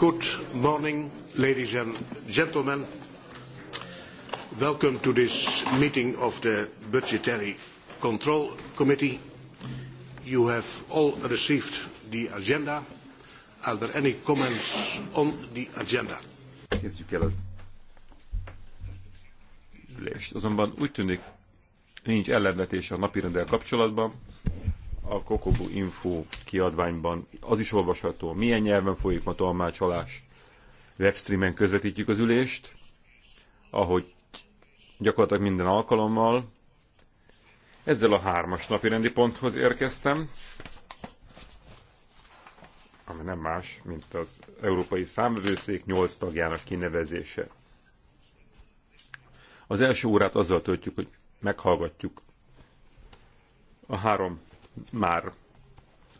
Good morning, ladies and gentlemen. Welcome to this meeting of the Budgetary Control Committee. You have all received the agenda. Are there any comments on the agenda? Kezdjük el az ülést. Azonban úgy tűnik, nincs ellenvetés a napirenddel kapcsolatban a Kokobu Info kiadványban az is olvasható, milyen nyelven folyik ma tolmácsolás. Webstreamen közvetítjük az ülést, ahogy gyakorlatilag minden alkalommal. Ezzel a hármas napi rendi ponthoz érkeztem, ami nem más, mint az Európai Számvevőszék 8 tagjának kinevezése. Az első órát azzal töltjük, hogy meghallgatjuk a három már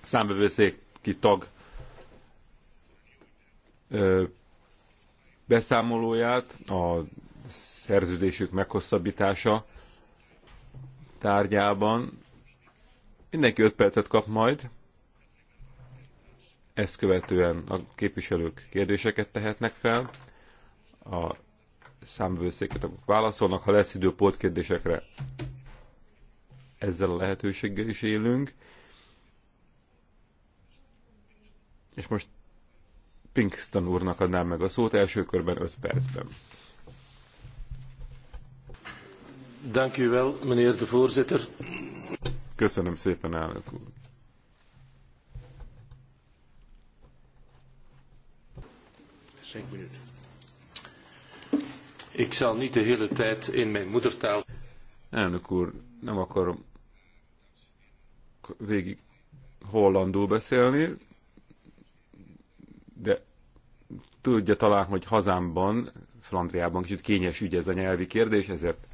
számvevőszéki tag beszámolóját, a szerződésük meghosszabbítása tárgyában. Mindenki 5 percet kap majd, ezt követően a képviselők kérdéseket tehetnek fel, a számvőszéket válaszolnak, ha lesz idő pótkérdésekre, ezzel a lehetőséggel is élünk. És most Pinkston úrnak adnám meg a szót első körben 5 percben. Dank u wel, meneer de voorzitter. Köszönöm szépen, elnök úr. Ik zal niet de hele tijd in mijn moedertaal. Elnök úr, nem akarom végig hollandul beszélni, de tudja talán, hogy hazámban, Flandriában kicsit kényes ügy ez a nyelvi kérdés, ezért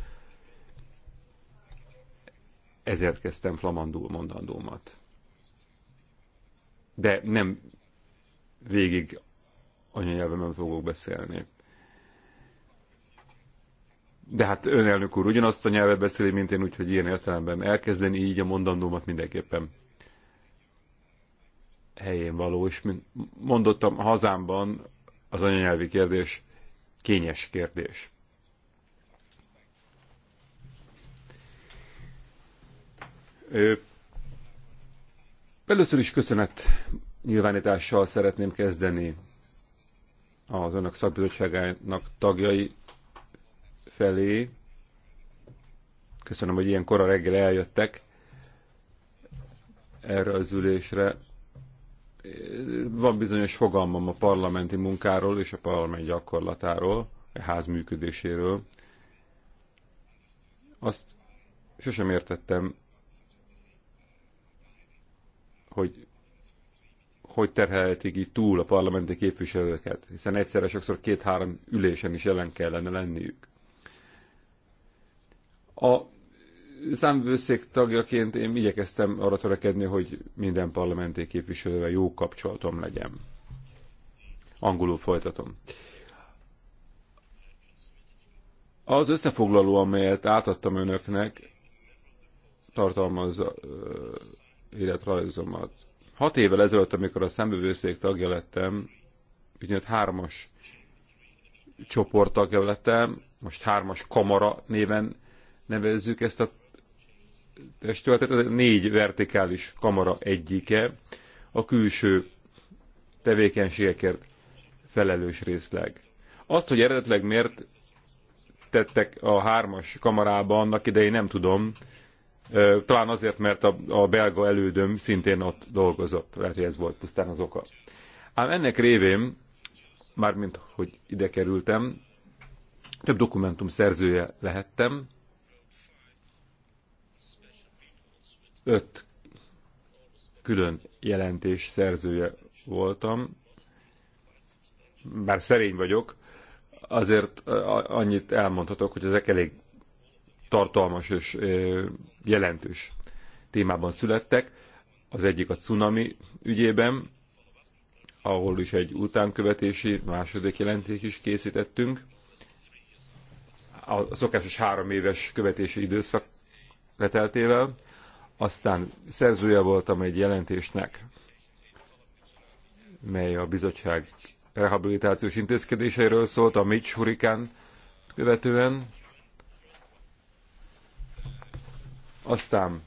ezért kezdtem flamandul mondandómat. De nem végig anyanyelvemen fogok beszélni. De hát ön elnök úr ugyanazt a nyelvet beszéli, mint én, úgyhogy ilyen értelemben elkezdeni így a mondandómat mindenképpen helyén való, és mint mondottam, hazámban az anyanyelvi kérdés kényes kérdés. Ö, először is köszönet nyilvánítással szeretném kezdeni az önök szakbizottságának tagjai felé. Köszönöm, hogy ilyen kora reggel eljöttek erre az ülésre. Van bizonyos fogalmam a parlamenti munkáról és a parlament gyakorlatáról, a ház működéséről. Azt sosem értettem, hogy hogy terhelhetik így túl a parlamenti képviselőket, hiszen egyszerre sokszor két-három ülésen is jelen kellene lenniük. A számvőszék tagjaként én igyekeztem arra törekedni, hogy minden parlamenti képviselővel jó kapcsolatom legyen. Angolul folytatom. Az összefoglaló, amelyet átadtam önöknek, tartalmazza ö, életrajzomat. Hat évvel ezelőtt, amikor a szembevőszék tagja lettem, úgynevezett hármas tagja lettem, most hármas kamara néven nevezzük ezt a testületet, ez a négy vertikális kamara egyike, a külső tevékenységekért felelős részleg. Azt, hogy eredetleg miért tettek a hármas kamarába annak idején nem tudom, talán azért, mert a, a belga elődöm szintén ott dolgozott. Lehet, hogy ez volt pusztán az oka. Ám ennek révén, mármint hogy ide kerültem, több dokumentum szerzője lehettem, öt külön jelentés szerzője voltam, bár szerény vagyok, azért annyit elmondhatok, hogy ezek elég tartalmas és jelentős témában születtek. Az egyik a cunami ügyében, ahol is egy utánkövetési második jelentést is készítettünk. A szokásos három éves követési időszak leteltével. Aztán szerzője voltam egy jelentésnek, mely a bizottság rehabilitációs intézkedéseiről szólt, a Mitch hurikán követően. Aztán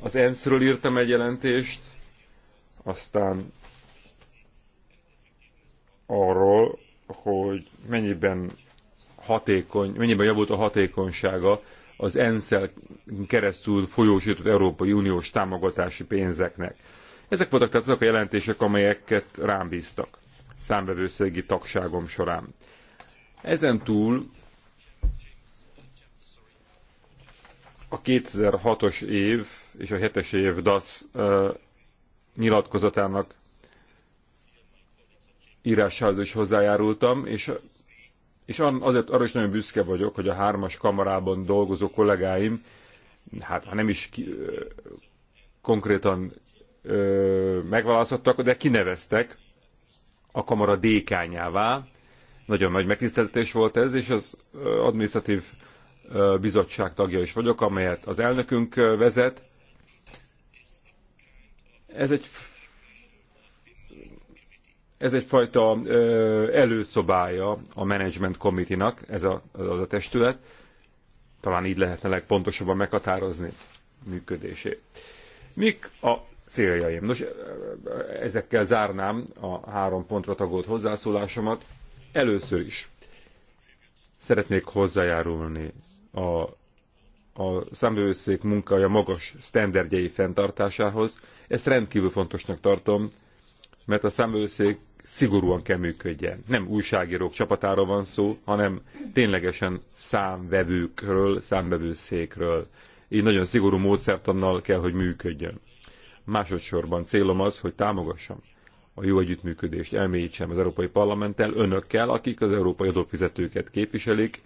az ENSZ-ről írtam egy jelentést, aztán arról, hogy mennyiben hatékony, mennyiben javult a hatékonysága az ensz keresztül folyósított Európai Uniós támogatási pénzeknek. Ezek voltak tehát azok a jelentések, amelyeket rám bíztak számvevőszegi tagságom során. Ezen túl a 2006-os év és a 7-es év DASZ uh, nyilatkozatának írásához is hozzájárultam, és és azért arra is nagyon büszke vagyok, hogy a hármas kamarában dolgozó kollégáim, hát ha nem is ki, ö, konkrétan megválasztottak, de kineveztek a kamara dékányává. Nagyon nagy megtiszteltetés volt ez, és az administratív bizottság tagja is vagyok, amelyet az elnökünk vezet. Ez egy ez egyfajta előszobája a Management Committee-nak, ez a, az a testület. Talán így lehetne legpontosabban meghatározni működését. Mik a céljaim? Nos, ezekkel zárnám a három pontra tagolt hozzászólásomat. Először is szeretnék hozzájárulni a, a számvevőszék munkája magas sztenderdjei fenntartásához. Ezt rendkívül fontosnak tartom, mert a számvevőszék szigorúan kell működjen. Nem újságírók csapatára van szó, hanem ténylegesen számvevőkről, számvevőszékről. Így nagyon szigorú módszertannal kell, hogy működjön. Másodszorban célom az, hogy támogassam a jó együttműködést, elmélyítsem az Európai Parlamenttel, önökkel, akik az európai adófizetőket képviselik,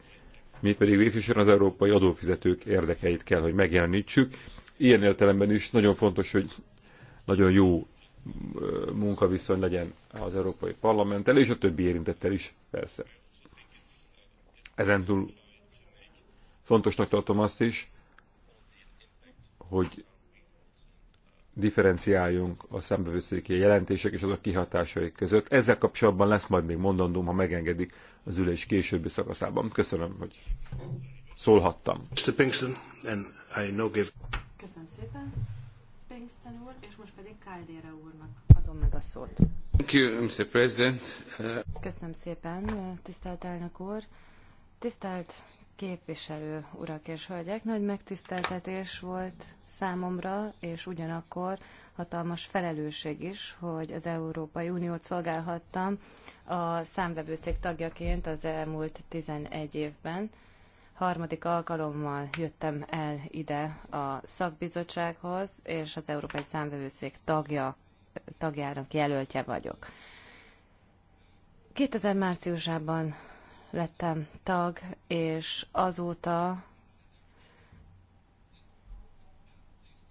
mi pedig végsősorban az európai adófizetők érdekeit kell, hogy megjelenítsük. Ilyen értelemben is nagyon fontos, hogy nagyon jó munkaviszony legyen az Európai Parlamenttel, és a többi érintettel is, persze. Ezentúl fontosnak tartom azt is, hogy differenciáljunk a szembevőszéki jelentések és azok kihatásai között. Ezzel kapcsolatban lesz majd még mondandóm, ha megengedik az ülés későbbi szakaszában. Köszönöm, hogy szólhattam. Köszönöm szépen. Livingston úr, és most pedig Caldera úrnak adom meg a szót. Thank you, Mr. President. Köszönöm szépen, tisztelt elnök úr. Tisztelt képviselő urak és hölgyek, nagy megtiszteltetés volt számomra, és ugyanakkor hatalmas felelősség is, hogy az Európai Uniót szolgálhattam a számvevőszék tagjaként az elmúlt 11 évben harmadik alkalommal jöttem el ide a szakbizottsághoz, és az Európai Számvevőszék tagja, tagjának jelöltje vagyok. 2000 márciusában lettem tag, és azóta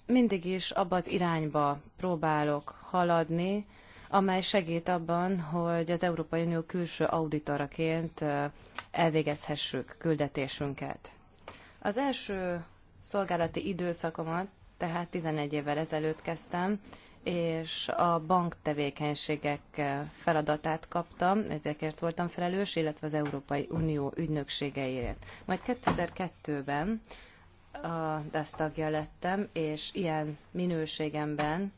mindig is abba az irányba próbálok haladni, amely segít abban, hogy az Európai Unió külső auditoraként elvégezhessük küldetésünket. Az első szolgálati időszakomat, tehát 11 évvel ezelőtt kezdtem, és a bank tevékenységek feladatát kaptam, ezekért voltam felelős, illetve az Európai Unió ügynökségeiért. Majd 2002-ben a DASZ tagja lettem, és ilyen minőségemben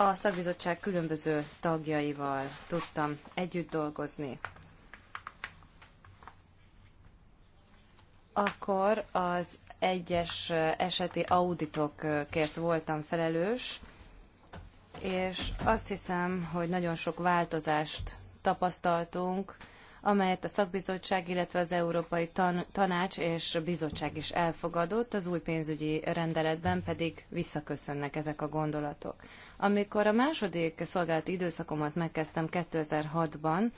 a szakbizottság különböző tagjaival tudtam együtt dolgozni. Akkor az egyes eseti auditokért voltam felelős, és azt hiszem, hogy nagyon sok változást tapasztaltunk amelyet a szakbizottság, illetve az Európai Tan- Tanács és Bizottság is elfogadott, az új pénzügyi rendeletben pedig visszaköszönnek ezek a gondolatok. Amikor a második szolgálati időszakomat megkezdtem 2006-ban,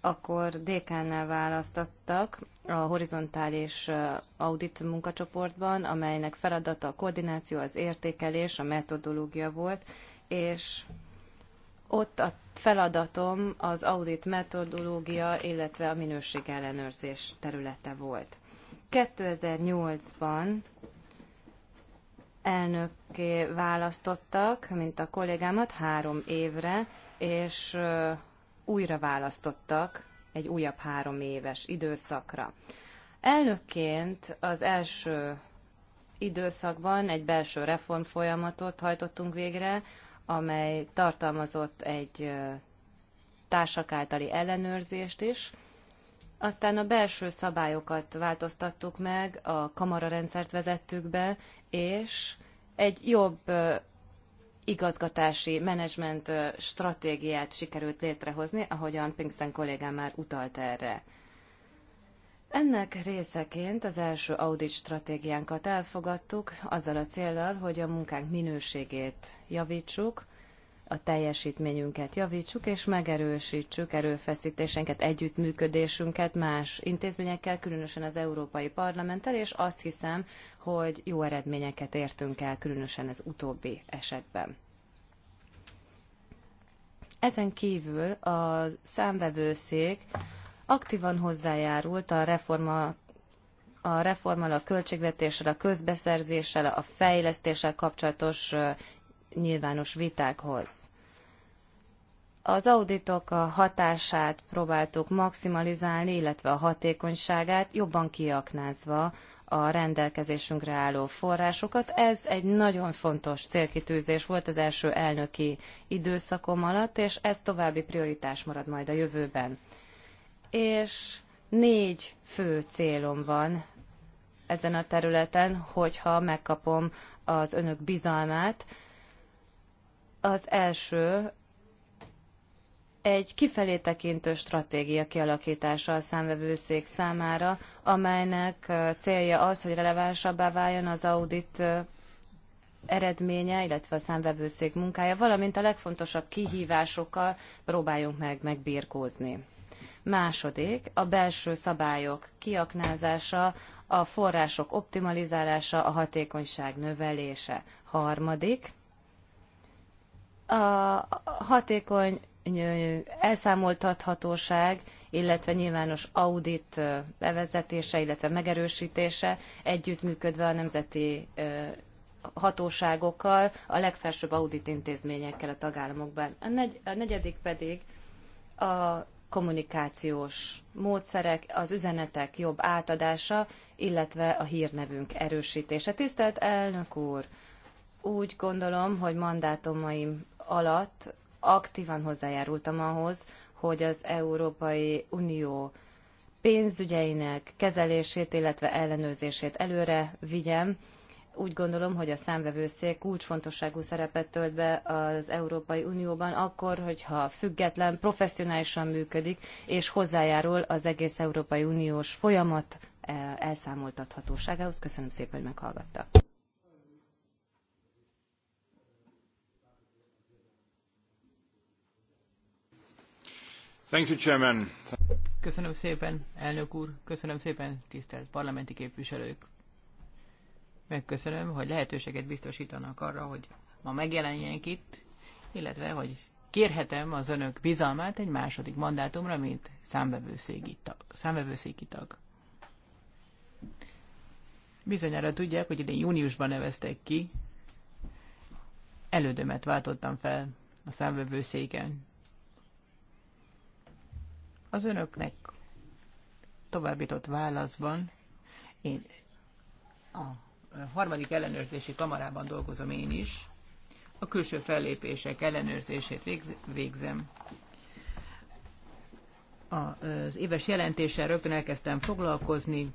akkor DK-nál választattak a horizontális uh, audit munkacsoportban, amelynek feladata a koordináció, az értékelés, a metodológia volt, és ott a feladatom az audit metodológia, illetve a minőség ellenőrzés területe volt. 2008-ban elnökké választottak, mint a kollégámat, három évre, és újra választottak egy újabb három éves időszakra. Elnökként az első időszakban egy belső reformfolyamatot hajtottunk végre, amely tartalmazott egy társak általi ellenőrzést is. Aztán a belső szabályokat változtattuk meg, a kamararendszert vezettük be, és egy jobb igazgatási menedzsment stratégiát sikerült létrehozni, ahogyan Pinkston kollégám már utalt erre. Ennek részeként az első audit stratégiánkat elfogadtuk, azzal a célral, hogy a munkánk minőségét javítsuk, a teljesítményünket javítsuk, és megerősítsük erőfeszítésenket, együttműködésünket más intézményekkel, különösen az Európai Parlamenttel, és azt hiszem, hogy jó eredményeket értünk el, különösen az utóbbi esetben. Ezen kívül a számvevőszék aktívan hozzájárult a reforma a reformmal, a költségvetéssel, a közbeszerzéssel, a fejlesztéssel kapcsolatos nyilvános vitákhoz. Az auditok a hatását próbáltuk maximalizálni, illetve a hatékonyságát jobban kiaknázva a rendelkezésünkre álló forrásokat. Ez egy nagyon fontos célkitűzés volt az első elnöki időszakom alatt, és ez további prioritás marad majd a jövőben és négy fő célom van ezen a területen, hogyha megkapom az önök bizalmát. Az első egy kifelé tekintő stratégia kialakítása a számvevőszék számára, amelynek célja az, hogy relevánsabbá váljon az audit eredménye, illetve a számvevőszék munkája, valamint a legfontosabb kihívásokkal próbáljunk meg megbírkózni. Második, a belső szabályok kiaknázása, a források optimalizálása, a hatékonyság növelése. Harmadik, a hatékony elszámoltathatóság, illetve nyilvános audit bevezetése, illetve megerősítése, együttműködve a nemzeti hatóságokkal, a legfelsőbb audit intézményekkel a tagállamokban. A, negy, a negyedik pedig a kommunikációs módszerek, az üzenetek jobb átadása, illetve a hírnevünk erősítése. Tisztelt elnök úr, úgy gondolom, hogy mandátumaim alatt aktívan hozzájárultam ahhoz, hogy az Európai Unió pénzügyeinek kezelését, illetve ellenőrzését előre vigyem, úgy gondolom, hogy a számvevőszék kulcsfontosságú szerepet tölt be az Európai Unióban, akkor, hogyha független, professzionálisan működik, és hozzájárul az egész Európai Uniós folyamat eh, elszámoltathatóságához. Köszönöm szépen, hogy meghallgattak. Thank you, Chairman. Köszönöm szépen, elnök úr, köszönöm szépen, tisztelt parlamenti képviselők. Megköszönöm, hogy lehetőséget biztosítanak arra, hogy ma megjelenjenek itt, illetve, hogy kérhetem az önök bizalmát egy második mandátumra, mint számvevőszéki tag. Bizonyára tudják, hogy idén júniusban neveztek ki. Elődömet váltottam fel a számvevőszéken. Az önöknek továbbított válaszban én a harmadik ellenőrzési kamarában dolgozom én is. A külső fellépések ellenőrzését végzem. Az éves jelentéssel rögtön elkezdtem foglalkozni,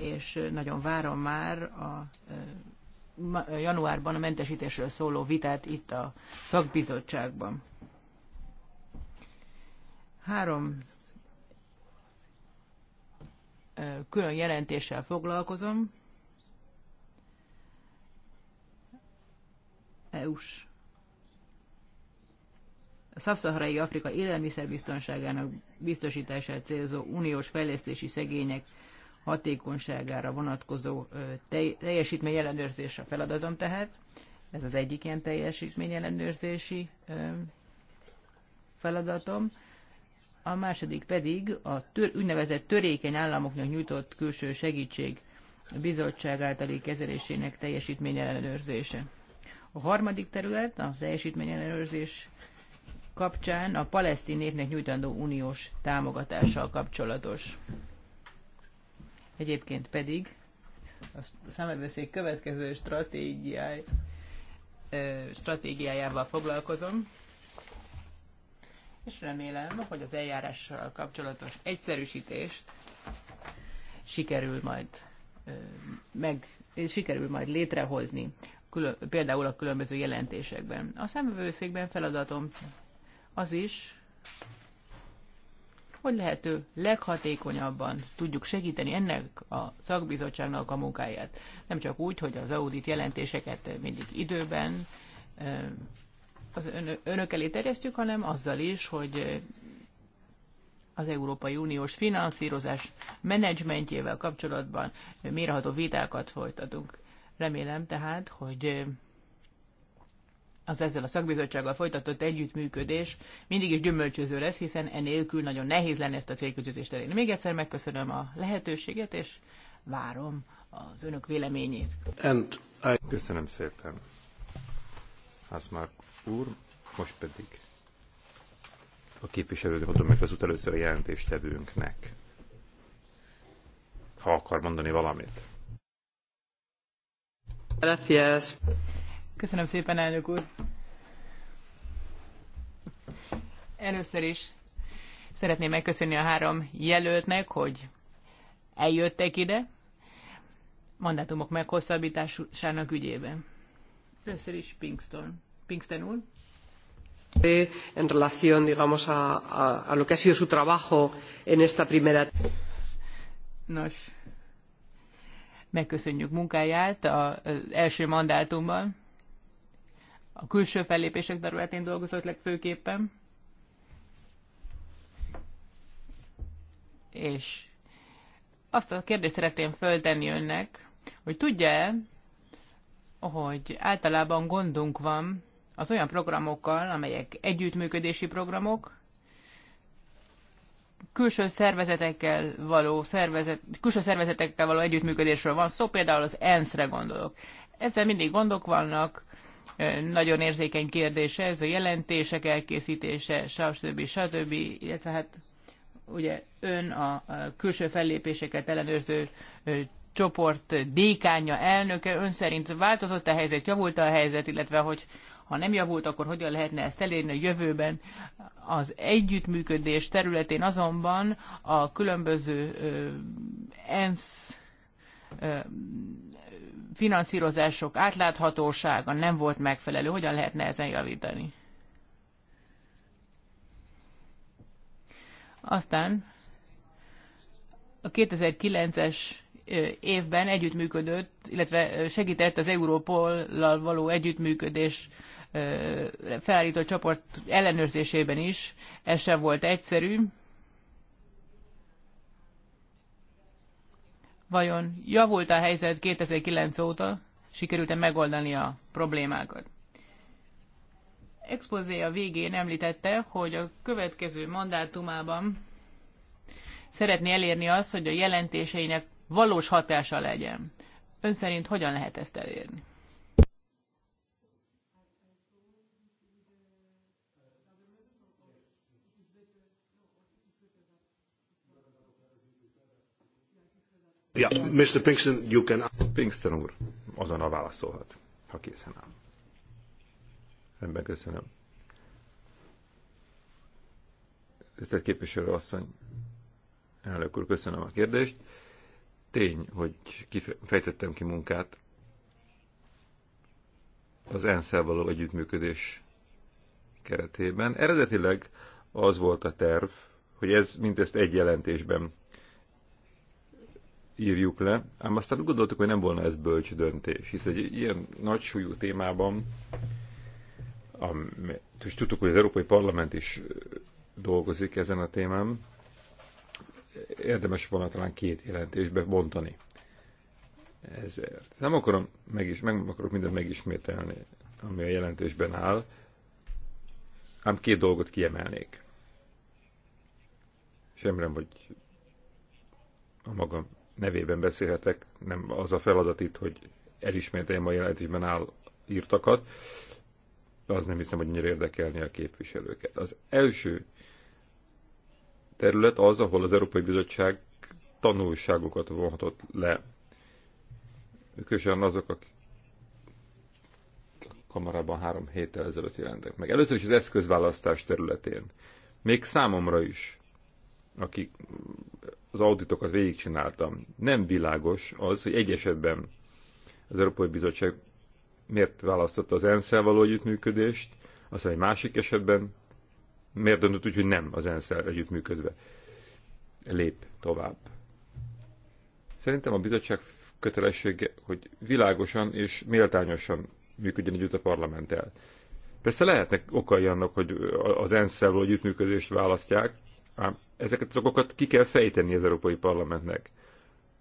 és nagyon várom már a januárban a mentesítésről szóló vitát itt a szakbizottságban. Három külön jelentéssel foglalkozom. EU-s szabszaharai Afrika élelmiszerbiztonságának biztosítását célzó uniós fejlesztési szegények hatékonyságára vonatkozó teljesítmény ellenőrzés a feladatom tehát. Ez az egyik ilyen teljesítmény ellenőrzési feladatom a második pedig a tör, úgynevezett törékeny államoknak nyújtott külső segítség bizottság általi kezelésének teljesítmény ellenőrzése. A harmadik terület a teljesítmény ellenőrzés kapcsán a palesztin népnek nyújtandó uniós támogatással kapcsolatos. Egyébként pedig a számvevőszék következő stratégiáj, stratégiájával foglalkozom és remélem, hogy az eljárással kapcsolatos egyszerűsítést sikerül majd meg, sikerül majd létrehozni, külön, például a különböző jelentésekben. A számvevőszékben feladatom az is, hogy lehető leghatékonyabban tudjuk segíteni ennek a szakbizottságnak a munkáját. Nem csak úgy, hogy az audit jelentéseket mindig időben az ön, önök elé terjesztjük, hanem azzal is, hogy az Európai Uniós finanszírozás menedzsmentjével kapcsolatban mérható vitákat folytatunk. Remélem tehát, hogy az ezzel a szakbizottsággal folytatott együttműködés mindig is gyümölcsöző lesz, hiszen enélkül nagyon nehéz lenne ezt a célközözést elérni. Még egyszer megköszönöm a lehetőséget, és várom az önök véleményét. And I... Köszönöm szépen. már úr, most pedig a képviselőnek adom meg az először a jelentéstevőnknek, ha akar mondani valamit. Köszönöm szépen, elnök úr. Először is szeretném megköszönni a három jelöltnek, hogy eljöttek ide mandátumok meghosszabbításának ügyében. Először is Pinkston Pinkston úr. En relación, digamos, a, a, a lo que ha sido su trabajo en esta primera... Nos, megköszönjük munkáját az első mandátumban. A külső fellépések területén dolgozott legfőképpen. És azt a kérdést szeretném föltenni önnek, hogy tudja-e, hogy általában gondunk van az olyan programokkal, amelyek együttműködési programok, külső szervezetekkel való szervezet, külső szervezetekkel való együttműködésről van szó, például az ENSZ-re gondolok. Ezzel mindig gondok vannak, nagyon érzékeny kérdése, ez, a jelentések elkészítése, stb. stb. illetve hát ugye ön a külső fellépéseket ellenőrző csoport dékánya, elnöke, ön szerint változott a helyzet, javult a helyzet, illetve hogy ha nem javult, akkor hogyan lehetne ezt elérni a jövőben. Az együttműködés területén azonban a különböző ENSZ finanszírozások átláthatósága nem volt megfelelő. Hogyan lehetne ezen javítani? Aztán a 2009-es évben együttműködött, illetve segített az Európollal való együttműködés felállított csoport ellenőrzésében is. Ez sem volt egyszerű. Vajon javult a helyzet 2009 óta? Sikerült-e megoldani a problémákat? Expozé a végén említette, hogy a következő mandátumában szeretné elérni azt, hogy a jelentéseinek valós hatása legyen. Ön szerint hogyan lehet ezt elérni? Yeah, Mr. Pinkston, you can... Pinkston úr, azonnal válaszolhat, ha készen áll. Rendben, köszönöm. Tisztelt képviselő asszony, elnök úr, köszönöm a kérdést. Tény, hogy fejtettem ki munkát az ensz való együttműködés keretében. Eredetileg az volt a terv, hogy ez mindezt egy jelentésben írjuk le, ám aztán úgy gondoltuk, hogy nem volna ez bölcs döntés, hisz egy ilyen nagy súlyú témában, és tudtuk, hogy az Európai Parlament is dolgozik ezen a témán, érdemes volna talán két jelentésbe bontani. Ezért. Nem akarom, meg is, meg akarok mindent megismételni, ami a jelentésben áll, ám két dolgot kiemelnék. Semmire hogy a magam nevében beszélhetek, nem az a feladat itt, hogy elismételjem a jelentésben áll írtakat, az nem hiszem, hogy annyira érdekelni a képviselőket. Az első terület az, ahol az Európai Bizottság tanulságokat vonhatott le. Különösen azok, akik a kamarában három héttel ezelőtt jelentek meg. Először is az eszközválasztás területén. Még számomra is, aki az auditokat végigcsináltam. Nem világos az, hogy egy esetben az Európai Bizottság miért választotta az ensz való együttműködést, aztán egy másik esetben miért döntött úgy, hogy nem az ensz együttműködve lép tovább. Szerintem a bizottság kötelessége, hogy világosan és méltányosan működjön együtt a parlamenttel. Persze lehetnek okai annak, hogy az ENSZ-szel együttműködést választják, Ám ezeket az okokat ki kell fejteni az Európai Parlamentnek.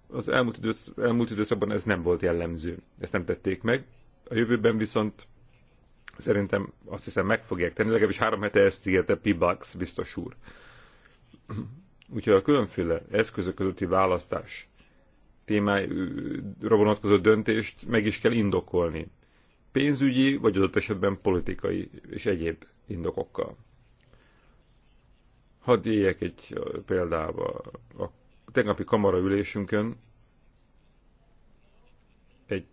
Az elmúlt, idősz, elmúlt időszakban ez nem volt jellemző. Ezt nem tették meg. A jövőben viszont szerintem azt hiszem meg fogják tenni, legalábbis három hete ezt ígérte Pibax biztos úr. Úgyhogy a különféle eszközök közötti választás témára vonatkozó döntést meg is kell indokolni. Pénzügyi, vagy adott esetben politikai és egyéb indokokkal. Hadd éljek egy példába. A tegnapi kamaraülésünkön egy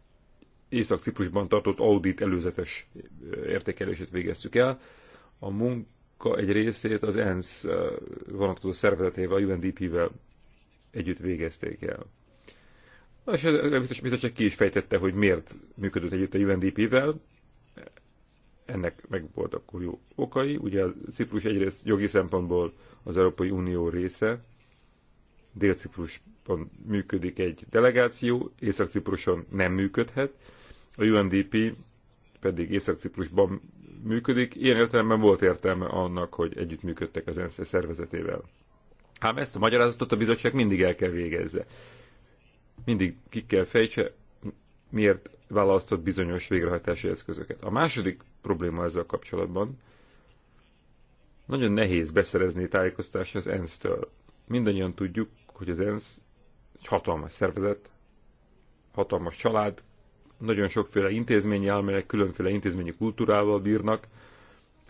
Észak-Ciprusban tartott audit előzetes értékelését végeztük el. A munka egy részét az ENSZ vonatkozó szervezetével, a UNDP-vel együtt végezték el. És biztos, biztos csak ki is fejtette, hogy miért működött együtt a UNDP-vel, ennek meg voltak jó okai. Ugye a Ciprus egyrészt jogi szempontból az Európai Unió része, Dél-Cipruson működik egy delegáció, Észak-Cipruson nem működhet, a UNDP pedig Észak-Ciprusban működik. Ilyen értelemben volt értelme annak, hogy együttműködtek az ENSZ szervezetével. Ám ezt a magyarázatot a bizottság mindig el kell végezze. Mindig ki kell fejtse, miért választott bizonyos végrehajtási eszközöket. A második probléma ezzel kapcsolatban. Nagyon nehéz beszerezni tájékoztatást az ENSZ-től. Mindannyian tudjuk, hogy az ENSZ egy hatalmas szervezet, hatalmas család, nagyon sokféle intézményi elmélek, különféle intézményi kultúrával bírnak,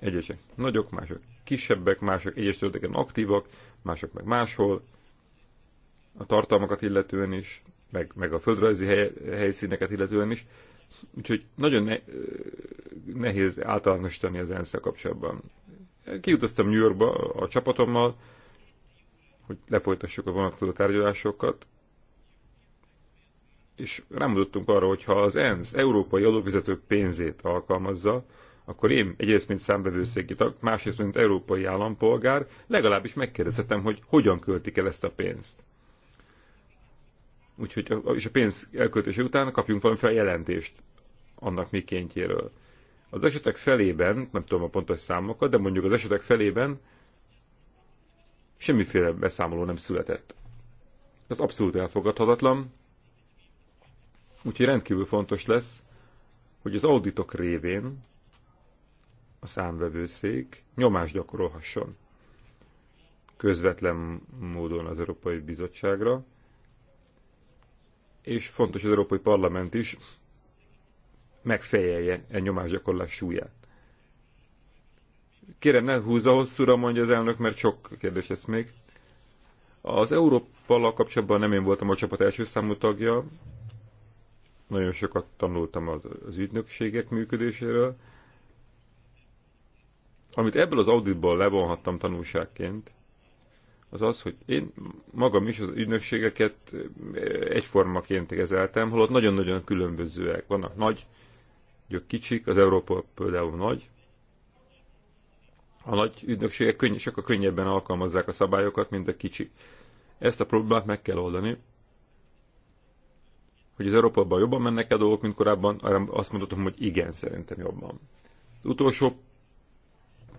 egyesek nagyok, mások kisebbek, mások egyes területeken aktívak, mások meg máshol, a tartalmakat illetően is, meg, meg a földrajzi hely, helyszíneket illetően is. Úgyhogy nagyon ne, nehéz általánosítani az ensz kapcsolatban. Kiutaztam New Yorkba a csapatommal, hogy lefolytassuk a vonatkozó tárgyalásokat, és rámutattunk arra, hogy ha az ENSZ európai adófizetők pénzét alkalmazza, akkor én egyrészt, mint számbevőszéki tag, másrészt, mint európai állampolgár, legalábbis megkérdezhetem, hogy hogyan költik el ezt a pénzt. Úgyhogy a, és a pénz elköltése után kapjunk valamiféle jelentést annak mikéntjéről. Az esetek felében, nem tudom a pontos számokat, de mondjuk az esetek felében semmiféle beszámoló nem született. Ez abszolút elfogadhatatlan, úgyhogy rendkívül fontos lesz, hogy az auditok révén a számvevőszék nyomást gyakorolhasson közvetlen módon az Európai Bizottságra, és fontos az Európai Parlament is megfejelje e nyomásgyakorlás súlyát. Kérem, ne húzza hosszúra, mondja az elnök, mert sok kérdés lesz még. Az Európallal kapcsolatban nem én voltam a csapat első számú tagja, nagyon sokat tanultam az, az ügynökségek működéséről. Amit ebből az auditból levonhattam tanulságként, az az, hogy én magam is az ügynökségeket eh, egyformaként kezeltem, holott nagyon-nagyon különbözőek. Vannak nagy, gyök kicsik, az Európa például nagy. A nagy ügynökségek könny- sokkal könnyebben alkalmazzák a szabályokat, mint a kicsi. Ezt a problémát meg kell oldani, hogy az Európában jobban mennek a dolgok, mint korábban, arra azt mondhatom, hogy igen, szerintem jobban. Az utolsó,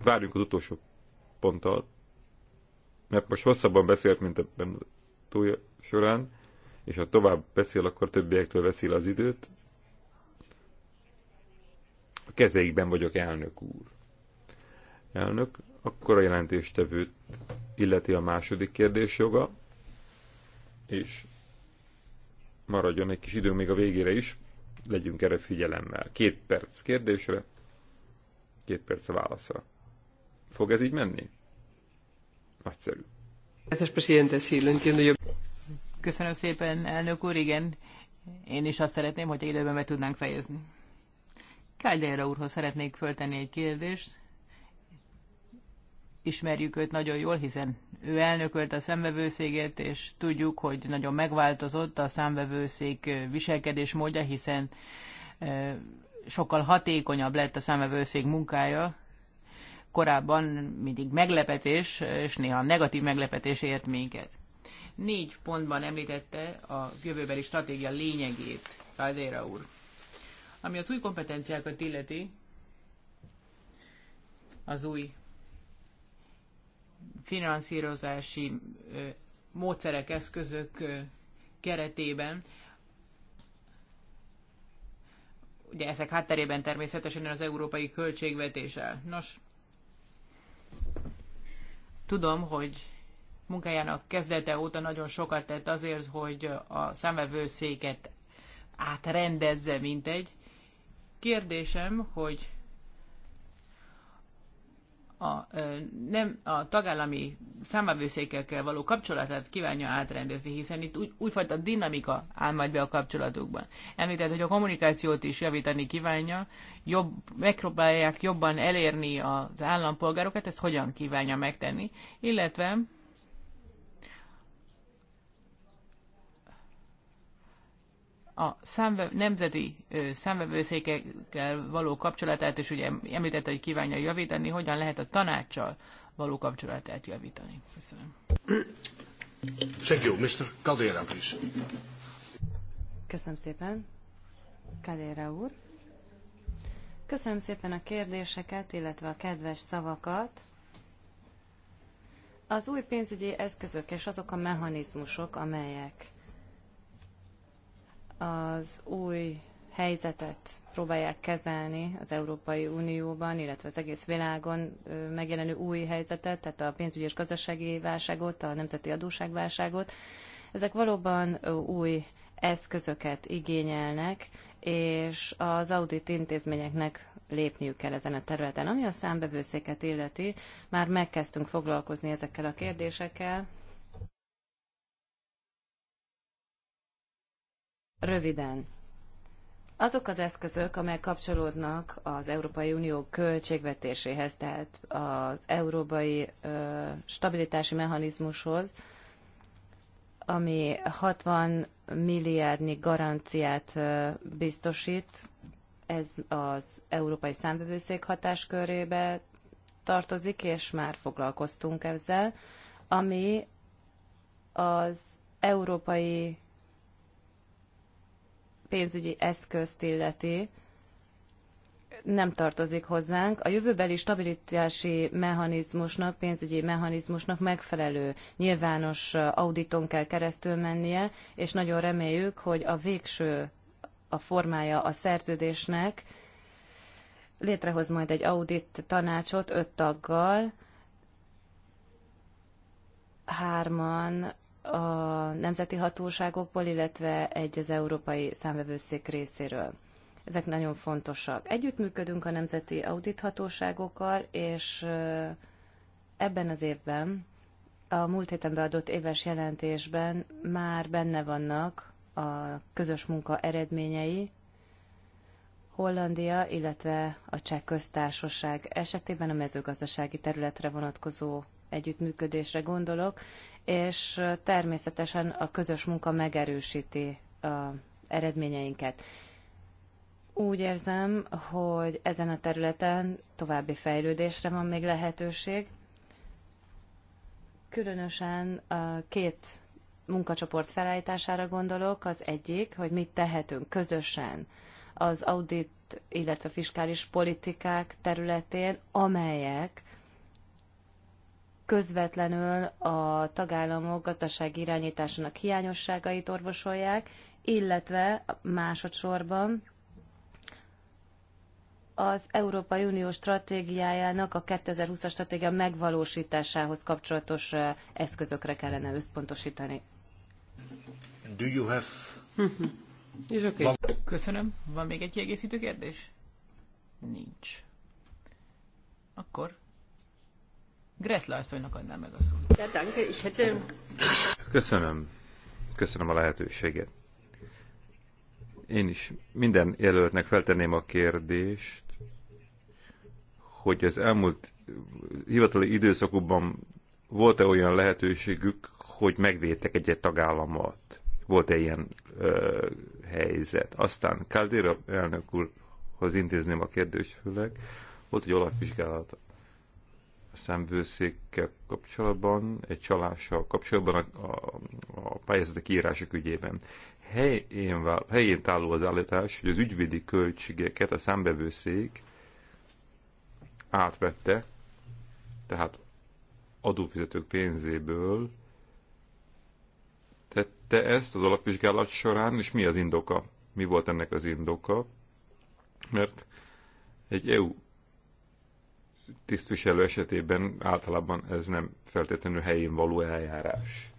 várjunk az utolsó ponttal, mert most hosszabban beszélt, mint a túlja során, és ha tovább beszél, akkor többiektől veszél az időt. A kezeikben vagyok, elnök úr. Elnök, akkor a jelentéstevőt illeti a második kérdés joga, és maradjon egy kis idő még a végére is, legyünk erre figyelemmel. Két perc kérdésre, két perc a válaszra. Fog ez így menni? Nagyszerű. Köszönöm szépen, elnök úr, igen. Én is azt szeretném, hogy időben be tudnánk fejezni. Káldeira úrhoz szeretnék föltenni egy kérdést. Ismerjük őt nagyon jól, hiszen ő elnökölt a szemvevőszéget, és tudjuk, hogy nagyon megváltozott a számvevőszék viselkedés módja, hiszen eh, sokkal hatékonyabb lett a számvevőszék munkája, korábban mindig meglepetés, és néha negatív meglepetés ért minket. Négy pontban említette a jövőbeli stratégia lényegét, Caldera úr. Ami az új kompetenciákat illeti, az új finanszírozási módszerek, eszközök keretében. Ugye ezek hátterében természetesen az európai költségvetés Nos, Tudom, hogy munkájának kezdete óta nagyon sokat tett azért, hogy a számvevőszéket átrendezze, mint egy. Kérdésem, hogy a, nem, a tagállami számvevőszékekkel való kapcsolatát kívánja átrendezni, hiszen itt úgy, újfajta dinamika áll majd be a kapcsolatukban. Említett, hogy a kommunikációt is javítani kívánja, jobb, megpróbálják jobban elérni az állampolgárokat, ezt hogyan kívánja megtenni, illetve a számve, nemzeti számvevőszékekkel való kapcsolatát, és ugye említette, hogy kívánja javítani, hogyan lehet a tanácssal való kapcsolatát javítani. Köszönöm. Thank you, Mr. Caldera, please. Köszönöm szépen, Caldera úr. Köszönöm szépen a kérdéseket, illetve a kedves szavakat. Az új pénzügyi eszközök és azok a mechanizmusok, amelyek az új helyzetet próbálják kezelni az Európai Unióban, illetve az egész világon megjelenő új helyzetet, tehát a pénzügyi és gazdasági válságot, a nemzeti adóságválságot. Ezek valóban új eszközöket igényelnek, és az audit intézményeknek lépniük kell ezen a területen. Ami a számbevőszéket illeti, már megkezdtünk foglalkozni ezekkel a kérdésekkel, Röviden. Azok az eszközök, amelyek kapcsolódnak az Európai Unió költségvetéséhez, tehát az európai ö, stabilitási mechanizmushoz, ami 60 milliárdnyi garanciát ö, biztosít, ez az Európai Számbevőszék hatáskörébe tartozik, és már foglalkoztunk ezzel, ami az európai pénzügyi eszközt illeti, nem tartozik hozzánk. A jövőbeli stabilitási mechanizmusnak, pénzügyi mechanizmusnak megfelelő nyilvános auditon kell keresztül mennie, és nagyon reméljük, hogy a végső a formája a szerződésnek létrehoz majd egy audit tanácsot öt taggal, hárman a nemzeti hatóságokból, illetve egy az Európai Számvevőszék részéről. Ezek nagyon fontosak. Együttműködünk a nemzeti audithatóságokkal, és ebben az évben, a múlt héten beadott éves jelentésben már benne vannak a közös munka eredményei, Hollandia, illetve a Cseh köztársaság esetében a mezőgazdasági területre vonatkozó együttműködésre gondolok, és természetesen a közös munka megerősíti a eredményeinket. Úgy érzem, hogy ezen a területen további fejlődésre van még lehetőség. Különösen a két munkacsoport felállítására gondolok. Az egyik, hogy mit tehetünk közösen az audit, illetve fiskális politikák területén, amelyek közvetlenül a tagállamok gazdasági irányításának hiányosságait orvosolják, illetve másodszorban az Európai Unió stratégiájának a 2020-as stratégia megvalósításához kapcsolatos eszközökre kellene összpontosítani. Do you have... És okay. Köszönöm. Van még egy kiegészítő kérdés? Nincs. Akkor Gressle asszonynak adnám meg a szót. Köszönöm. Köszönöm a lehetőséget. Én is minden jelöltnek feltenném a kérdést, hogy az elmúlt hivatali időszakukban volt-e olyan lehetőségük, hogy megvédtek egy-egy tagállamot? Volt-e ilyen ö, helyzet? Aztán Caldera elnök úrhoz intézném a kérdést főleg. Volt egy olajvizsgálat szemvőszékkel kapcsolatban, egy csalással kapcsolatban a, a, a pályázatok írások ügyében. Helyén, vál, helyén álló az állítás, hogy az ügyvédi költségeket a szembevőszék átvette, tehát adófizetők pénzéből tette ezt az alapvizsgálat során, és mi az indoka? Mi volt ennek az indoka? Mert egy EU tisztviselő esetében általában ez nem feltétlenül helyén való eljárás.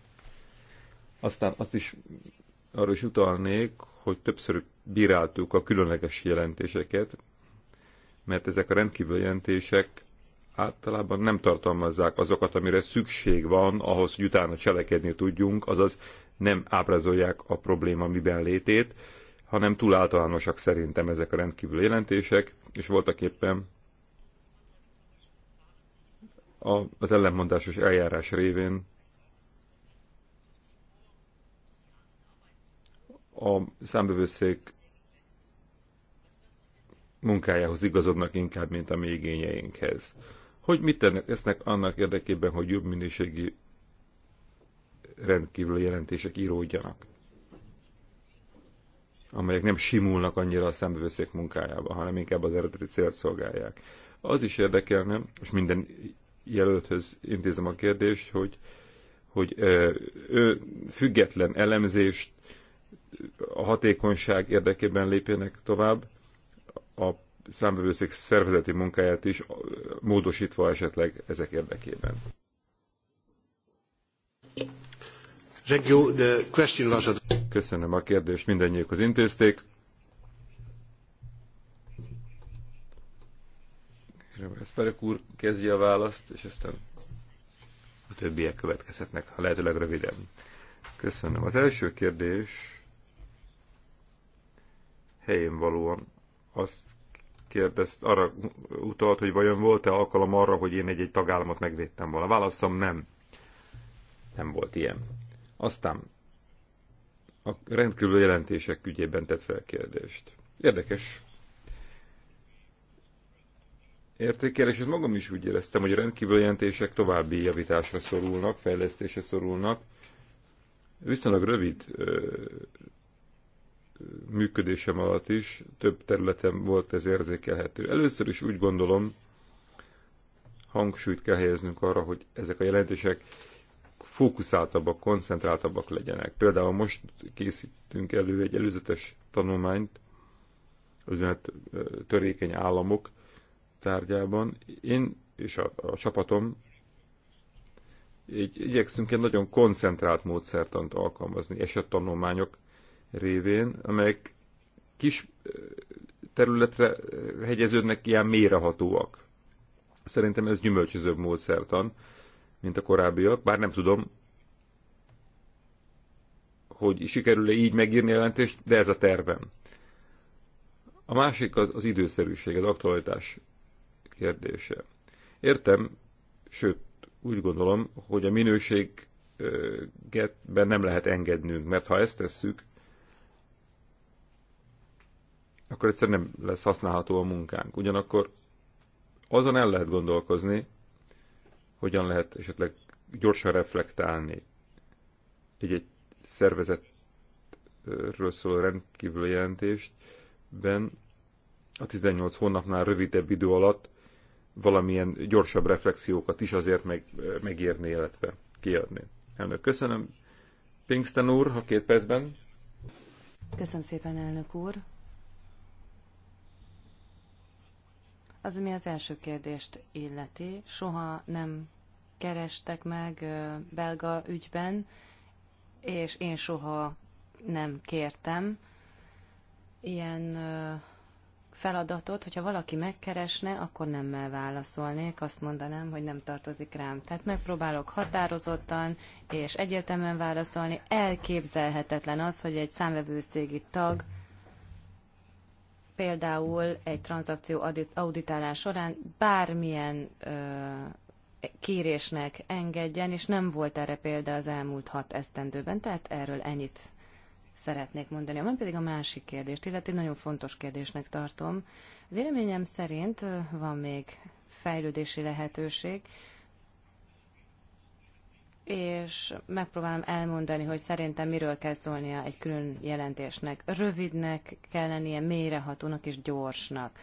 Aztán azt is arra is utalnék, hogy többször bíráltuk a különleges jelentéseket, mert ezek a rendkívül jelentések általában nem tartalmazzák azokat, amire szükség van ahhoz, hogy utána cselekedni tudjunk, azaz nem ábrázolják a probléma miben létét, hanem túl általánosak szerintem ezek a rendkívül jelentések, és voltak éppen az ellenmondásos eljárás révén a számbevőszék munkájához igazodnak inkább, mint a mi igényeinkhez. Hogy mit tennek, esznek annak érdekében, hogy jobb minőségi rendkívül jelentések íródjanak, amelyek nem simulnak annyira a számbevőszék munkájába, hanem inkább az eredeti célt szolgálják. Az is érdekelne, és minden jelölthöz intézem a kérdést, hogy, hogy ő független elemzést a hatékonyság érdekében lépjenek tovább, a számbevőszék szervezeti munkáját is módosítva esetleg ezek érdekében. Köszönöm a kérdést, mindennyiuk az intézték. Ez Perek úr kezdje a választ, és aztán a többiek következhetnek, ha lehetőleg röviden. Köszönöm. Az első kérdés helyén valóan azt kérdezt, arra utalt, hogy vajon volt-e alkalom arra, hogy én egy-egy tagállamot megvédtem volna. Válaszom nem. Nem volt ilyen. Aztán a rendkívül jelentések ügyében tett fel kérdést. Érdekes értékel, és ezt magam is úgy éreztem, hogy a rendkívül jelentések további javításra szorulnak, fejlesztésre szorulnak. Viszonylag rövid ö, működésem alatt is több területen volt ez érzékelhető. Először is úgy gondolom, hangsúlyt kell helyeznünk arra, hogy ezek a jelentések fókuszáltabbak, koncentráltabbak legyenek. Például most készítünk elő egy előzetes tanulmányt, az törékeny államok tárgyában én és a, a csapatom így, igyekszünk egy nagyon koncentrált módszertant alkalmazni esettanulmányok révén, amelyek kis területre hegyeződnek ilyen mérehatóak. Szerintem ez gyümölcsözőbb módszertan, mint a korábbiak, bár nem tudom, hogy sikerül-e így megírni a jelentést, de ez a tervem. A másik az, az időszerűség, az aktualitás kérdése. Értem, sőt, úgy gondolom, hogy a minőséget nem lehet engednünk, mert ha ezt tesszük, akkor egyszerűen nem lesz használható a munkánk. Ugyanakkor azon el lehet gondolkozni, hogyan lehet esetleg gyorsan reflektálni egy-egy szervezetről szóló rendkívül jelentést, ben a 18 hónapnál rövidebb idő alatt valamilyen gyorsabb reflexiókat is azért meg, megírni, illetve kiadni. Elnök, köszönöm. Pinkston úr, ha két percben. Köszönöm szépen, elnök úr. Az, ami az első kérdést illeti, soha nem kerestek meg belga ügyben, és én soha nem kértem ilyen feladatot, hogyha valaki megkeresne, akkor nem válaszolnék, azt mondanám, hogy nem tartozik rám. Tehát megpróbálok határozottan és egyértelműen válaszolni. Elképzelhetetlen az, hogy egy számvevőszégi tag például egy tranzakció auditálás során bármilyen ö, kérésnek engedjen, és nem volt erre példa az elmúlt hat esztendőben, tehát erről ennyit szeretnék mondani. Van pedig a másik kérdést, illetve nagyon fontos kérdésnek tartom. Véleményem szerint van még fejlődési lehetőség, és megpróbálom elmondani, hogy szerintem miről kell szólnia egy külön jelentésnek. Rövidnek kell lennie, mélyrehatónak és gyorsnak.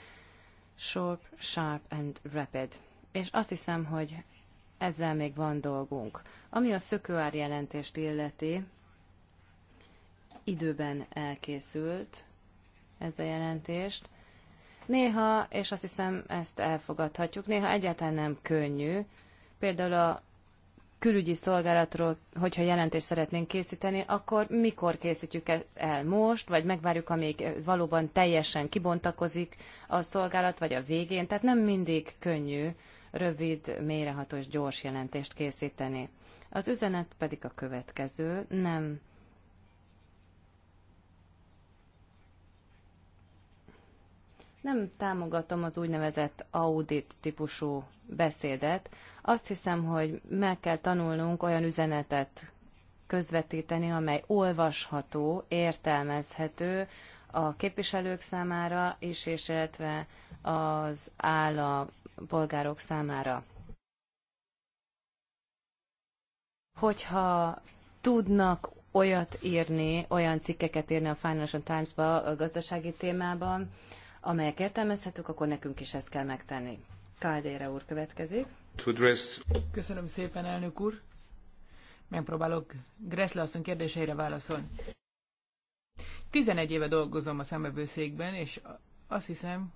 Short, sharp and rapid. És azt hiszem, hogy ezzel még van dolgunk. Ami a szökőár jelentést illeti, időben elkészült ez a jelentést. Néha, és azt hiszem ezt elfogadhatjuk, néha egyáltalán nem könnyű. Például a külügyi szolgálatról, hogyha jelentést szeretnénk készíteni, akkor mikor készítjük ezt el most, vagy megvárjuk, amíg valóban teljesen kibontakozik a szolgálat, vagy a végén. Tehát nem mindig könnyű rövid, mélyrehatós, gyors jelentést készíteni. Az üzenet pedig a következő, nem Nem támogatom az úgynevezett audit típusú beszédet. Azt hiszem, hogy meg kell tanulnunk olyan üzenetet közvetíteni, amely olvasható, értelmezhető a képviselők számára is, és illetve az állampolgárok számára. Hogyha tudnak olyat írni, olyan cikkeket írni a Financial Times-ba, a gazdasági témában, amelyek értelmezhetők, akkor nekünk is ezt kell megtenni. Káldére úr következik. Köszönöm szépen, elnök úr. Megpróbálok Gressle asszony kérdéseire válaszolni. 11 éve dolgozom a számövőszékben, és azt hiszem,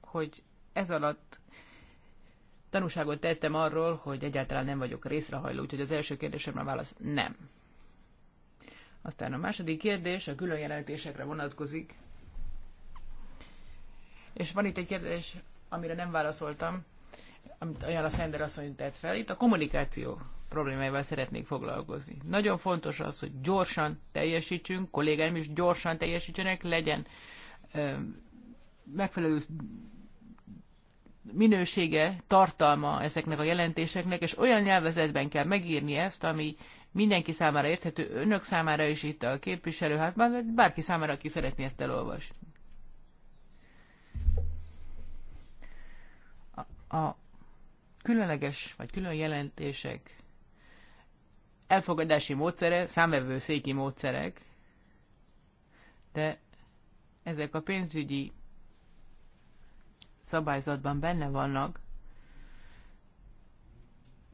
hogy ez alatt tanúságot tettem arról, hogy egyáltalán nem vagyok részrehajló, úgyhogy az első kérdésemre válasz nem. Aztán a második kérdés a külön jelentésekre vonatkozik. És van itt egy kérdés, amire nem válaszoltam, amit a Szender asszony tett fel. Itt a kommunikáció problémáival szeretnék foglalkozni. Nagyon fontos az, hogy gyorsan teljesítsünk, kollégáim is gyorsan teljesítsenek, legyen ö, megfelelő minősége, tartalma ezeknek a jelentéseknek, és olyan nyelvezetben kell megírni ezt, ami mindenki számára érthető, önök számára is itt a képviselőházban, bárki számára, aki szeretné ezt elolvasni. A különleges vagy külön jelentések elfogadási módszere, széki módszerek, de ezek a pénzügyi szabályzatban benne vannak,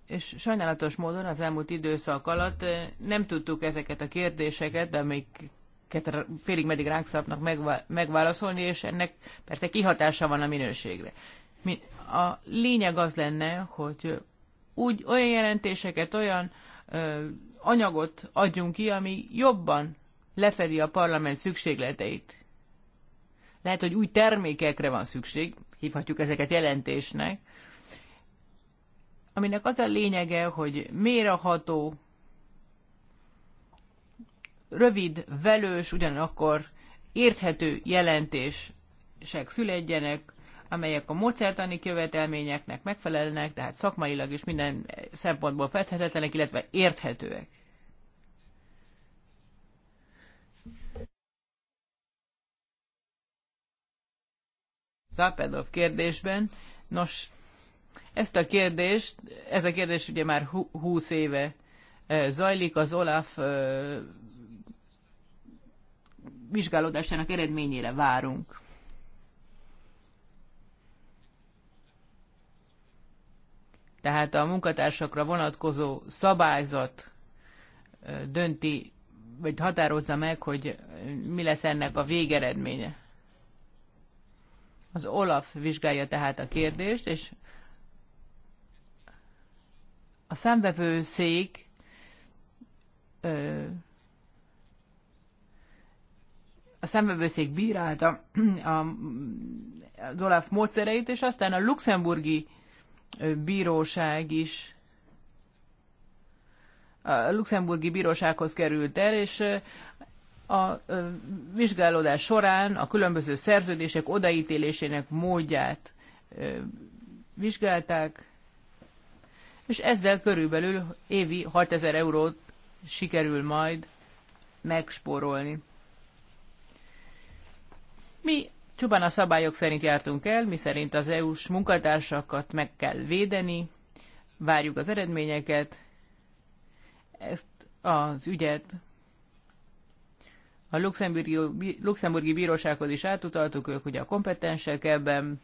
és sajnálatos módon az elmúlt időszak alatt eh, nem tudtuk ezeket a kérdéseket, de amiket félig meddig ránk szabnak megválaszolni, és ennek persze kihatása van a minőségre. A lényeg az lenne, hogy úgy olyan jelentéseket, olyan anyagot adjunk ki, ami jobban lefedi a parlament szükségleteit. Lehet, hogy új termékekre van szükség, hívhatjuk ezeket jelentésnek, aminek az a lényege, hogy méreható, rövid, velős, ugyanakkor érthető jelentések szüledjenek, amelyek a módszertani követelményeknek megfelelnek, tehát szakmailag is minden szempontból fedhetetlenek, illetve érthetőek. Zapedov kérdésben. Nos, ezt a kérdést, ez a kérdés ugye már 20 éve e, zajlik, az Olaf e, vizsgálódásának eredményére várunk. tehát a munkatársakra vonatkozó szabályzat dönti, vagy határozza meg, hogy mi lesz ennek a végeredménye. Az OLAF vizsgálja tehát a kérdést, és a szék a szemvevőszék bírálta a, az Olaf módszereit, és aztán a luxemburgi bíróság is a luxemburgi bírósághoz került el, és a vizsgálódás során a különböző szerződések odaítélésének módját vizsgálták, és ezzel körülbelül évi 6000 eurót sikerül majd megspórolni. Mi Csupán a szabályok szerint jártunk el, mi szerint az EU-s munkatársakat meg kell védeni, várjuk az eredményeket, ezt az ügyet a luxemburgi, luxemburgi bírósághoz is átutaltuk, ők ugye a kompetensek ebben,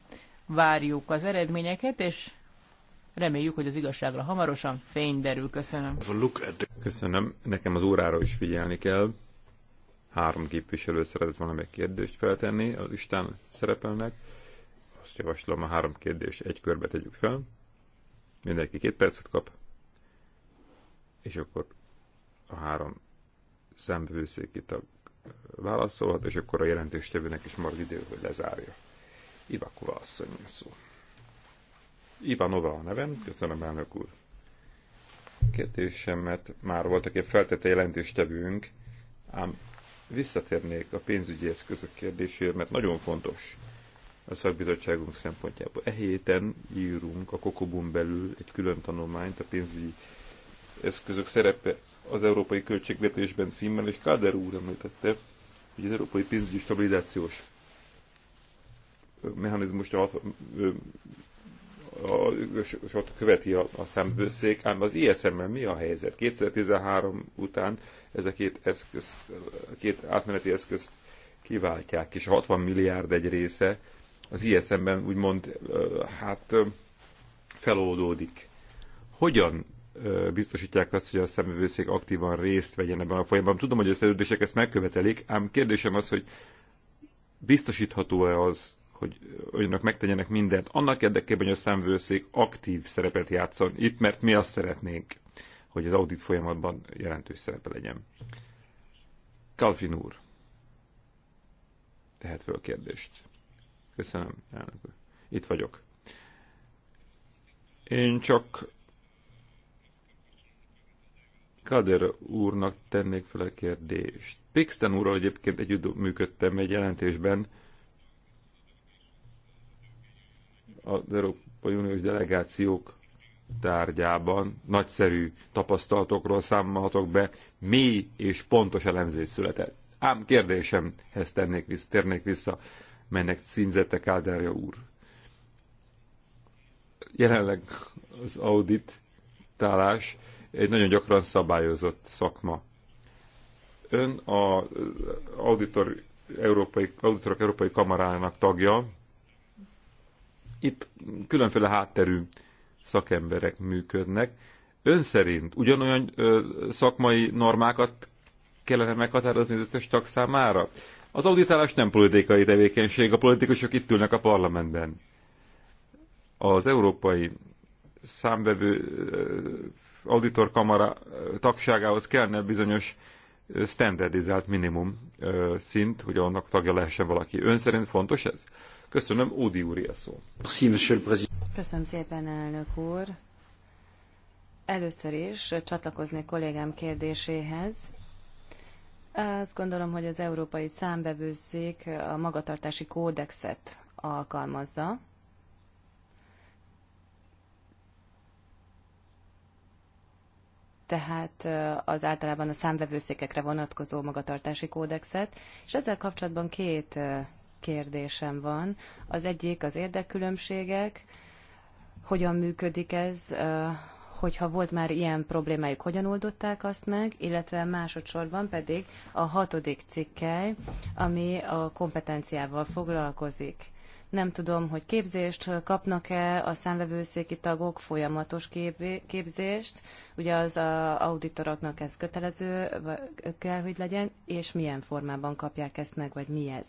várjuk az eredményeket, és reméljük, hogy az igazságra hamarosan fény derül. Köszönöm. Köszönöm. Nekem az órára is figyelni kell. Három képviselő szeretett volna még kérdést feltenni, a listán szerepelnek. Azt javaslom, a három kérdés egy körbe tegyük fel. Mindenki két percet kap, és akkor a három szemvőszéki tag válaszolhat, és akkor a jelentéstevőnek is marad idő, hogy lezárja. Ivakova asszony szó. Ivanova a nevem, köszönöm elnök úr. Kérdésemet már voltak aki feltette jelentéstevőnk, ám visszatérnék a pénzügyi eszközök kérdésére, mert nagyon fontos a szakbizottságunk szempontjából. E héten írunk a Kokobun belül egy külön tanulmányt a pénzügyi eszközök szerepe az európai költségvetésben címmel, és Káder úr említette, hogy az európai pénzügyi stabilizációs mechanizmust a, ott követi a, a szembőszék, ám az ISM-mel mi a helyzet? 2013 után ez a két, eszköz, két átmeneti eszközt kiváltják, és a 60 milliárd egy része az ISM-ben úgymond hát feloldódik. Hogyan biztosítják azt, hogy a szemvőszék aktívan részt vegyen ebben a folyamban. Tudom, hogy a szerződések ezt megkövetelik, ám kérdésem az, hogy biztosítható-e az, hogy önök megtegyenek mindent annak érdekében, hogy a szemvőszék aktív szerepet játszon itt, mert mi azt szeretnénk, hogy az audit folyamatban jelentős szerepe legyen. Calvin úr, tehet föl kérdést. Köszönöm, elnök úr. Itt vagyok. Én csak Kader úrnak tennék fel a kérdést. Pixten úrral egyébként együtt működtem egy jelentésben, az Európai Uniós delegációk tárgyában nagyszerű tapasztalatokról számolhatok be, mély és pontos elemzés született. Ám kérdésemhez tennék vissza, térnék vissza, mennek címzette Kálderja úr. Jelenleg az audit tálás egy nagyon gyakran szabályozott szakma. Ön az auditor, európai, auditorok európai kamarának tagja, itt különféle hátterű szakemberek működnek. Ön szerint ugyanolyan ö, szakmai normákat kellene meghatározni az összes tag számára? Az auditálás nem politikai tevékenység, a politikusok itt ülnek a parlamentben. Az európai számvevő auditorkamara tagságához kellene bizonyos standardizált minimum szint, hogy annak tagja lehessen valaki. Ön szerint fontos ez? Köszönöm, Ódi úr a szó. Köszönöm szépen, elnök úr. Először is csatlakoznék kollégám kérdéséhez. Azt gondolom, hogy az Európai Számbevőszék a magatartási kódexet alkalmazza. tehát az általában a számvevőszékekre vonatkozó magatartási kódexet, és ezzel kapcsolatban két kérdésem van. Az egyik az érdekkülönbségek, hogyan működik ez, hogyha volt már ilyen problémájuk, hogyan oldották azt meg, illetve másodszorban pedig a hatodik cikkely, ami a kompetenciával foglalkozik. Nem tudom, hogy képzést kapnak-e a számvevőszéki tagok, folyamatos képzést. Ugye az a auditoroknak ez kötelező kell, hogy legyen, és milyen formában kapják ezt meg, vagy mi ez.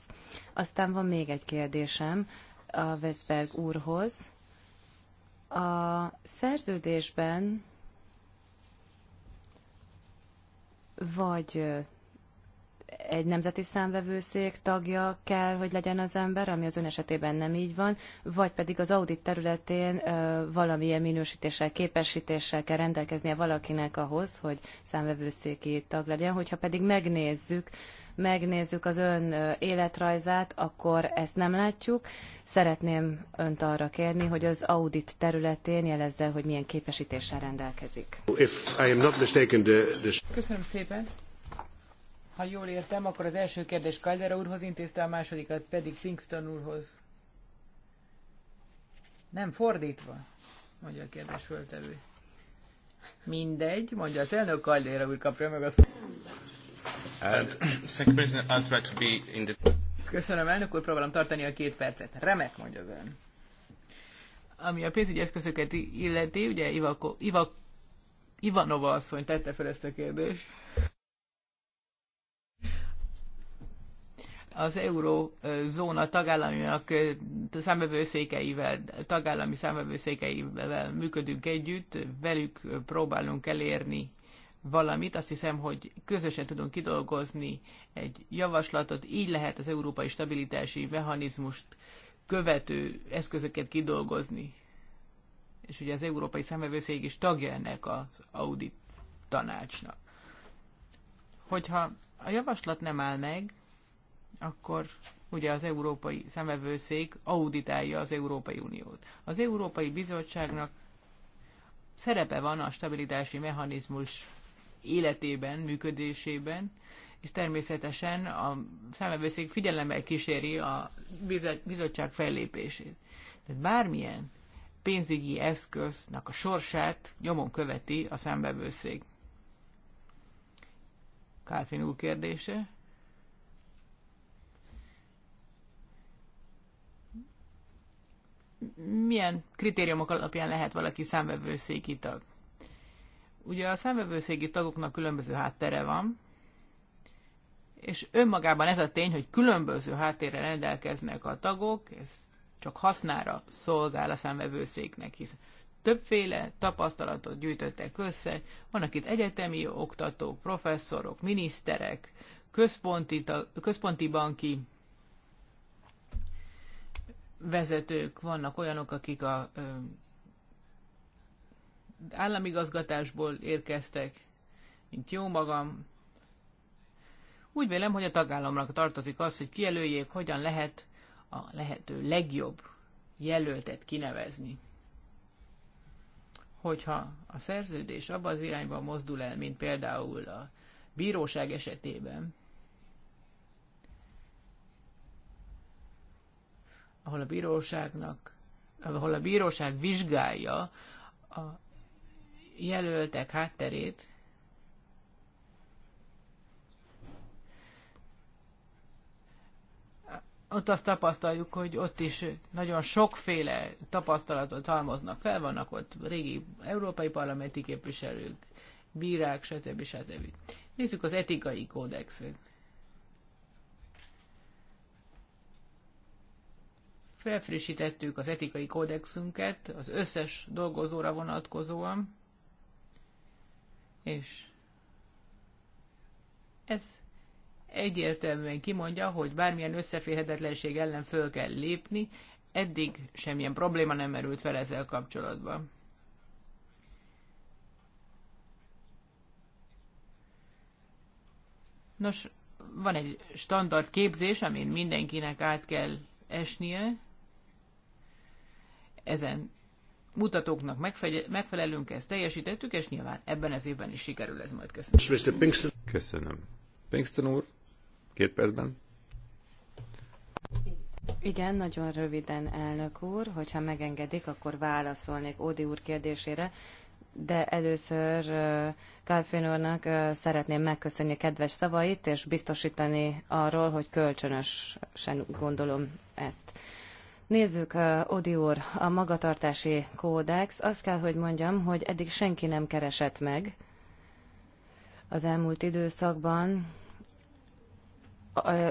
Aztán van még egy kérdésem a Veszberg úrhoz. A szerződésben vagy egy nemzeti számvevőszék tagja kell, hogy legyen az ember, ami az ön esetében nem így van, vagy pedig az audit területén valamilyen minősítéssel, képesítéssel kell rendelkeznie valakinek ahhoz, hogy számvevőszéki tag legyen. Hogyha pedig megnézzük, megnézzük az ön életrajzát, akkor ezt nem látjuk. Szeretném önt arra kérni, hogy az audit területén jelezze, hogy milyen képesítéssel rendelkezik. Köszönöm szépen. Ha jól értem, akkor az első kérdés Caldera úrhoz intézte, a másodikat pedig Pinkston úrhoz. Nem fordítva, mondja a kérdés föltevő. Mindegy, mondja az elnök Caldera úr, kapja meg azt. Köszönöm, elnök úr, próbálom tartani a két percet. Remek, mondja az elnök. Ami a pénzügyi eszközöket illeti, ugye Ivako, Ivak, Ivanova asszony tette fel ezt a kérdést. az eurózóna tagállamiak számvevőszékeivel, tagállami számvevőszékeivel működünk együtt, velük próbálunk elérni valamit. Azt hiszem, hogy közösen tudunk kidolgozni egy javaslatot, így lehet az európai stabilitási mechanizmust követő eszközöket kidolgozni. És ugye az Európai Számvevőszék is tagja ennek az audit tanácsnak. Hogyha a javaslat nem áll meg, akkor ugye az Európai Szemevőszék auditálja az Európai Uniót. Az Európai Bizottságnak szerepe van a stabilitási mechanizmus életében, működésében, és természetesen a számvevőszék figyelemmel kíséri a bizottság fellépését. Tehát bármilyen pénzügyi eszköznek a sorsát nyomon követi a számbevőszék. Kálfin úr kérdése. milyen kritériumok alapján lehet valaki számvevőszéki tag? Ugye a számvevőszéki tagoknak különböző háttere van, és önmagában ez a tény, hogy különböző háttérrel rendelkeznek a tagok, ez csak hasznára szolgál a számvevőszéknek, hisz többféle tapasztalatot gyűjtöttek össze, vannak itt egyetemi oktatók, professzorok, miniszterek, központi, központi banki vezetők, vannak olyanok, akik a ö, államigazgatásból érkeztek, mint jó magam. Úgy vélem, hogy a tagállamnak tartozik az, hogy kijelöljék, hogyan lehet a lehető legjobb jelöltet kinevezni. Hogyha a szerződés abba az irányba mozdul el, mint például a bíróság esetében, ahol a bíróságnak, ahol a bíróság vizsgálja a jelöltek hátterét, ott azt tapasztaljuk, hogy ott is nagyon sokféle tapasztalatot halmoznak fel, vannak ott régi európai parlamenti képviselők, bírák, stb. stb. Nézzük az etikai kódexet. Felfrissítettük az etikai kódexünket az összes dolgozóra vonatkozóan, és ez egyértelműen kimondja, hogy bármilyen összeférhetetlenség ellen föl kell lépni, eddig semmilyen probléma nem merült fel ezzel kapcsolatban. Nos, van egy standard képzés, amin mindenkinek át kell esnie, ezen mutatóknak megfelelünk, ezt teljesítettük, és nyilván ebben az évben is sikerül ez majd. Köszönöm. Köszönöm. Pinkston úr, két percben. Igen, nagyon röviden, elnök úr, hogyha megengedik, akkor válaszolnék Ódi úr kérdésére, de először Kárfén úrnak szeretném megköszönni a kedves szavait, és biztosítani arról, hogy kölcsönösen gondolom ezt. Nézzük, Odi úr, a magatartási kódex. Azt kell, hogy mondjam, hogy eddig senki nem keresett meg az elmúlt időszakban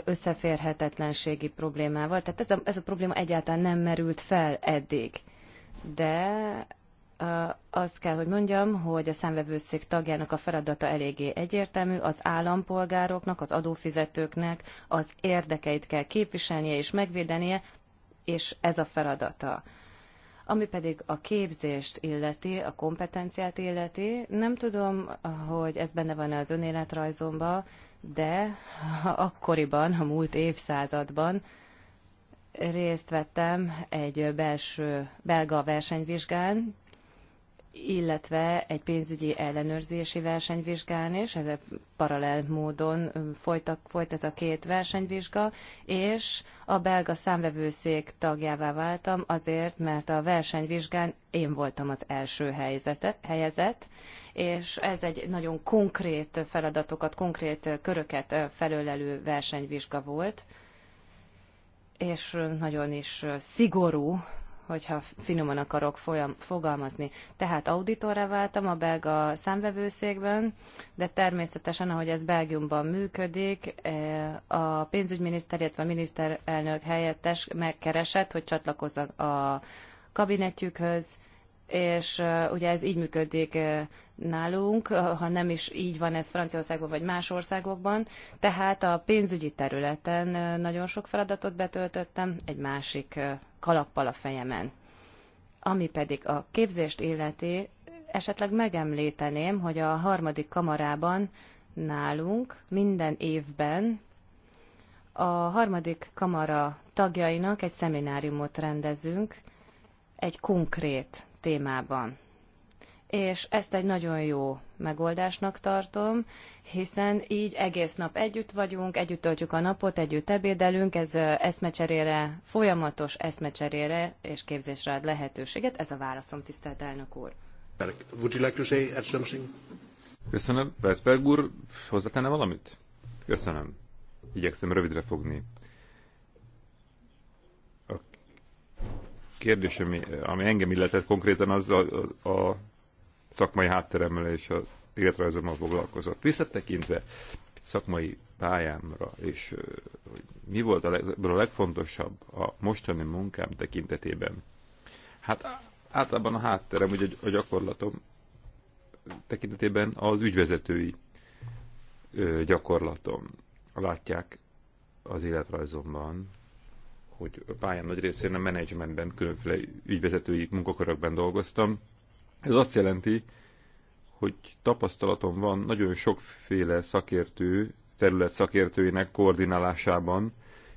összeférhetetlenségi problémával. Tehát ez a, ez a probléma egyáltalán nem merült fel eddig. De azt kell, hogy mondjam, hogy a számvevőszék tagjának a feladata eléggé egyértelmű, az állampolgároknak, az adófizetőknek az érdekeit kell képviselnie és megvédenie, és ez a feladata. Ami pedig a képzést illeti, a kompetenciát illeti, nem tudom, hogy ez benne van-e az önéletrajzomba, de akkoriban, a múlt évszázadban részt vettem egy belső belga versenyvizsgán, illetve egy pénzügyi ellenőrzési versenyvizsgán is, ez paralel módon folytak, folyt ez a két versenyvizsga, és a belga számvevőszék tagjává váltam azért, mert a versenyvizsgán én voltam az első helyzete, helyezett, és ez egy nagyon konkrét feladatokat, konkrét köröket felölelő versenyvizsga volt, és nagyon is szigorú hogyha finoman akarok folyam, fogalmazni. Tehát auditorra váltam a belga számvevőszékben, de természetesen, ahogy ez Belgiumban működik, e, a pénzügyminiszter, illetve a miniszterelnök helyettes megkeresett, hogy csatlakozzak a kabinetjükhöz, és e, ugye ez így működik e, nálunk, ha nem is így van ez Franciaországban vagy más országokban. Tehát a pénzügyi területen nagyon sok feladatot betöltöttem egy másik kalappal a fejemen. Ami pedig a képzést illeti, esetleg megemlíteném, hogy a harmadik kamarában nálunk minden évben a harmadik kamara tagjainak egy szemináriumot rendezünk egy konkrét témában és ezt egy nagyon jó megoldásnak tartom, hiszen így egész nap együtt vagyunk, együtt töltjük a napot, együtt ebédelünk, ez eszmecserére, folyamatos eszmecserére és képzésre ad lehetőséget. Ez a válaszom, tisztelt elnök úr. Would you like to say something? Köszönöm. Veszberg úr, hozzátenne valamit? Köszönöm. Igyekszem rövidre fogni. A kérdésem, ami engem illetett konkrétan, az a, a, a szakmai hátteremmel és az életrajzommal foglalkozott. Visszatekintve szakmai pályámra, és hogy mi volt a, leg, a legfontosabb a mostani munkám tekintetében. Hát általában a hátterem, ugye a gyakorlatom tekintetében az ügyvezetői gyakorlatom. Látják az életrajzomban, hogy a pályám nagy részén a menedzsmentben, különféle ügyvezetői munkakörökben dolgoztam, ez azt jelenti, hogy tapasztalatom van nagyon sokféle szakértő, terület szakértőinek koordinálásában,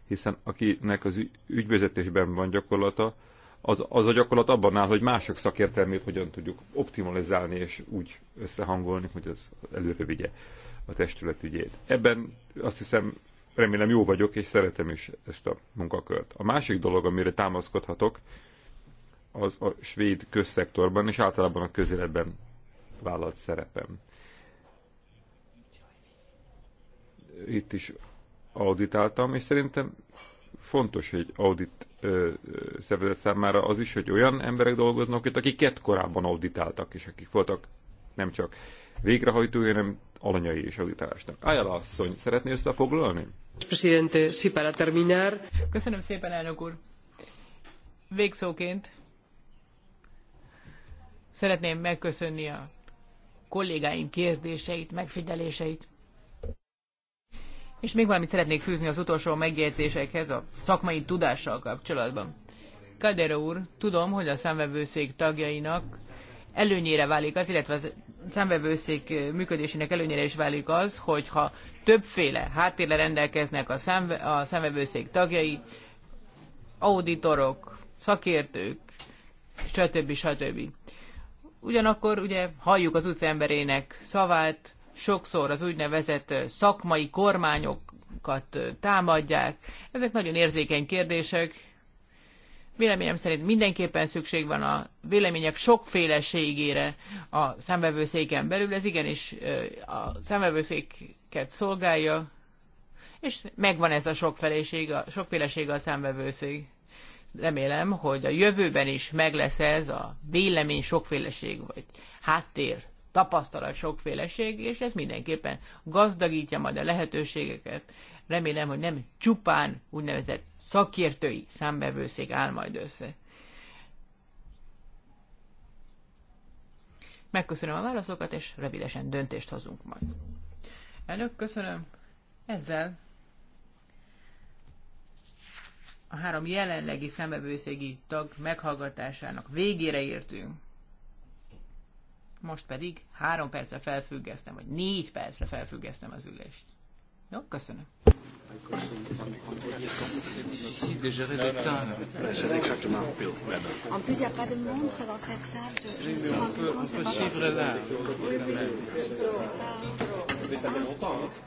hiszen akinek az ügyvezetésben van gyakorlata, az, az a gyakorlat abban áll, hogy mások szakértelmét hogyan tudjuk optimalizálni és úgy összehangolni, hogy az előre vigye a testület ügyét. Ebben azt hiszem, remélem jó vagyok, és szeretem is ezt a munkakört. A másik dolog, amire támaszkodhatok, az a svéd közszektorban és általában a közéletben vállalt szerepem. Itt is auditáltam, és szerintem fontos egy audit ö, szervezet számára az is, hogy olyan emberek dolgoznak itt, két korábban auditáltak, és akik voltak nem csak végrehajtói, hanem alanyai is auditálásnak. Ájala asszony, szeretné összefoglalni? Presidente, para terminar. Köszönöm szépen, elnök úr. Végszóként Szeretném megköszönni a kollégáim kérdéseit, megfigyeléseit. És még valamit szeretnék fűzni az utolsó megjegyzésekhez a szakmai tudással kapcsolatban. Kadero úr, tudom, hogy a számvevőszék tagjainak előnyére válik az, illetve a számvevőszék működésének előnyére is válik az, hogyha többféle háttérre rendelkeznek a, számve, a számvevőszék tagjai, auditorok, szakértők, stb. stb. Ugyanakkor ugye halljuk az utcemberének szavát, sokszor az úgynevezett szakmai kormányokat támadják. Ezek nagyon érzékeny kérdések. Véleményem szerint mindenképpen szükség van a vélemények sokféleségére a számvevőszéken belül. Ez igenis a számvevőszéket szolgálja, és megvan ez a sokféleség a, a számvevőszék. Remélem, hogy a jövőben is meg lesz ez a vélemény sokféleség, vagy háttér tapasztalat sokféleség, és ez mindenképpen gazdagítja majd a lehetőségeket. Remélem, hogy nem csupán úgynevezett szakértői számbevőszék áll majd össze. Megköszönöm a válaszokat, és rövidesen döntést hozunk majd. Elnök, köszönöm. Ezzel a három jelenlegi szembevőszégi tag meghallgatásának végére értünk. Most pedig három percre felfüggesztem, vagy négy percre felfüggesztem az ülést. Jó, köszönöm. En plus, il n'y a pas de montre dans cette salle. Je, je me suis rendu compte,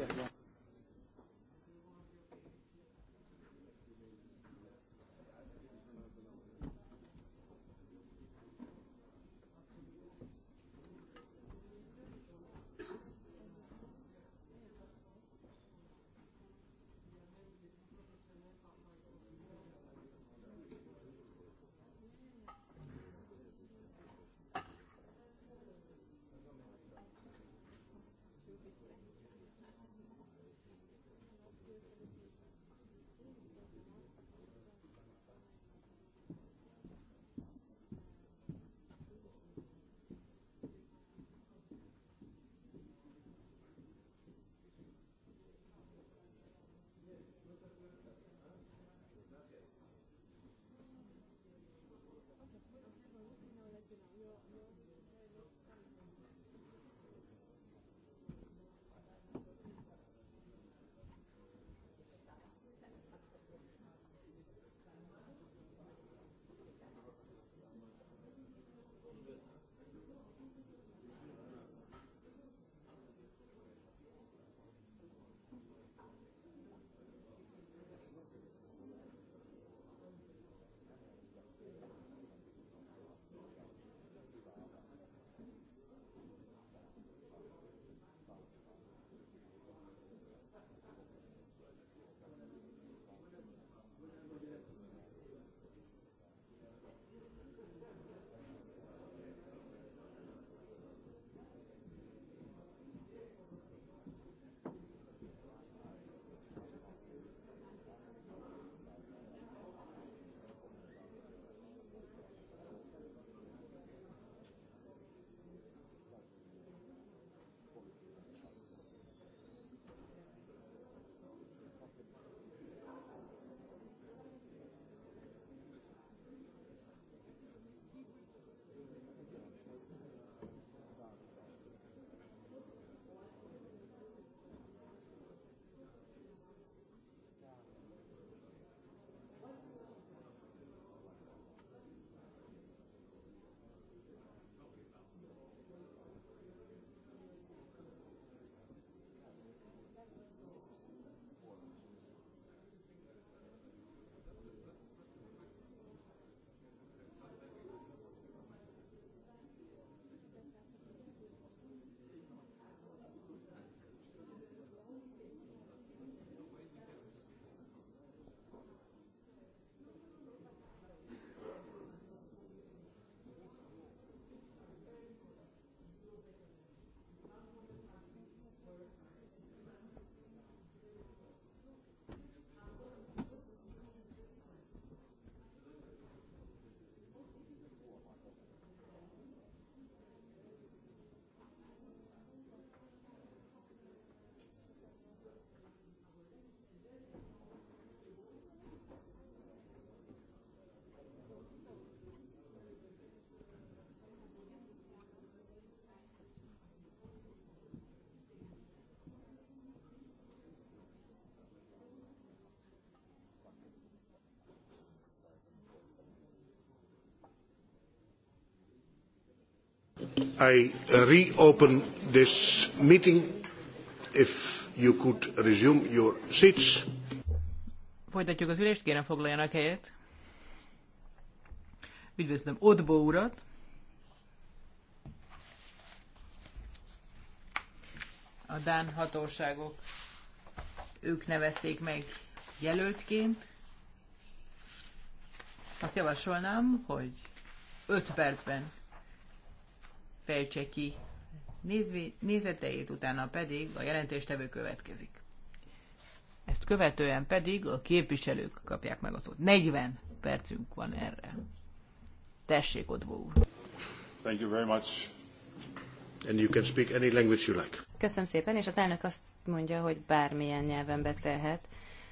I reopen this meeting. If you could resume your seats. Folytatjuk az ülést, kérem foglaljanak helyet. Üdvözlöm Otbo urat. A Dán hatóságok, ők nevezték meg jelöltként. Azt javasolnám, hogy 5 percben fejtse ki nézvé, nézeteit, utána pedig a jelentéstevő következik. Ezt követően pedig a képviselők kapják meg a szót. 40 percünk van erre. Tessék, ott, úr. Thank you very much. And you can speak any language you like. Köszönöm szépen, és az elnök azt mondja, hogy bármilyen nyelven beszélhet.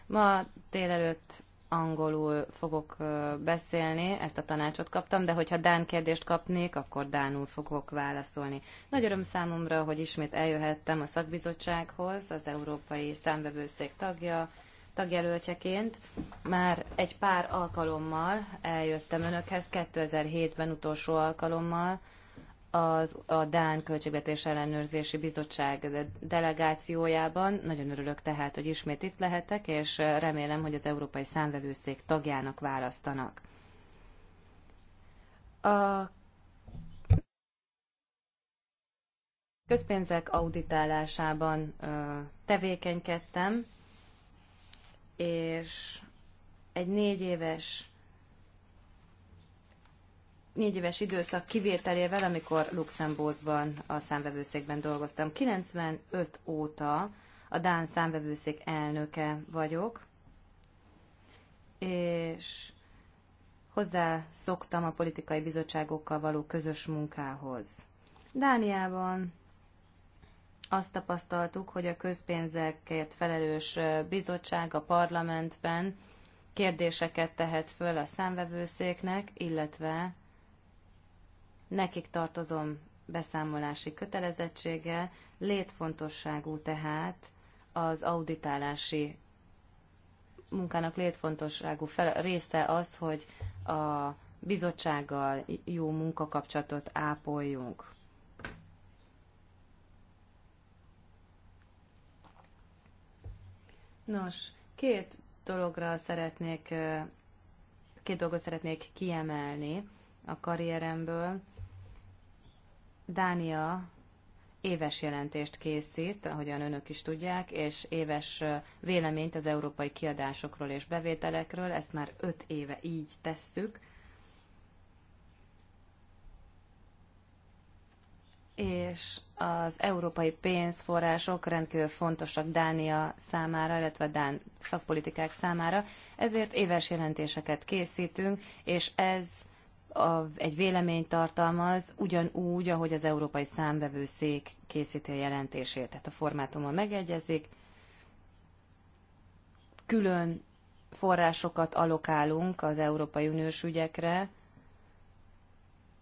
Ma délelőtt angolul fogok beszélni, ezt a tanácsot kaptam, de hogyha Dán kérdést kapnék, akkor Dánul fogok válaszolni. Nagy öröm számomra, hogy ismét eljöhettem a szakbizottsághoz, az Európai Számbevőszék tagja, tagjelöltjeként. Már egy pár alkalommal eljöttem önökhez, 2007-ben utolsó alkalommal, az, a Dán Költségvetés Ellenőrzési Bizottság delegációjában. Nagyon örülök tehát, hogy ismét itt lehetek, és remélem, hogy az Európai Számvevőszék tagjának választanak. A közpénzek auditálásában tevékenykedtem, és egy négy éves négy éves időszak kivételével, amikor Luxemburgban a számvevőszékben dolgoztam. 95 óta a Dán számvevőszék elnöke vagyok, és hozzá szoktam a politikai bizottságokkal való közös munkához. Dániában azt tapasztaltuk, hogy a közpénzekért felelős bizottság a parlamentben kérdéseket tehet föl a számvevőszéknek, illetve nekik tartozom beszámolási kötelezettsége, létfontosságú tehát az auditálási munkának létfontosságú fel, része az, hogy a bizottsággal jó munkakapcsolatot ápoljunk. Nos, két dologra szeretnék, két dolgot szeretnék kiemelni a karrieremből. Dánia éves jelentést készít, ahogyan önök is tudják, és éves véleményt az európai kiadásokról és bevételekről, ezt már öt éve így tesszük. És az európai pénzforrások rendkívül fontosak Dánia számára, illetve Dán szakpolitikák számára, ezért éves jelentéseket készítünk, és ez a, egy véleményt tartalmaz, ugyanúgy, ahogy az Európai Számbevőszék készíti a jelentését. Tehát a formátumon megegyezik. Külön forrásokat alokálunk az Európai Uniós ügyekre,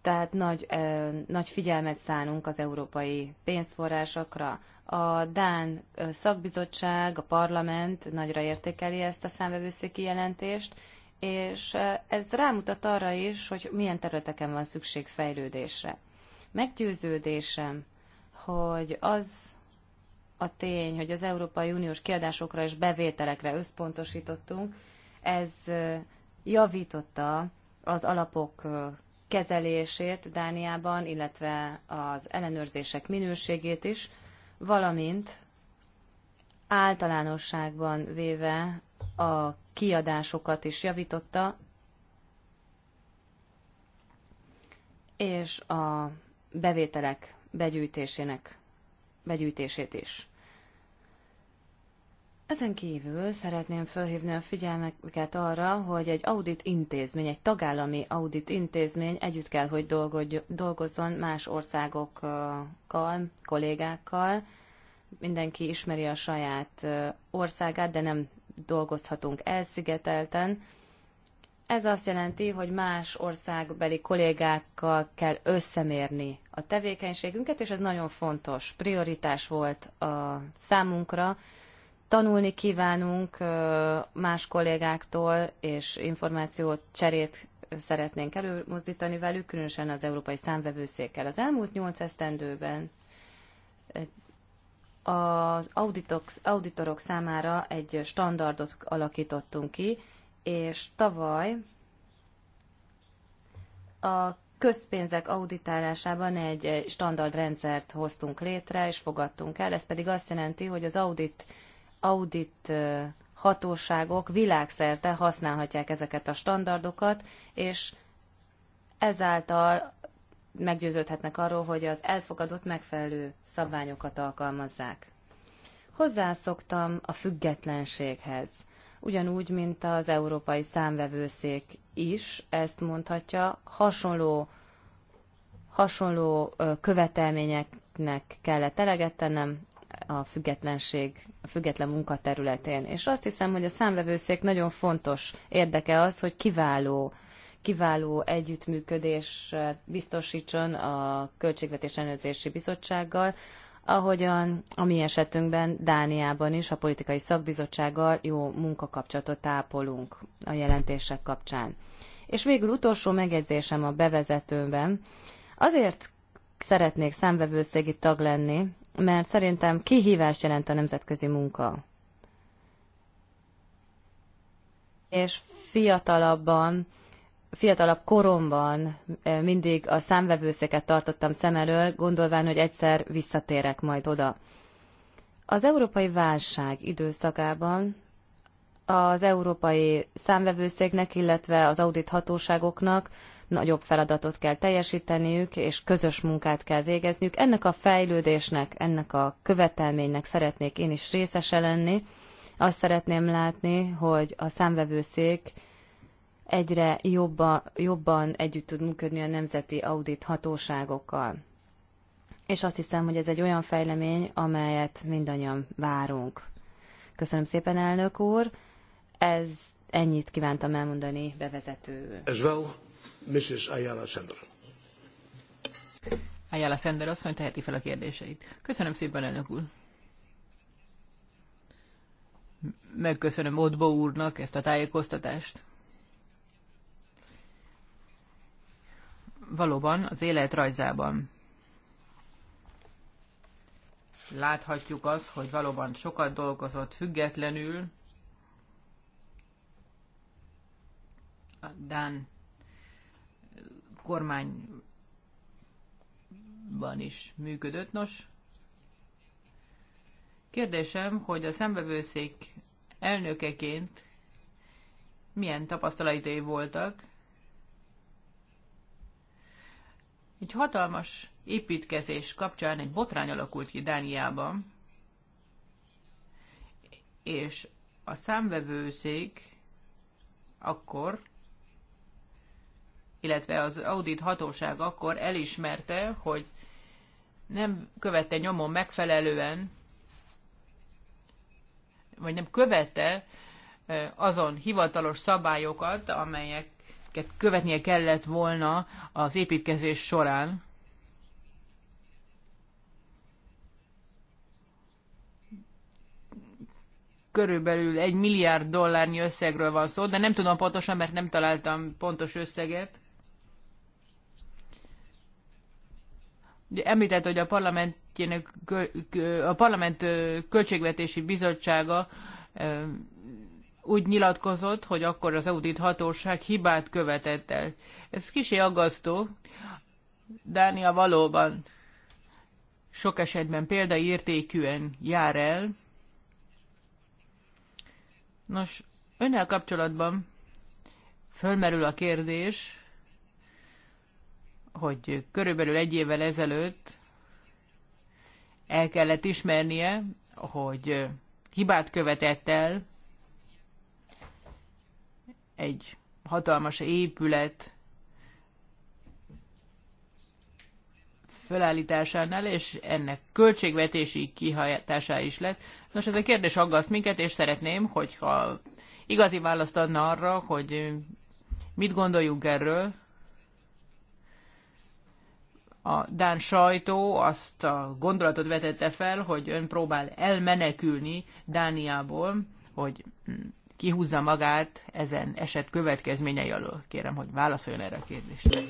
tehát nagy, ö, nagy figyelmet szánunk az európai pénzforrásokra. A Dán szakbizottság, a parlament nagyra értékeli ezt a számbevőszéki jelentést, és ez rámutat arra is, hogy milyen területeken van szükség fejlődésre. Meggyőződésem, hogy az a tény, hogy az Európai Uniós kiadásokra és bevételekre összpontosítottunk, ez javította az alapok kezelését Dániában, illetve az ellenőrzések minőségét is, valamint általánosságban véve a kiadásokat is javította, és a bevételek begyűjtésének begyűjtését is. Ezen kívül szeretném felhívni a figyelmeket arra, hogy egy audit intézmény, egy tagállami audit intézmény együtt kell, hogy dolgozzon más országokkal, kollégákkal. Mindenki ismeri a saját országát, de nem dolgozhatunk elszigetelten. Ez azt jelenti, hogy más országbeli kollégákkal kell összemérni a tevékenységünket, és ez nagyon fontos prioritás volt a számunkra. Tanulni kívánunk más kollégáktól, és információt, cserét szeretnénk előmozdítani velük, különösen az Európai Számvevőszékkel. Az elmúlt nyolc esztendőben az auditok, auditorok számára egy standardot alakítottunk ki, és tavaly a közpénzek auditálásában egy standard rendszert hoztunk létre, és fogadtunk el. Ez pedig azt jelenti, hogy az audit, audit hatóságok világszerte használhatják ezeket a standardokat, és ezáltal meggyőződhetnek arról, hogy az elfogadott megfelelő szabványokat alkalmazzák. Hozzászoktam a függetlenséghez. Ugyanúgy, mint az Európai Számvevőszék is ezt mondhatja, hasonló, hasonló követelményeknek kellett eleget tennem a függetlenség, a független munkaterületén. És azt hiszem, hogy a számvevőszék nagyon fontos érdeke az, hogy kiváló kiváló együttműködés biztosítson a Költségvetés Ellenőrzési Bizottsággal, ahogyan a mi esetünkben Dániában is a politikai szakbizottsággal jó munkakapcsolatot tápolunk a jelentések kapcsán. És végül utolsó megjegyzésem a bevezetőben. Azért szeretnék számvevőszégi tag lenni, mert szerintem kihívást jelent a nemzetközi munka. És fiatalabban fiatalabb koromban eh, mindig a számvevőszéket tartottam szem elől, gondolván, hogy egyszer visszatérek majd oda. Az európai válság időszakában az európai számvevőszéknek, illetve az audit hatóságoknak nagyobb feladatot kell teljesíteniük, és közös munkát kell végezniük. Ennek a fejlődésnek, ennek a követelménynek szeretnék én is részese lenni. Azt szeretném látni, hogy a számvevőszék egyre jobba, jobban együtt tud működni a nemzeti audit hatóságokkal. És azt hiszem, hogy ez egy olyan fejlemény, amelyet mindannyian várunk. Köszönöm szépen, elnök úr. Ez ennyit kívántam elmondani bevezető. As well, Mrs. Ayala Sender. Ayala Sender asszony teheti fel a kérdéseit. Köszönöm szépen, elnök úr. Megköszönöm Odbo úrnak ezt a tájékoztatást. valóban az életrajzában. Láthatjuk azt, hogy valóban sokat dolgozott függetlenül. A Dán kormányban is működött. Nos, kérdésem, hogy a szembevőszék elnökeként milyen tapasztalatai voltak, Egy hatalmas építkezés kapcsán egy botrány alakult ki Dániában, és a számvevőszék akkor, illetve az audit hatóság akkor elismerte, hogy nem követte nyomon megfelelően, vagy nem követte eh, azon hivatalos szabályokat, amelyek követnie kellett volna az építkezés során. Körülbelül egy milliárd dollárnyi összegről van szó, de nem tudom pontosan, mert nem találtam pontos összeget. Említett, hogy a parlamentjének, a parlament költségvetési bizottsága úgy nyilatkozott, hogy akkor az audit hatóság hibát követett el. Ez kisé aggasztó. Dánia valóban sok esetben példaértékűen jár el. Nos, önnel kapcsolatban fölmerül a kérdés, hogy körülbelül egy évvel ezelőtt el kellett ismernie, hogy hibát követett el egy hatalmas épület felállításánál, és ennek költségvetési kihajtásá is lett. Nos, ez a kérdés aggaszt minket, és szeretném, hogyha igazi választ adna arra, hogy mit gondoljunk erről. A Dán sajtó azt a gondolatot vetette fel, hogy ön próbál elmenekülni Dániából, hogy kihúzza magát ezen eset következményei alól. Kérem, hogy válaszoljon erre a kérdést.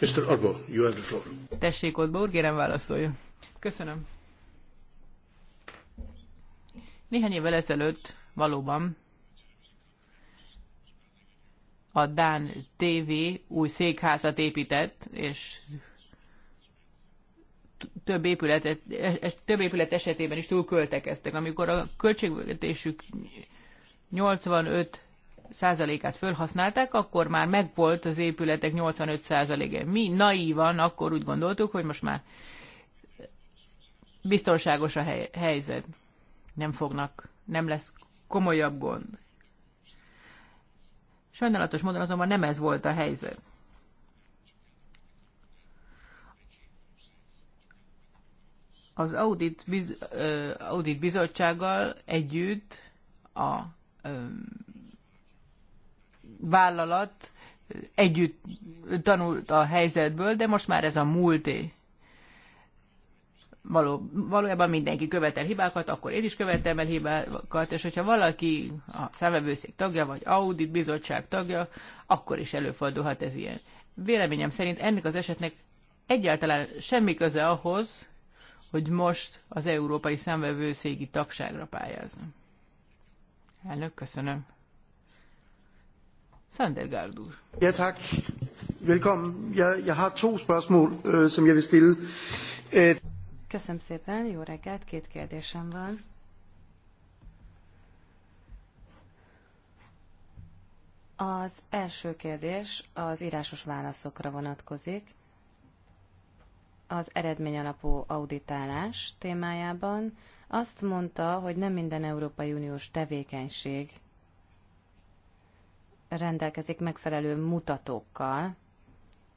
Mr. Arbo, you have the floor. Tessék, ott, Bór, kérem válaszoljon. Köszönöm. Néhány évvel ezelőtt valóban a Dán TV új székházat épített, és több, épületet, e- több épület esetében is túlköltekeztek. Amikor a költségvetésük 85 százalékát fölhasználták, akkor már megvolt az épületek 85 százaléke. Mi naívan akkor úgy gondoltuk, hogy most már biztonságos a hely, helyzet. Nem fognak, nem lesz komolyabb gond. Sajnálatos módon azonban nem ez volt a helyzet. Az audit, biz, audit bizottsággal együtt a vállalat együtt tanult a helyzetből, de most már ez a múlté. Való, valójában mindenki követel hibákat, akkor én is követem el hibákat, és hogyha valaki a szemvevőszék tagja, vagy audit bizottság tagja, akkor is előfordulhat ez ilyen. Véleményem szerint ennek az esetnek egyáltalán semmi köze ahhoz, hogy most az európai szemvevőszégi tagságra pályázni. Elnök, köszönöm. Sandergaard úr. Ja, tak. Velkommen. Jeg, jeg har to spørgsmål, øh, som jeg vil stille. Øh... Köszönöm szépen, jó reggelt, két kérdésem van. Az első kérdés az írásos válaszokra vonatkozik. Az eredmény alapú auditálás témájában azt mondta, hogy nem minden Európai Uniós tevékenység rendelkezik megfelelő mutatókkal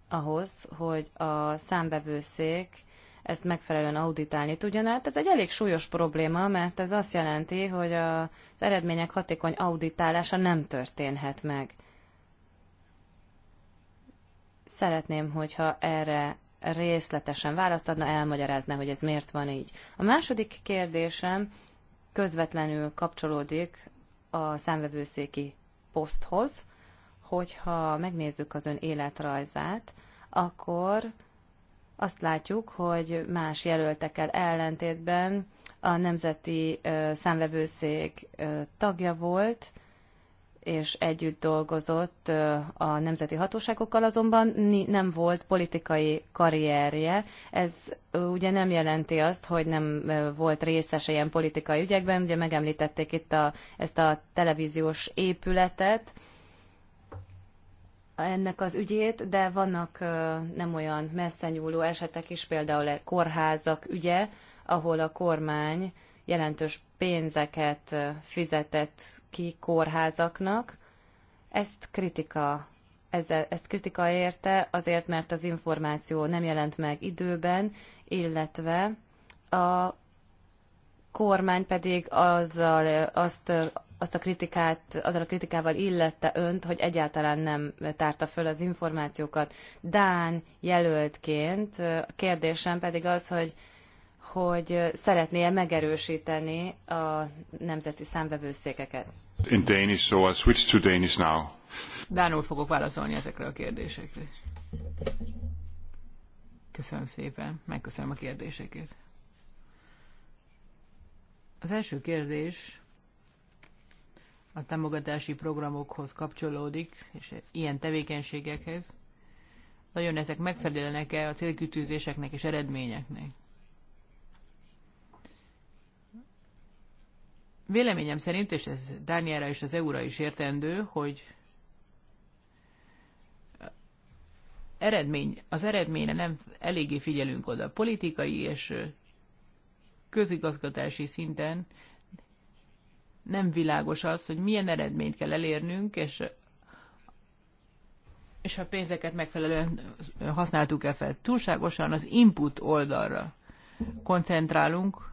ahhoz, hogy a számbevőszék ezt megfelelően auditálni tudjon. Hát ez egy elég súlyos probléma, mert ez azt jelenti, hogy az eredmények hatékony auditálása nem történhet meg. Szeretném, hogyha erre részletesen választ adna, elmagyarázna, hogy ez miért van így. A második kérdésem közvetlenül kapcsolódik a számvevőszéki poszthoz, hogyha megnézzük az ön életrajzát, akkor azt látjuk, hogy más jelöltekkel ellentétben a Nemzeti Számvevőszék tagja volt, és együtt dolgozott a nemzeti hatóságokkal, azonban nem volt politikai karrierje. Ez ugye nem jelenti azt, hogy nem volt részes ilyen politikai ügyekben. Ugye megemlítették itt a, ezt a televíziós épületet, ennek az ügyét, de vannak nem olyan messze nyúló esetek is, például kórházak ügye, ahol a kormány jelentős pénzeket fizetett ki kórházaknak. Ezt kritika, ezzel, ezt kritika érte, azért, mert az információ nem jelent meg időben, illetve a kormány pedig azzal, azt, azt a kritikát, azzal a kritikával illette önt, hogy egyáltalán nem tárta föl az információkat. Dán jelöltként a kérdésem pedig az, hogy hogy szeretné-e megerősíteni a nemzeti számvevőszékeket. In Danish, so I switch to Danish now. Dánul fogok válaszolni ezekre a kérdésekre. Köszönöm szépen, megköszönöm a kérdéseket. Az első kérdés a támogatási programokhoz kapcsolódik, és ilyen tevékenységekhez. Vajon ezek megfelelnek-e a célkütőzéseknek és eredményeknek? Véleményem szerint, és ez Dániára és az EU-ra is értendő, hogy eredmény, az eredményre nem eléggé figyelünk oda. Politikai és közigazgatási szinten nem világos az, hogy milyen eredményt kell elérnünk, és, és a pénzeket megfelelően használtuk-e fel. Túlságosan az input oldalra koncentrálunk,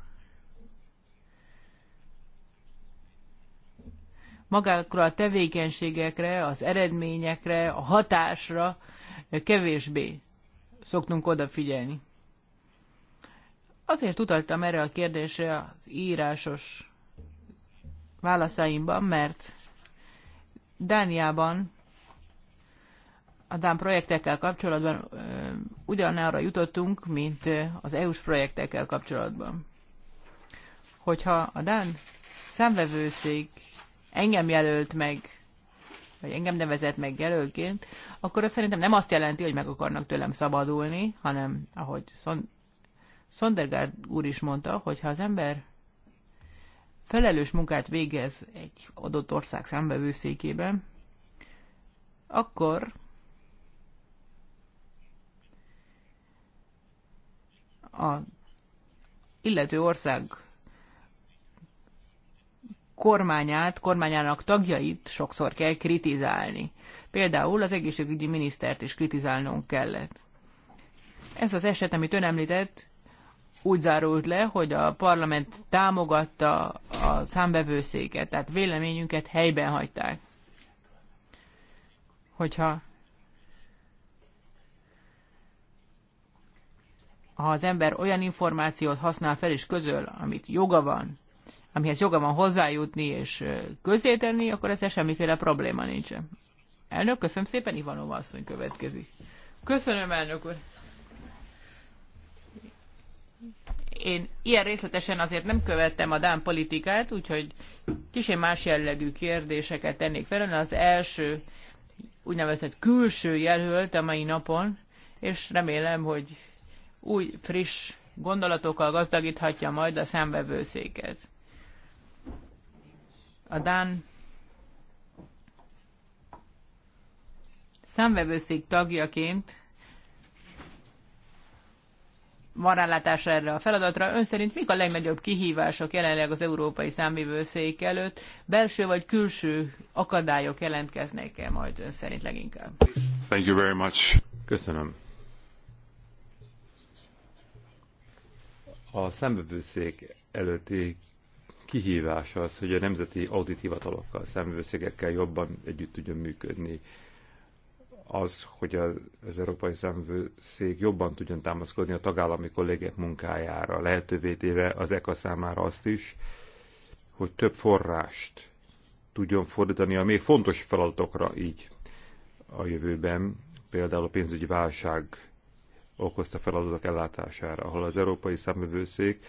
magákra a tevékenységekre, az eredményekre, a hatásra kevésbé szoktunk odafigyelni. Azért utaltam erre a kérdésre az írásos válaszaimban, mert Dániában a Dán projektekkel kapcsolatban ö, ugyanarra jutottunk, mint az EU-s projektekkel kapcsolatban. Hogyha a Dán számvevőszék engem jelölt meg, vagy engem nevezett meg jelölként, akkor az szerintem nem azt jelenti, hogy meg akarnak tőlem szabadulni, hanem ahogy Szon- Sondergaard úr is mondta, hogy ha az ember felelős munkát végez egy adott ország számbevőszékében, akkor a illető ország kormányát, kormányának tagjait sokszor kell kritizálni. Például az egészségügyi minisztert is kritizálnunk kellett. Ez az eset, amit ön említett, úgy zárult le, hogy a parlament támogatta a számbevőszéket, tehát véleményünket helyben hagyták. Hogyha ha az ember olyan információt használ fel és közöl, amit joga van, amihez joga van hozzájutni és közéteni, akkor ezzel semmiféle probléma nincsen. Elnök, köszönöm szépen, Ivanova asszony következik. Köszönöm, elnök úr. Én ilyen részletesen azért nem követtem a Dán politikát, úgyhogy kicsi más jellegű kérdéseket tennék fel. Az első úgynevezett külső jelölt a mai napon, és remélem, hogy új, friss gondolatokkal gazdagíthatja majd a számvevőszéket a Dán számvevőszék tagjaként van rálátása erre a feladatra. Ön szerint mik a legnagyobb kihívások jelenleg az Európai Számvevőszék előtt? Belső vagy külső akadályok jelentkeznek-e majd ön szerint leginkább? Thank you very much. Köszönöm. A számvevőszék előtti kihívás az, hogy a nemzeti hivatalokkal, számvőszégekkel jobban együtt tudjon működni. Az, hogy az Európai Számvőszék jobban tudjon támaszkodni a tagállami kollégek munkájára, lehetővé téve az ECA számára azt is, hogy több forrást tudjon fordítani a még fontos feladatokra így a jövőben, például a pénzügyi válság okozta feladatok ellátására, ahol az Európai Számvevőszék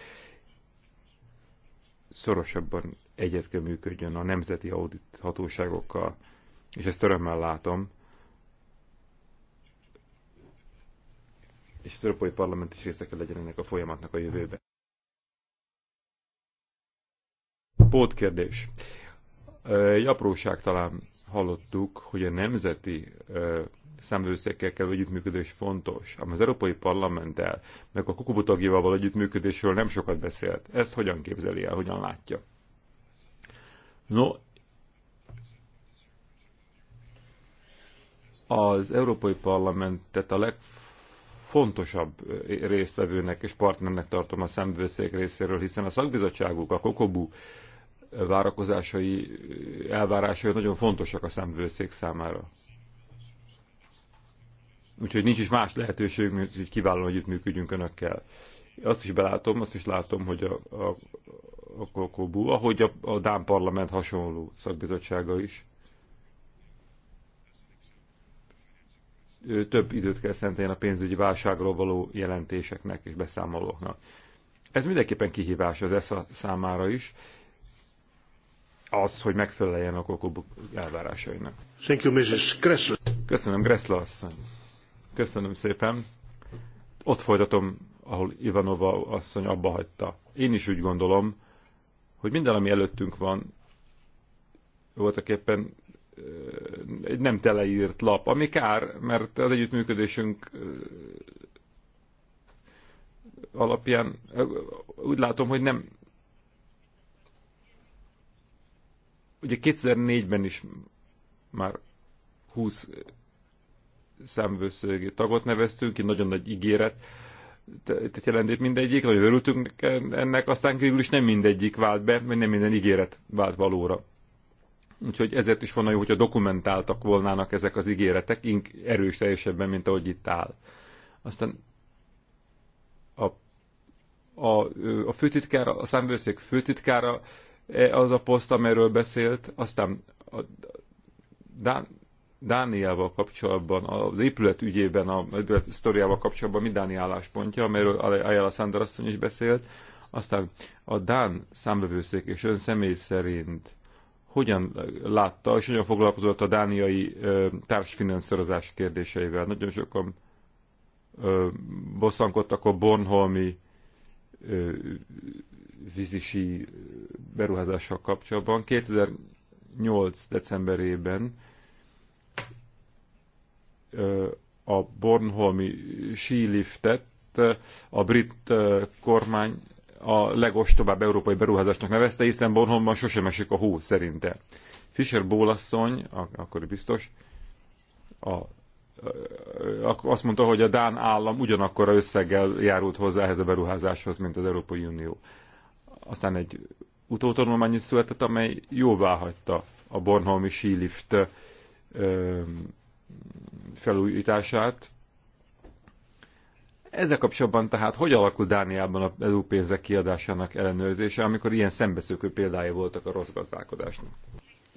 szorosabban egyet kell működjön a nemzeti audit hatóságokkal, és ezt örömmel látom. És az Európai Parlament is része kell legyen ennek a folyamatnak a jövőben. Pótkérdés. Egy apróság talán hallottuk, hogy a nemzeti számvevőszekkel kell együttműködés fontos, ám az Európai Parlamenttel, meg a Kukubu tagjával való együttműködésről nem sokat beszélt. Ezt hogyan képzeli el, hogyan látja? No, az Európai Parlamentet a legfontosabb eh, résztvevőnek és partnernek tartom a szemvőszék részéről, hiszen a szakbizottságuk, a Kokobu eh, várakozásai, eh, elvárásai nagyon fontosak a szemvőszék számára. Úgyhogy nincs is más lehetőség, mint hogy kiválóan együttműködjünk önökkel. Azt is belátom, azt is látom, hogy a, a, a Kokobú, ahogy a, a Dán Parlament hasonló szakbizottsága is, több időt kell szenteljen a pénzügyi válságról való jelentéseknek és beszámolóknak. Ez mindenképpen kihívás az ESZA számára is, az, hogy megfeleljen a kokobuk elvárásainak. Thank you, Mrs. Kressler. Köszönöm, Gressler asszony. Köszönöm szépen. Ott folytatom, ahol Ivanova asszony abba hagyta. Én is úgy gondolom, hogy minden, ami előttünk van, voltak éppen egy nem teleírt lap, ami kár, mert az együttműködésünk alapján úgy látom, hogy nem. Ugye 2004-ben is már 20 számvőszögi tagot neveztünk, ki nagyon nagy ígéret tehát jelentét mindegyik, vagy örültünk ennek, aztán végül is nem mindegyik vált be, mert nem minden ígéret vált valóra. Úgyhogy ezért is volna jó, hogyha dokumentáltak volnának ezek az ígéretek, ink erős teljesebben, mint ahogy itt áll. Aztán a, a, a főtitkára, a számvőszék főtitkára e, az a poszt, amiről beszélt, aztán a, a Dániával kapcsolatban, az épület ügyében, a épület sztoriával kapcsolatban mi Dáni álláspontja, amelyről Ayala Sándor asszony is beszélt. Aztán a Dán számbevőszék és ön személy szerint hogyan látta és hogyan foglalkozott a dániai ö, társfinanszírozás kérdéseivel. Nagyon sokan ö, bosszankodtak a Bornholmi ö, vízisi beruházással kapcsolatban. 2008. decemberében a Bornholmi síliftet a brit kormány a legostobább európai beruházásnak nevezte, hiszen Bornholmban sosem esik a hó szerinte. Fischer Bólasszony, akkor biztos, a, azt mondta, hogy a Dán állam ugyanakkora összeggel járult hozzá ehhez a beruházáshoz, mint az Európai Unió. Aztán egy utótanulmány is született, amely jóvá hagyta a Bornholmi sílift felújítását. Ezzel kapcsolatban tehát hogy alakul Dániában a EU pénzek kiadásának ellenőrzése, amikor ilyen szembeszökő példája voltak a rossz gazdálkodásnak?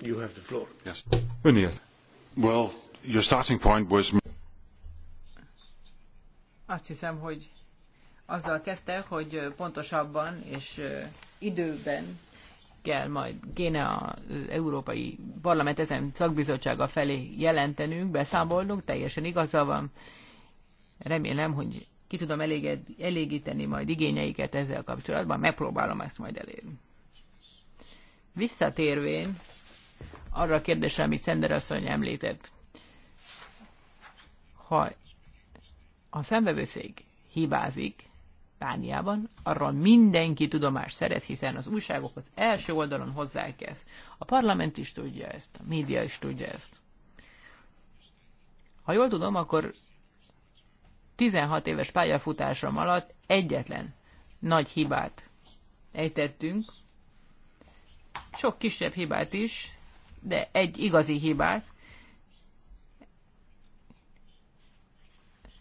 You have the floor. Yes. Öné ezt. Well, your starting point was... Azt hiszem, hogy azzal kezdte, hogy pontosabban és időben kell majd kéne az Európai Parlament ezen szakbizottsága felé jelentenünk, beszámolnunk, teljesen igaza van. Remélem, hogy ki tudom eléged, elégíteni majd igényeiket ezzel kapcsolatban, megpróbálom ezt majd elérni. Visszatérvén arra a kérdésre, amit Szender asszony említett. Ha a szembevőszék hibázik, pániában arról mindenki tudomást szerez, hiszen az újságok az első oldalon hozzák ezt. A parlament is tudja ezt, a média is tudja ezt. Ha jól tudom, akkor 16 éves pályafutásom alatt egyetlen nagy hibát ejtettünk, sok kisebb hibát is, de egy igazi hibát.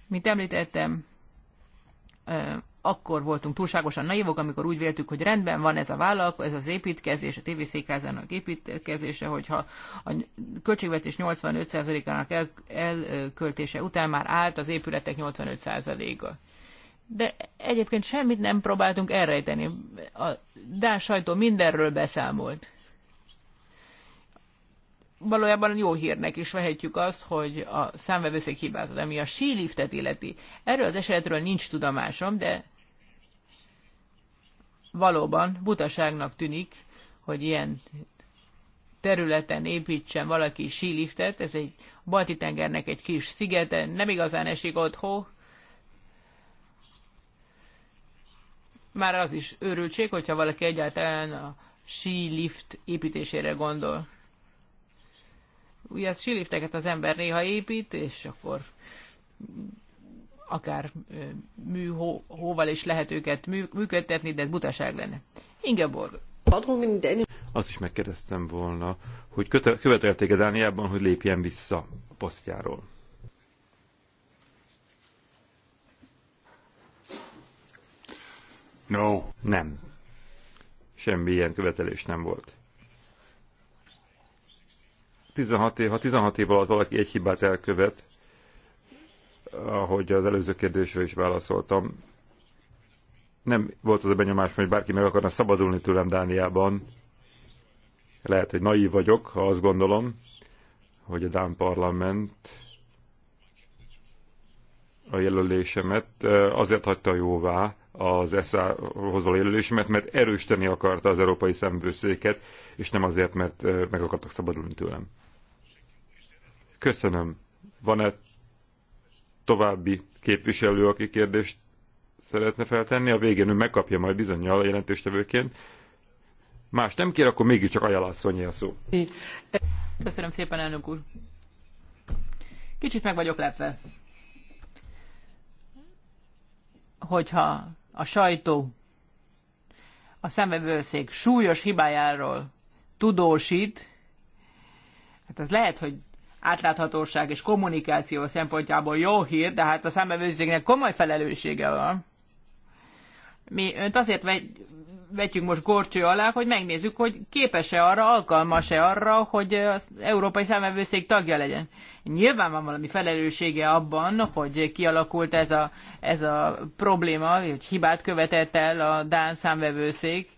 Mint említettem, akkor voltunk túlságosan naivok, amikor úgy véltük, hogy rendben van ez a vállalkozás, ez az építkezés, a TV székházának építkezése, hogyha a költségvetés 85%-ának el, elköltése után már állt az épületek 85%-a. De egyébként semmit nem próbáltunk elrejteni. A Dán sajtó mindenről beszámolt valójában jó hírnek is vehetjük azt, hogy a számvevőszék hibázat, ami a síliftet illeti. Erről az esetről nincs tudomásom, de valóban butaságnak tűnik, hogy ilyen területen építsen valaki síliftet, ez egy balti tengernek egy kis szigete, nem igazán esik ott hó. Már az is őrültség, hogyha valaki egyáltalán a sílift építésére gondol ugye silifteket az ember néha épít, és akkor akár műhóval is lehet őket működtetni, de ez butaság lenne. Ingeborg. Azt is megkérdeztem volna, hogy követelték-e Dániában, hogy lépjen vissza a posztjáról. No. Nem. semmi ilyen követelés nem volt. 16 év, ha 16 év alatt valaki egy hibát elkövet, ahogy az előző kérdésre is válaszoltam, nem volt az a benyomás, hogy bárki meg akarna szabadulni tőlem Dániában. Lehet, hogy naív vagyok, ha azt gondolom, hogy a Dán parlament a jelölésemet azért hagyta jóvá, az ESZA-hoz való jelölésemet, mert erősíteni akarta az európai szemvőszéket, és nem azért, mert meg akartak szabadulni tőlem. Köszönöm. Van-e további képviselő, aki kérdést szeretne feltenni? A végén ő megkapja majd bizonyal a jelentéstevőként. Más nem kér, akkor mégiscsak ajánlászolni a szó. Köszönöm szépen, elnök úr. Kicsit meg vagyok lepve. Hogyha a sajtó a szemvevőszék súlyos hibájáról tudósít, hát az lehet, hogy átláthatóság és kommunikáció szempontjából jó hír, de hát a szemvevőszéknek komoly felelőssége van mi önt azért vegy, vetjük most gorcső alá, hogy megnézzük, hogy képes-e arra, alkalmas-e arra, hogy az Európai Számvevőszék tagja legyen. Nyilván van valami felelőssége abban, hogy kialakult ez a, ez a probléma, hogy hibát követett el a Dán számvevőszék.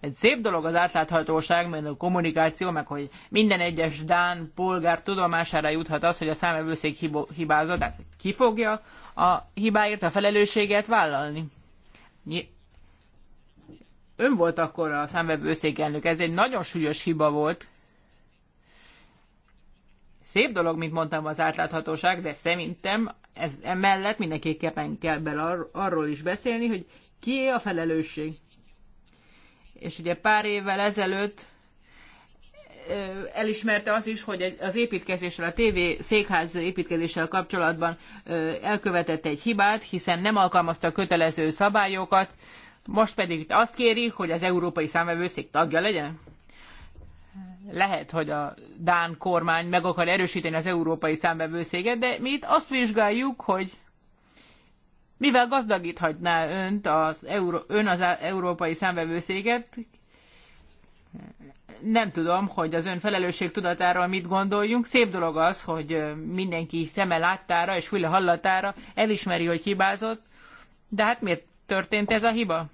Egy szép dolog az átláthatóság, mert a kommunikáció, meg hogy minden egyes Dán polgár tudomására juthat az, hogy a számvevőszék hibázott. Tehát ki fogja a hibáért a felelősséget vállalni? Ön volt akkor a számvevőszék elnök, ez egy nagyon súlyos hiba volt. Szép dolog, mint mondtam, az átláthatóság, de szerintem ez emellett mindenképpen kell bele arról is beszélni, hogy kié a felelősség. És ugye pár évvel ezelőtt elismerte az is, hogy az építkezéssel, a TV székház építkezéssel kapcsolatban elkövetett egy hibát, hiszen nem alkalmazta a kötelező szabályokat, most pedig itt azt kéri, hogy az Európai Számvevőszék tagja legyen? Lehet, hogy a Dán kormány meg akar erősíteni az Európai Számvevőszéket, de mi itt azt vizsgáljuk, hogy mivel gazdagíthatná önt az Euró, ön az Európai Számvevőszéket, nem tudom, hogy az ön felelősség tudatáról mit gondoljunk. Szép dolog az, hogy mindenki szeme láttára és füle hallatára elismeri, hogy hibázott, de hát miért történt ez a hiba?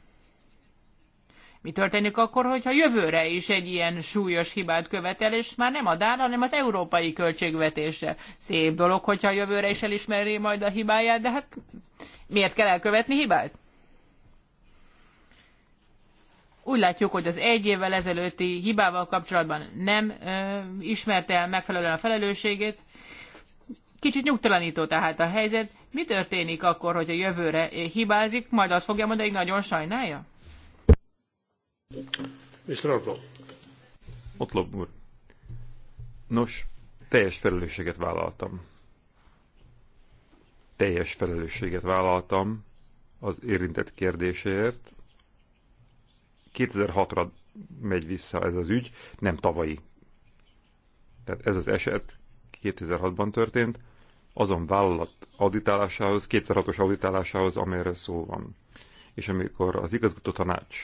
Mi történik akkor, hogyha jövőre is egy ilyen súlyos hibát követel, és már nem a Dán, hanem az európai költségvetésre? Szép dolog, hogyha jövőre is elismeri majd a hibáját, de hát miért kell elkövetni hibát? Úgy látjuk, hogy az egy évvel ezelőtti hibával kapcsolatban nem ö, ismerte el megfelelően a felelősségét. Kicsit nyugtalanító tehát a helyzet. Mi történik akkor, hogy a jövőre hibázik, majd azt fogja mondani, hogy nagyon sajnálja? Mr. Otlop. úr. Nos, teljes felelősséget vállaltam. Teljes felelősséget vállaltam az érintett kérdéséért, 2006-ra megy vissza ez az ügy, nem tavalyi. Tehát ez az eset 2006-ban történt, azon vállalat auditálásához, 2006-os auditálásához, amelyre szó van. És amikor az igazgató tanács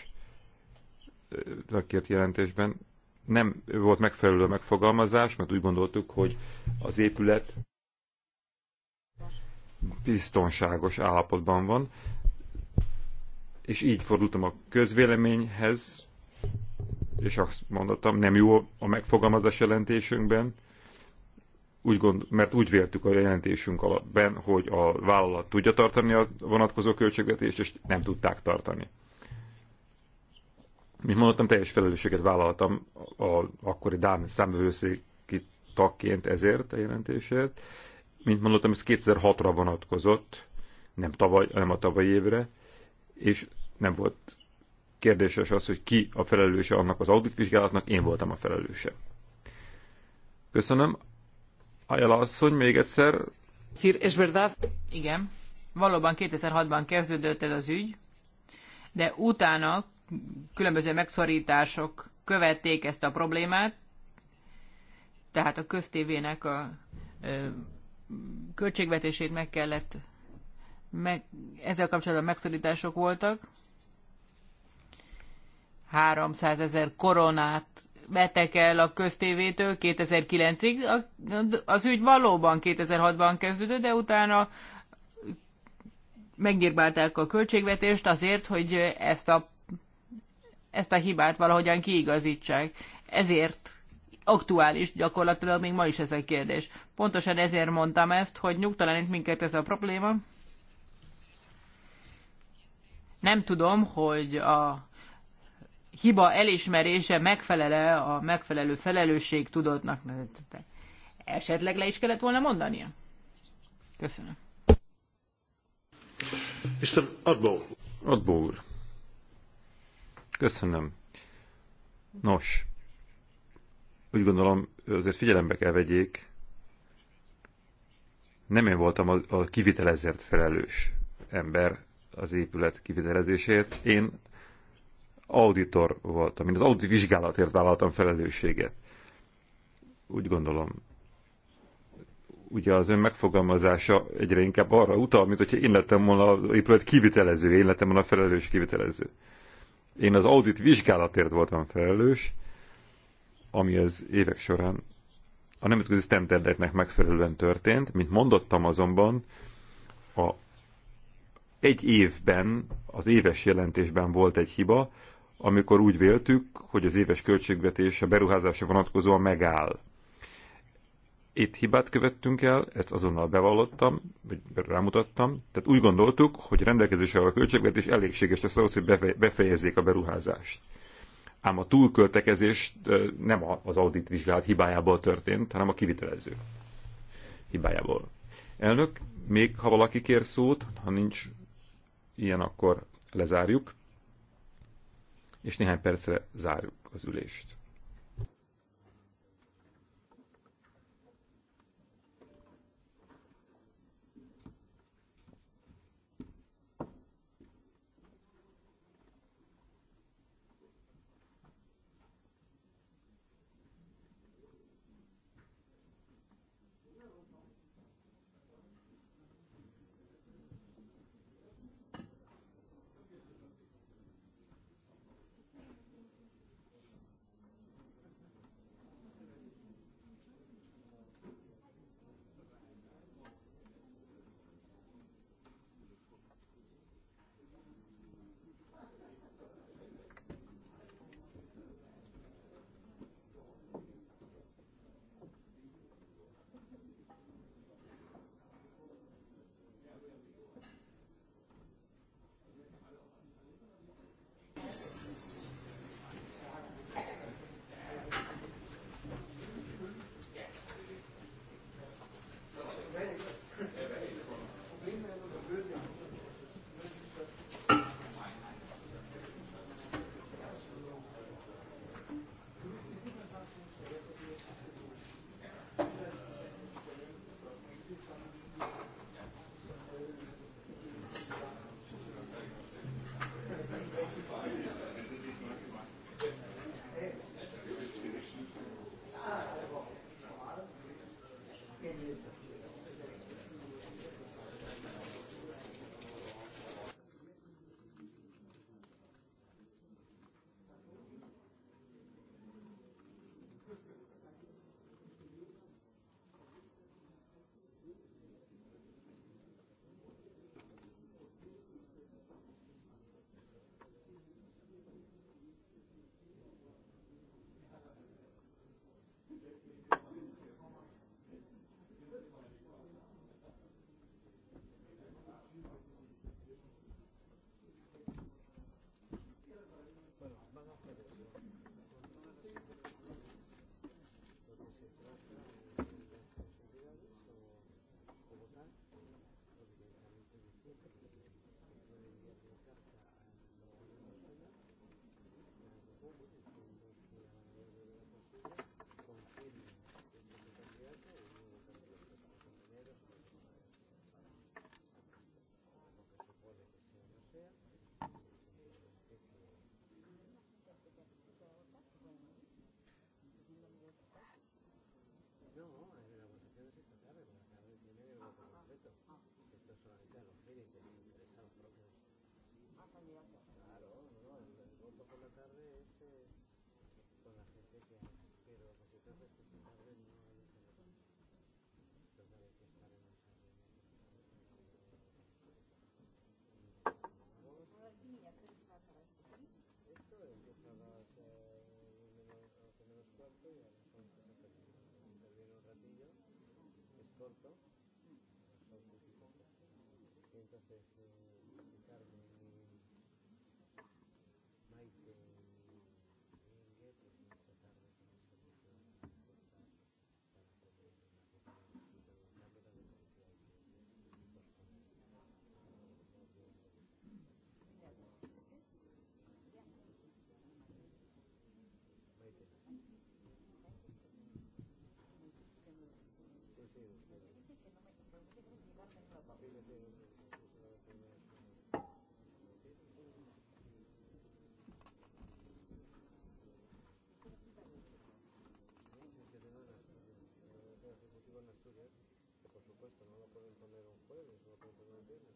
kért jelentésben nem volt megfelelő megfogalmazás, mert úgy gondoltuk, hogy az épület biztonságos állapotban van, és így fordultam a közvéleményhez, és azt mondottam, nem jó a megfogalmazás jelentésünkben, úgy gond, mert úgy véltük a jelentésünk alapban, hogy a vállalat tudja tartani a vonatkozó költségvetést, és nem tudták tartani. Mint mondottam, teljes felelősséget vállaltam a akkori Dán számvevőszéki tagként ezért a jelentésért. Mint mondottam, ez 2006-ra vonatkozott, nem, tavaly, nem a tavalyi évre, és nem volt kérdéses az, hogy ki a felelőse annak az auditvizsgálatnak, én voltam a felelőse. Köszönöm. Ajala asszony, még egyszer. Igen, valóban 2006-ban kezdődött ez az ügy, de utána különböző megszorítások követték ezt a problémát, tehát a köztévének a költségvetését meg kellett meg, ezzel kapcsolatban megszorítások voltak. 300 ezer koronát vettek el a köztévétől 2009-ig. Az ügy valóban 2006-ban kezdődött, de utána megnyírbálták a költségvetést azért, hogy ezt a, ezt a hibát valahogyan kiigazítsák. Ezért aktuális gyakorlatilag még ma is ez a kérdés. Pontosan ezért mondtam ezt, hogy nyugtalanít minket ez a probléma, nem tudom, hogy a hiba elismerése megfelele a megfelelő felelősség tudatnak. Esetleg le is kellett volna mondania? Köszönöm. Isten, Adbó. Adbó úr. Köszönöm. Nos, úgy gondolom, azért figyelembe kell vegyék, nem én voltam a, a kivitelezért felelős ember az épület kivitelezésért. Én auditor voltam, én az audit vizsgálatért vállaltam felelősséget. Úgy gondolom, ugye az ön megfogalmazása egyre inkább arra utal, mint hogyha én lettem volna az épület kivitelező, én lettem volna a felelős kivitelező. Én az audit vizsgálatért voltam felelős, ami az évek során a nemzetközi standardeknek megfelelően történt. Mint mondottam azonban, a egy évben, az éves jelentésben volt egy hiba, amikor úgy véltük, hogy az éves költségvetés a beruházásra vonatkozóan megáll. Itt hibát követtünk el, ezt azonnal bevallottam, vagy rámutattam. Tehát úgy gondoltuk, hogy rendelkezésre a költségvetés elégséges lesz ahhoz, hogy befejezzék a beruházást. Ám a túlköltekezés nem az audit vizsgálat hibájából történt, hanem a kivitelező hibájából. Elnök, még ha valaki kér szót, ha nincs ilyen akkor lezárjuk, és néhány percre zárjuk az ülést. corto. Hm. Hm. Hm. Entonces, eh, Ricardo, que Por supuesto, no lo pueden poner un jueves, no lo pueden poner un viernes.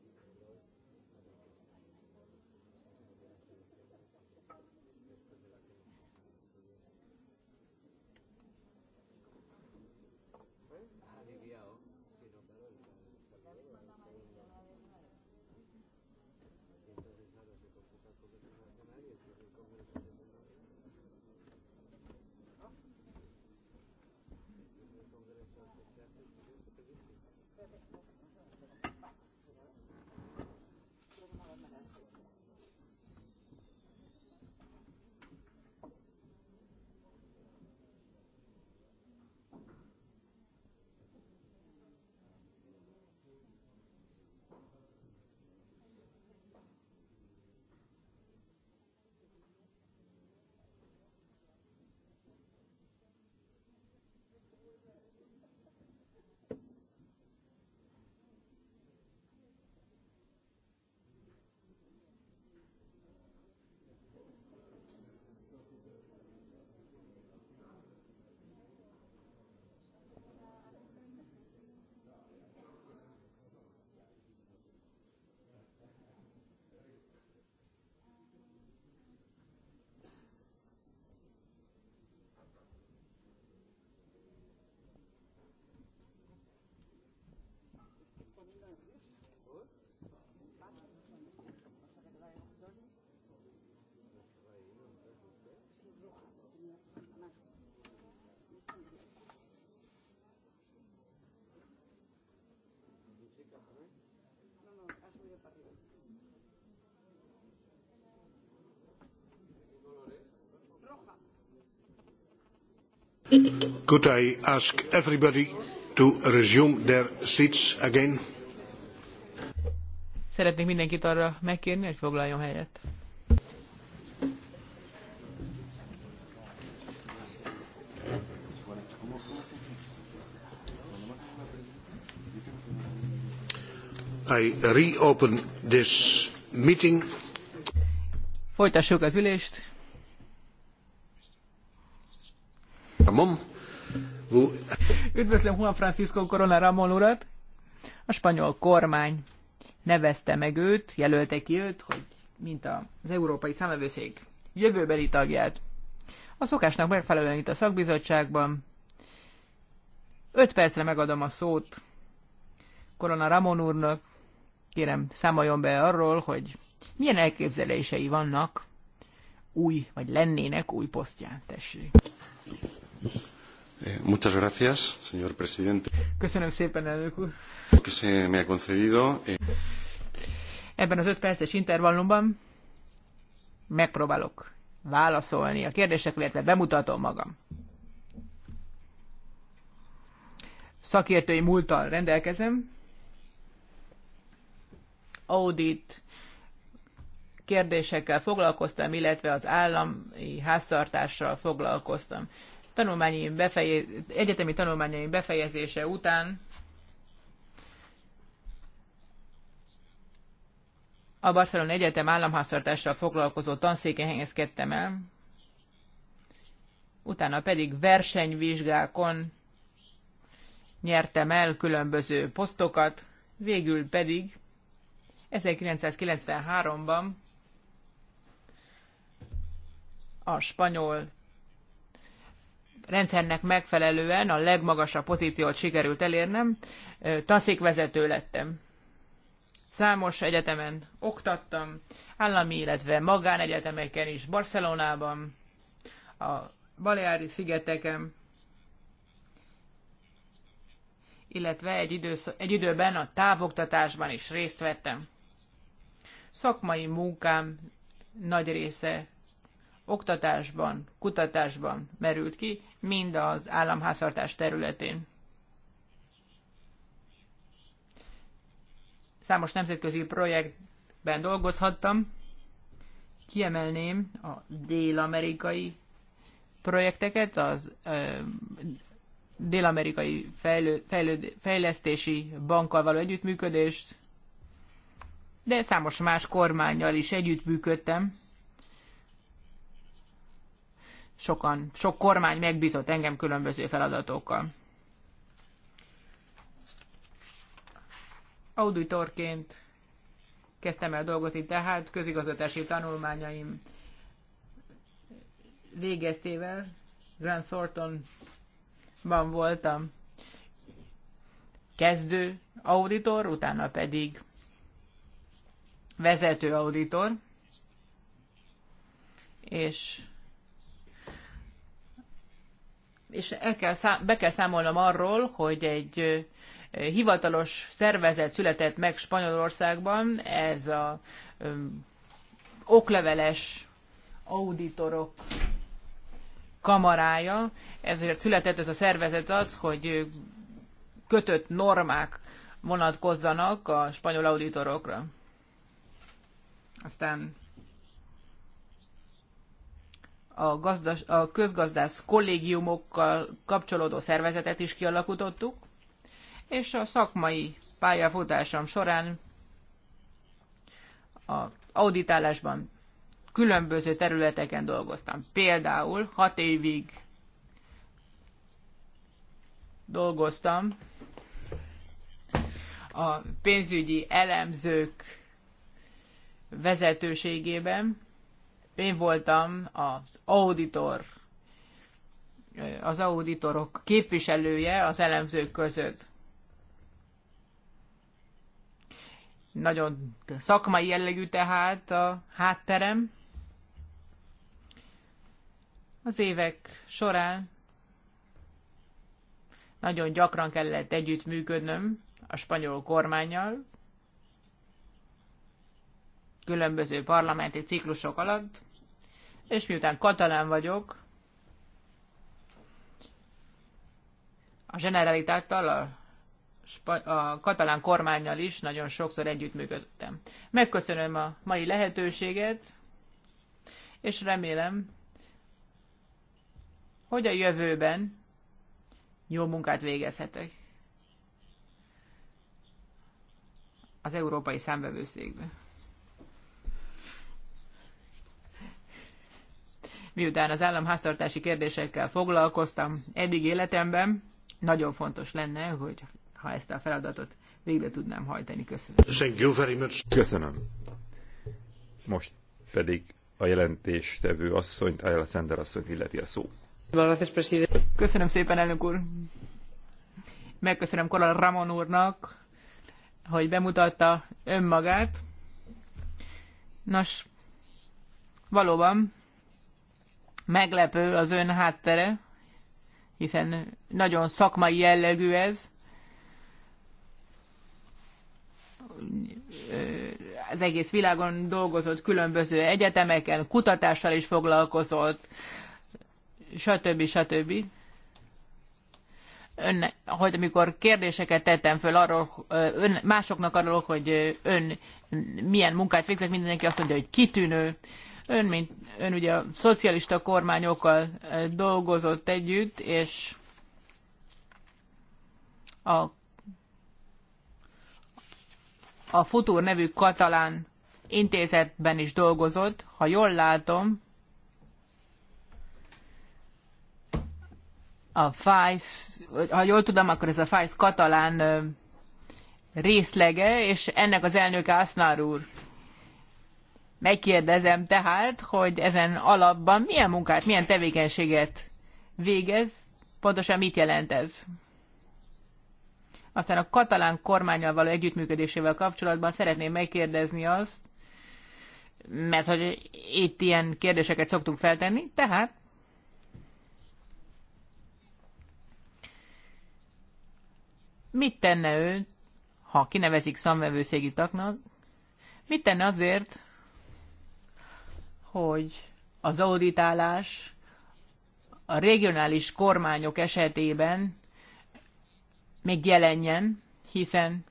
Could I ask everybody to resume their seats again? Szeretnék mindenkit arra megkérni, hogy foglaljon helyet. I reopen this meeting. Folytassuk az ülést. Ramon. Hú. Üdvözlöm Juan Francisco Corona Ramon urat. A spanyol kormány nevezte meg őt, jelölte ki őt, hogy mint az Európai Számövőszék jövőbeli tagját. A szokásnak megfelelően itt a szakbizottságban. 5 percre megadom a szót Korona Ramon úrnak. Kérem, számoljon be arról, hogy milyen elképzelései vannak új, vagy lennének új posztján. Tessék. Eh, muchas gracias, señor presidente. Köszönöm szépen, elnök úr. Que se me ha concedido. Eh, Ebben az öt perces intervallumban megpróbálok válaszolni a kérdésekre, illetve bemutatom magam. Szakértői múltal rendelkezem. Audit kérdésekkel foglalkoztam, illetve az állami háztartással foglalkoztam tanulmányi befejez, egyetemi tanulmányai befejezése után a Barcelona Egyetem államháztartással foglalkozó tanszéken helyezkedtem el, utána pedig versenyvizsgákon nyertem el különböző posztokat, végül pedig 1993-ban a spanyol rendszernek megfelelően a legmagasabb pozíciót sikerült elérnem, taszékvezető vezető lettem. Számos egyetemen oktattam, állami, illetve magánegyetemeken is, Barcelonában, a Baleári szigeteken, illetve egy, idősz- egy időben a távoktatásban is részt vettem. Szakmai munkám nagy része oktatásban, kutatásban merült ki, mind az államháztartás területén. Számos nemzetközi projektben dolgozhattam. Kiemelném a dél-amerikai projekteket, az ö, dél-amerikai fejlő, fejlő, fejlesztési bankkal való együttműködést, de számos más kormányjal is együttműködtem sokan, sok kormány megbízott engem különböző feladatokkal. Auditorként kezdtem el dolgozni, tehát közigazgatási tanulmányaim végeztével Grand Thorntonban voltam kezdő auditor, utána pedig vezető auditor, és és el kell szám, be kell számolnom arról, hogy egy hivatalos szervezet született meg Spanyolországban, ez a ö, okleveles auditorok kamarája, ezért született ez a szervezet az, hogy kötött normák vonatkozzanak a spanyol auditorokra. Aztán a, gazdas, a közgazdász kollégiumokkal kapcsolódó szervezetet is kialakítottuk, és a szakmai pályafutásom során a auditálásban különböző területeken dolgoztam. Például hat évig dolgoztam a pénzügyi elemzők vezetőségében, én voltam az auditor, az auditorok képviselője az elemzők között. Nagyon szakmai jellegű tehát a hátterem. Az évek során nagyon gyakran kellett együttműködnöm a spanyol kormányjal, különböző parlamenti ciklusok alatt, és miután katalán vagyok, a generalitáttal, a, a katalán kormányjal is nagyon sokszor együttműködtem. Megköszönöm a mai lehetőséget, és remélem, hogy a jövőben jó munkát végezhetek az Európai számbevőszékben. miután az államháztartási kérdésekkel foglalkoztam eddig életemben, nagyon fontos lenne, hogy ha ezt a feladatot végre tudnám hajtani. Köszönöm. Thank you very much. Köszönöm. Most pedig a jelentéstevő asszonyt, Ayala Sender asszonyt illeti a szó. Köszönöm szépen, elnök úr. Megköszönöm Koral Ramon úrnak, hogy bemutatta önmagát. Nos, valóban meglepő az ön háttere, hiszen nagyon szakmai jellegű ez. Az egész világon dolgozott különböző egyetemeken, kutatással is foglalkozott, stb. stb. Ön, hogy amikor kérdéseket tettem föl arról, ön, másoknak arról, hogy ön milyen munkát végzett, mindenki azt mondja, hogy kitűnő, Ön, mint, ön ugye a szocialista kormányokkal eh, dolgozott együtt, és a, a Futur nevű katalán intézetben is dolgozott. Ha jól látom, a FAIS, ha jól tudom, akkor ez a FAIS katalán eh, részlege, és ennek az elnöke Asznár úr. Megkérdezem tehát, hogy ezen alapban milyen munkát, milyen tevékenységet végez, pontosan mit jelent ez? Aztán a katalán kormányal való együttműködésével kapcsolatban szeretném megkérdezni azt, mert hogy itt ilyen kérdéseket szoktunk feltenni, tehát mit tenne ő, ha kinevezik szamvevőszégi taknak, mit tenne azért, hogy az auditálás a regionális kormányok esetében még jelenjen, hiszen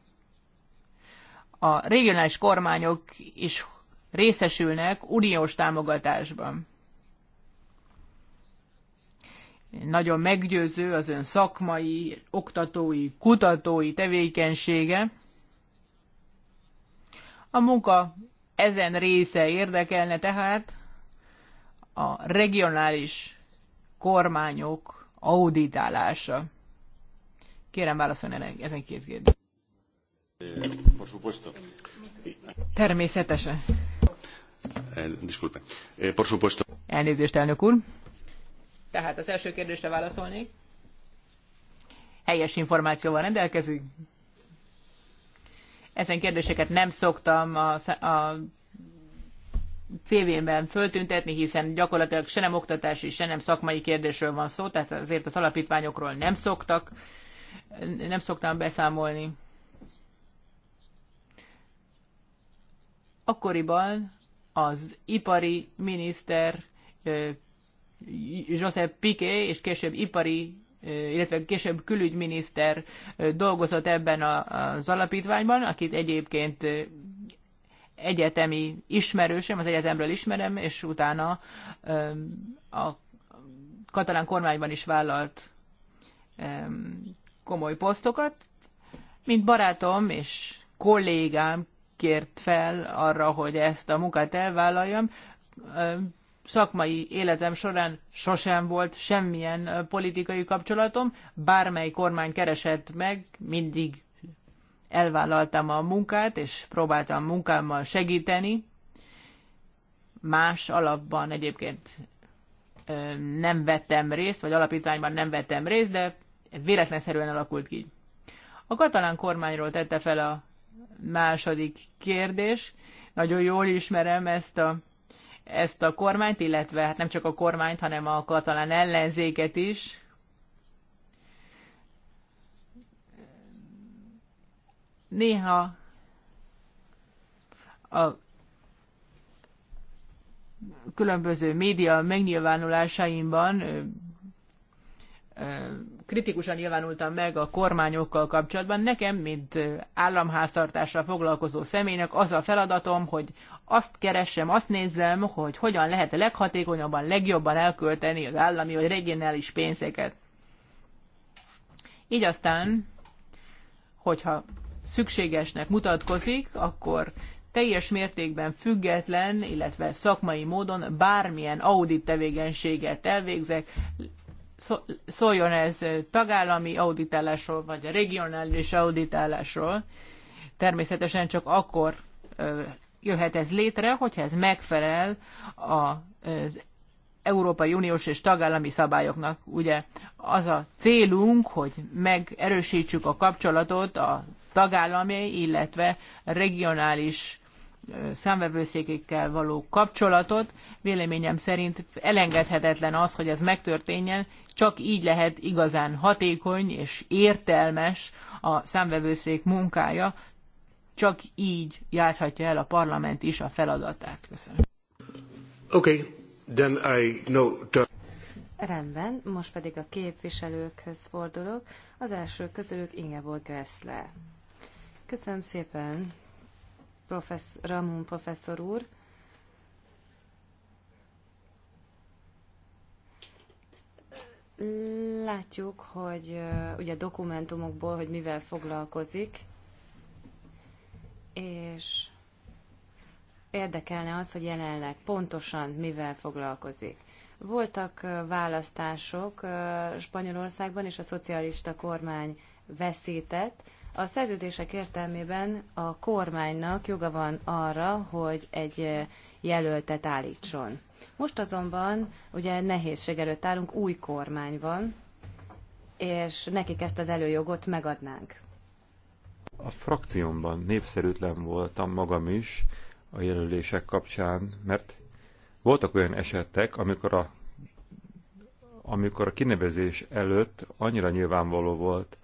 a regionális kormányok is részesülnek uniós támogatásban. Nagyon meggyőző az ön szakmai, oktatói, kutatói tevékenysége. A munka ezen része érdekelne tehát a regionális kormányok auditálása. Kérem válaszolni ezen két kérdésre. Természetesen. Eh, eh, Elnézést, elnök úr. Tehát az első kérdésre válaszolnék. Helyes információval rendelkezünk, ezen kérdéseket nem szoktam a, a CV-ben föltüntetni, hiszen gyakorlatilag se nem oktatási, se nem szakmai kérdésről van szó, tehát azért az alapítványokról nem szoktak, nem szoktam beszámolni. Akkoriban az ipari miniszter Joseph Piqué és később ipari illetve később külügyminiszter dolgozott ebben az alapítványban, akit egyébként egyetemi ismerősem, az egyetemről ismerem, és utána a katalán kormányban is vállalt komoly posztokat. Mint barátom és kollégám kért fel arra, hogy ezt a munkát elvállaljam, szakmai életem során sosem volt semmilyen politikai kapcsolatom, bármely kormány keresett meg, mindig elvállaltam a munkát, és próbáltam munkámmal segíteni. Más alapban egyébként nem vettem részt, vagy alapítványban nem vettem részt, de ez véletlenszerűen alakult ki. A katalán kormányról tette fel a második kérdés. Nagyon jól ismerem ezt a ezt a kormányt, illetve hát nem csak a kormányt, hanem a katalán ellenzéket is. Néha a különböző média megnyilvánulásaimban kritikusan nyilvánultam meg a kormányokkal kapcsolatban. Nekem, mint államháztartással foglalkozó személynek az a feladatom, hogy azt keresem, azt nézem, hogy hogyan lehet a leghatékonyabban, legjobban elkölteni az állami vagy regionális pénzeket. Így aztán, hogyha szükségesnek mutatkozik, akkor teljes mértékben független, illetve szakmai módon bármilyen audit tevékenységet elvégzek, szóljon ez tagállami auditálásról, vagy a regionális auditálásról, természetesen csak akkor jöhet ez létre, hogyha ez megfelel az Európai Uniós és tagállami szabályoknak. Ugye az a célunk, hogy megerősítsük a kapcsolatot a tagállami, illetve regionális számvevőszékekkel való kapcsolatot. Véleményem szerint elengedhetetlen az, hogy ez megtörténjen, csak így lehet igazán hatékony és értelmes a számvevőszék munkája, csak így járhatja el a parlament is a feladatát. Köszönöm. Okay, then I know the... Rendben, most pedig a képviselőkhöz fordulok. Az első közülük Ingeborg Gressle. Köszönöm szépen, professz, Ramon professzor úr. Látjuk, hogy ugye dokumentumokból, hogy mivel foglalkozik, és érdekelne az, hogy jelenleg pontosan mivel foglalkozik. Voltak választások Spanyolországban, és a szocialista kormány veszített. A szerződések értelmében a kormánynak joga van arra, hogy egy jelöltet állítson. Most azonban ugye nehézség előtt állunk, új kormány van, és nekik ezt az előjogot megadnánk. A frakciómban népszerűtlen voltam magam is a jelölések kapcsán, mert voltak olyan esetek, amikor a, amikor a kinevezés előtt annyira nyilvánvaló volt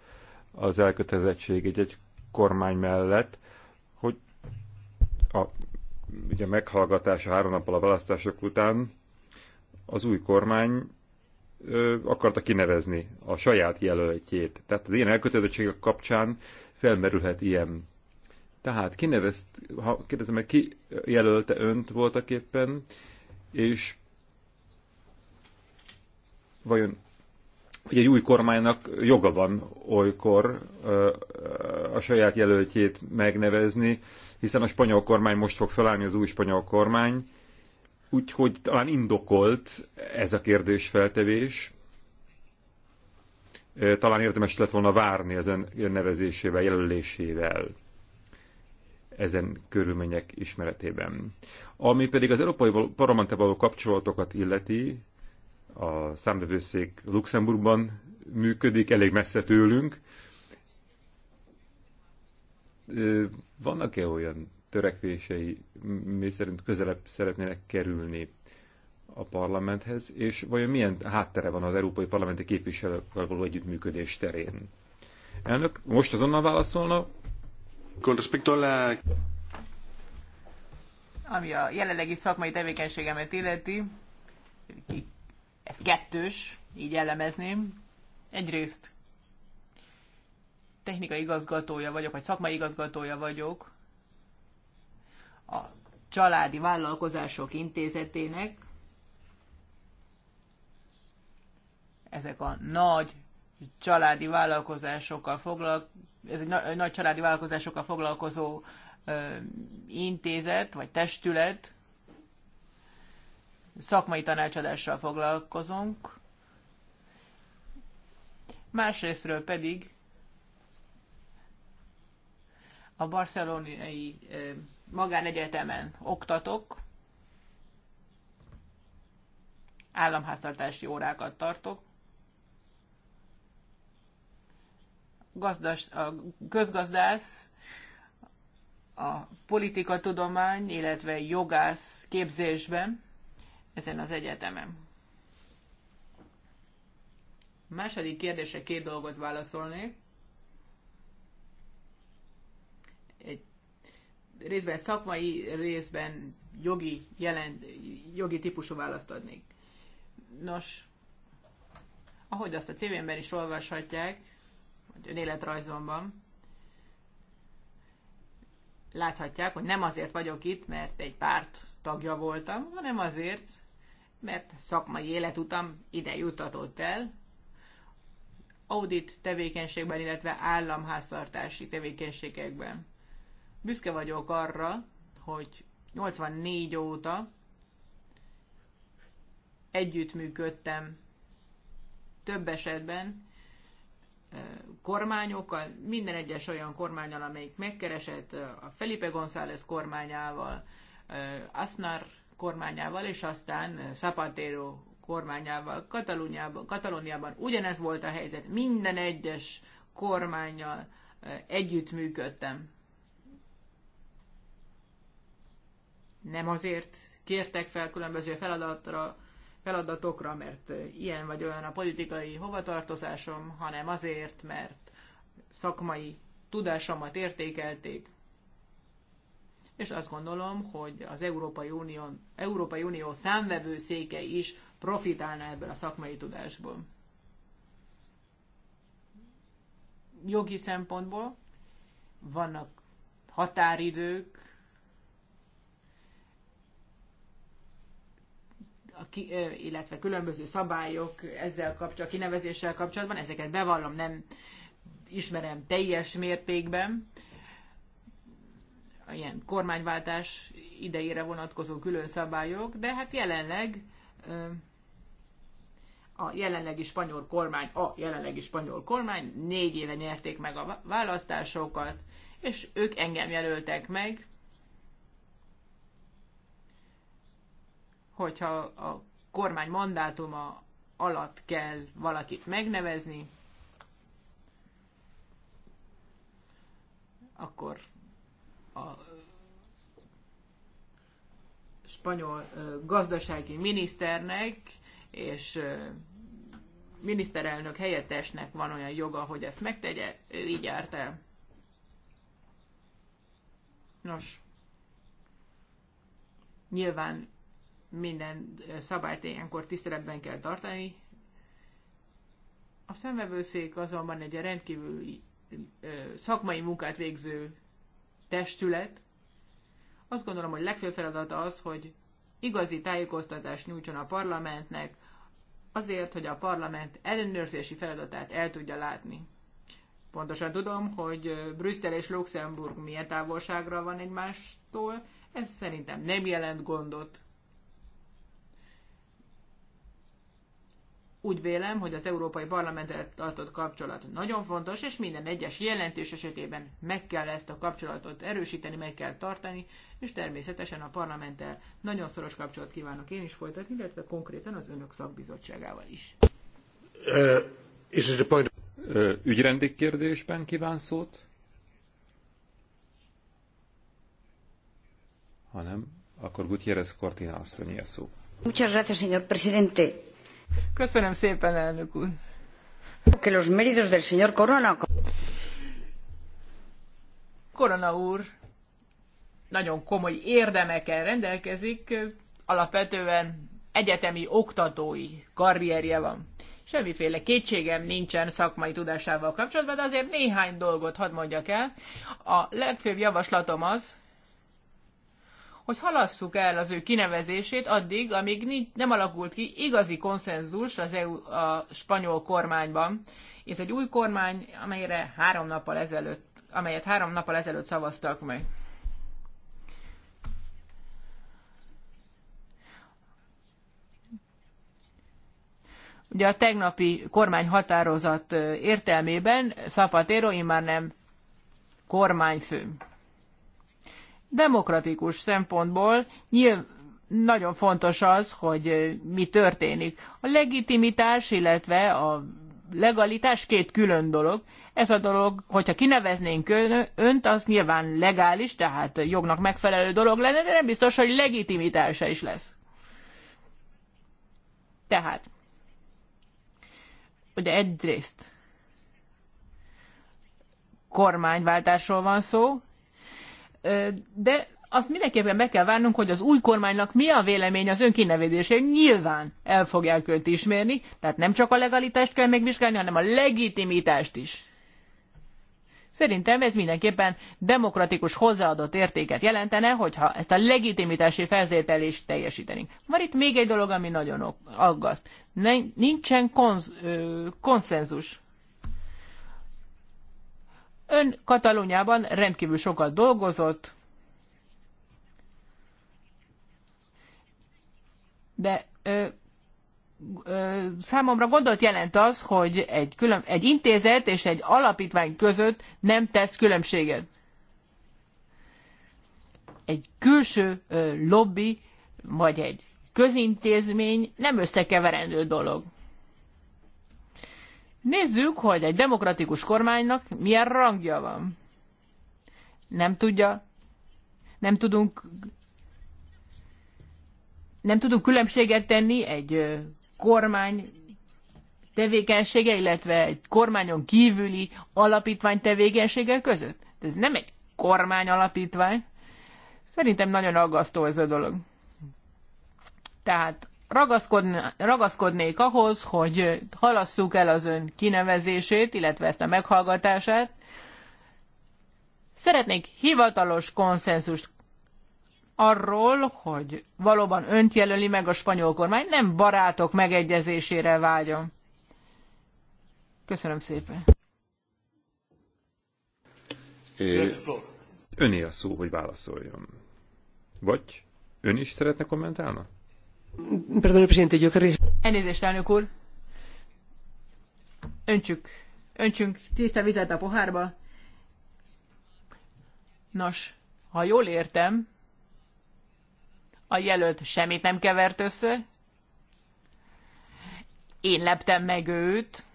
az elkötelezettség egy-egy kormány mellett, hogy a ugye meghallgatása három nappal a választások után az új kormány ö, akarta kinevezni a saját jelöltjét. Tehát az ilyen elkötelezettségek kapcsán felmerülhet ilyen. Tehát kinevezt, ha kérdezem meg, ki jelölte önt voltak éppen, és vajon hogy egy új kormánynak joga van olykor a saját jelöltjét megnevezni, hiszen a spanyol kormány most fog felállni az új spanyol kormány, úgyhogy talán indokolt ez a kérdés feltevés talán érdemes lett volna várni ezen nevezésével, jelölésével ezen körülmények ismeretében. Ami pedig az Európai Parlamenttel való kapcsolatokat illeti, a számbevőszék Luxemburgban működik, elég messze tőlünk. Vannak-e olyan törekvései, mi szerint közelebb szeretnének kerülni a parlamenthez, és vajon milyen háttere van az európai parlamenti képviselőkkel való együttműködés terén? Elnök, most azonnal válaszolna? Con respecto la... Ami a jelenlegi szakmai tevékenységemet illeti, ez kettős, így jellemezném. Egyrészt technikai igazgatója vagyok, vagy szakmai igazgatója vagyok a Családi Vállalkozások Intézetének, ezek a nagy családi vállalkozásokkal foglalkozó, ez egy nagy családi vállalkozásokkal foglalkozó ö, intézet vagy testület, szakmai tanácsadással foglalkozunk, másrésztről pedig a barcelonai magánegyetemen oktatok, államháztartási órákat tartok, gazdas, a közgazdász, a politikatudomány, illetve jogász képzésben ezen az egyetemen. A második kérdése két dolgot válaszolnék. Egy részben szakmai, részben jogi, jelent jogi típusú választ adnék. Nos, ahogy azt a cv is olvashatják, vagy önéletrajzomban láthatják, hogy nem azért vagyok itt, mert egy párt tagja voltam, hanem azért, mert szakmai életutam ide jutatott el, audit tevékenységben, illetve államháztartási tevékenységekben. Büszke vagyok arra, hogy 84 óta együttműködtem több esetben kormányokkal, minden egyes olyan kormányal, amelyik megkeresett, a Felipe González kormányával, Aznar kormányával, és aztán Zapatero kormányával, Katalóniában, Katalóniában ugyanez volt a helyzet, minden egyes kormányjal együttműködtem. Nem azért kértek fel különböző feladatra, feladatokra, mert ilyen vagy olyan a politikai hovatartozásom, hanem azért, mert szakmai tudásomat értékelték, és azt gondolom, hogy az Európai Unió, Európai Unió széke is profitálna ebből a szakmai tudásból. Jogi szempontból vannak határidők, ki, illetve különböző szabályok ezzel kapcsolatban, kinevezéssel kapcsolatban, ezeket bevallom, nem ismerem teljes mértékben, ilyen kormányváltás idejére vonatkozó külön szabályok, de hát jelenleg a jelenlegi spanyol kormány, a jelenlegi spanyol kormány négy éve nyerték meg a választásokat, és ők engem jelöltek meg, hogyha a kormány mandátuma alatt kell valakit megnevezni, akkor a spanyol gazdasági miniszternek és miniszterelnök helyettesnek van olyan joga, hogy ezt megtegye, ő így járt el. Nos, nyilván minden szabályt ilyenkor tiszteletben kell tartani. A szemvevőszék azonban egy rendkívül szakmai munkát végző testület. Azt gondolom, hogy legfőbb feladata az, hogy igazi tájékoztatást nyújtson a parlamentnek, azért, hogy a parlament ellenőrzési feladatát el tudja látni. Pontosan tudom, hogy Brüsszel és Luxemburg milyen távolságra van egymástól, ez szerintem nem jelent gondot. Úgy vélem, hogy az Európai Parlamenttel tartott kapcsolat nagyon fontos, és minden egyes jelentés esetében meg kell ezt a kapcsolatot erősíteni, meg kell tartani, és természetesen a parlamenttel nagyon szoros kapcsolat kívánok én is folytatni, illetve konkrétan az önök szakbizottságával is. Uh, point? Uh, ügyrendi kérdésben kíván szót? Ha nem, akkor Gutiérrez Cortina asszonyi a szó. Muchas gracias, señor presidente. Köszönöm szépen, elnök úr. Que Corona. Corona úr nagyon komoly érdemekkel rendelkezik, alapvetően egyetemi oktatói karrierje van. Semmiféle kétségem nincsen szakmai tudásával kapcsolatban, de azért néhány dolgot hadd mondjak el. A legfőbb javaslatom az, hogy halasszuk el az ő kinevezését addig, amíg nem alakult ki igazi konszenzus az EU a spanyol kormányban. Ez egy új kormány, amelyre három nappal ezelőtt, amelyet három nappal ezelőtt szavaztak meg. Ugye a tegnapi kormányhatározat értelmében Zapatero immár nem kormányfő demokratikus szempontból nyilv, nagyon fontos az, hogy mi történik. A legitimitás, illetve a legalitás két külön dolog. Ez a dolog, hogyha kineveznénk ön, önt, az nyilván legális, tehát jognak megfelelő dolog lenne, de nem biztos, hogy legitimitása is lesz. Tehát, ugye egyrészt kormányváltásról van szó, de azt mindenképpen meg kell várnunk, hogy az új kormánynak mi a vélemény az önkinevezésre. Nyilván el fogják őt ismerni, tehát nem csak a legalitást kell megvizsgálni, hanem a legitimitást is. Szerintem ez mindenképpen demokratikus hozzáadott értéket jelentene, hogyha ezt a legitimitási feltételést teljesítenénk. Van itt még egy dolog, ami nagyon aggaszt. Nincsen konz, ö, konszenzus. Ön Katalóniában rendkívül sokat dolgozott, de ö, ö, számomra gondot jelent az, hogy egy, külön, egy intézet és egy alapítvány között nem tesz különbséget. Egy külső lobby vagy egy közintézmény nem összekeverendő dolog. Nézzük, hogy egy demokratikus kormánynak milyen rangja van. Nem tudja, nem tudunk, nem tudunk különbséget tenni egy kormány tevékenysége, illetve egy kormányon kívüli alapítvány tevékenysége között. De ez nem egy kormány alapítvány. Szerintem nagyon aggasztó ez a dolog. Tehát ragaszkodnék ahhoz, hogy halasszuk el az ön kinevezését, illetve ezt a meghallgatását. Szeretnék hivatalos konszenzust arról, hogy valóban önt jelöli meg a spanyol kormány, nem barátok megegyezésére vágyom. Köszönöm szépen. É, öné a szó, hogy válaszoljon. Vagy ön is szeretne kommentálni? Perdón, presidente, yo querría... Elnézést, elnök úr. Öntsük, öntsünk tiszta vizet a pohárba. Nos, ha jól értem, a jelölt semmit nem kevert össze. Én leptem meg őt.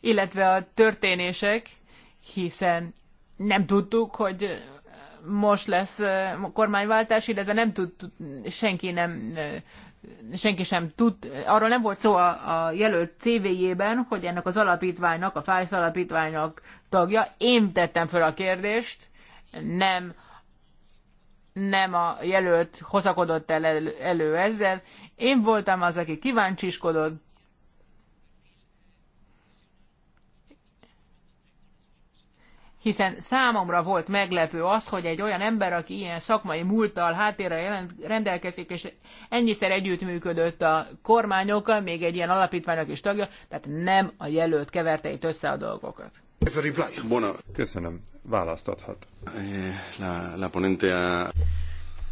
Illetve a történések, hiszen nem tudtuk, hogy most lesz kormányváltás, illetve nem tud, senki nem senki sem tud, arról nem volt szó a, a jelölt CV-jében, hogy ennek az alapítványnak, a Fájsz alapítványnak tagja. Én tettem fel a kérdést, nem nem a jelölt hozakodott el elő ezzel. Én voltam az, aki kíváncsiskodott, hiszen számomra volt meglepő az, hogy egy olyan ember, aki ilyen szakmai múlttal háttérrel rendelkezik, és ennyiszer együttműködött a kormányokkal, még egy ilyen alapítványnak is tagja, tehát nem a jelölt keverte itt össze a dolgokat. Köszönöm. Választathat. La, la ponente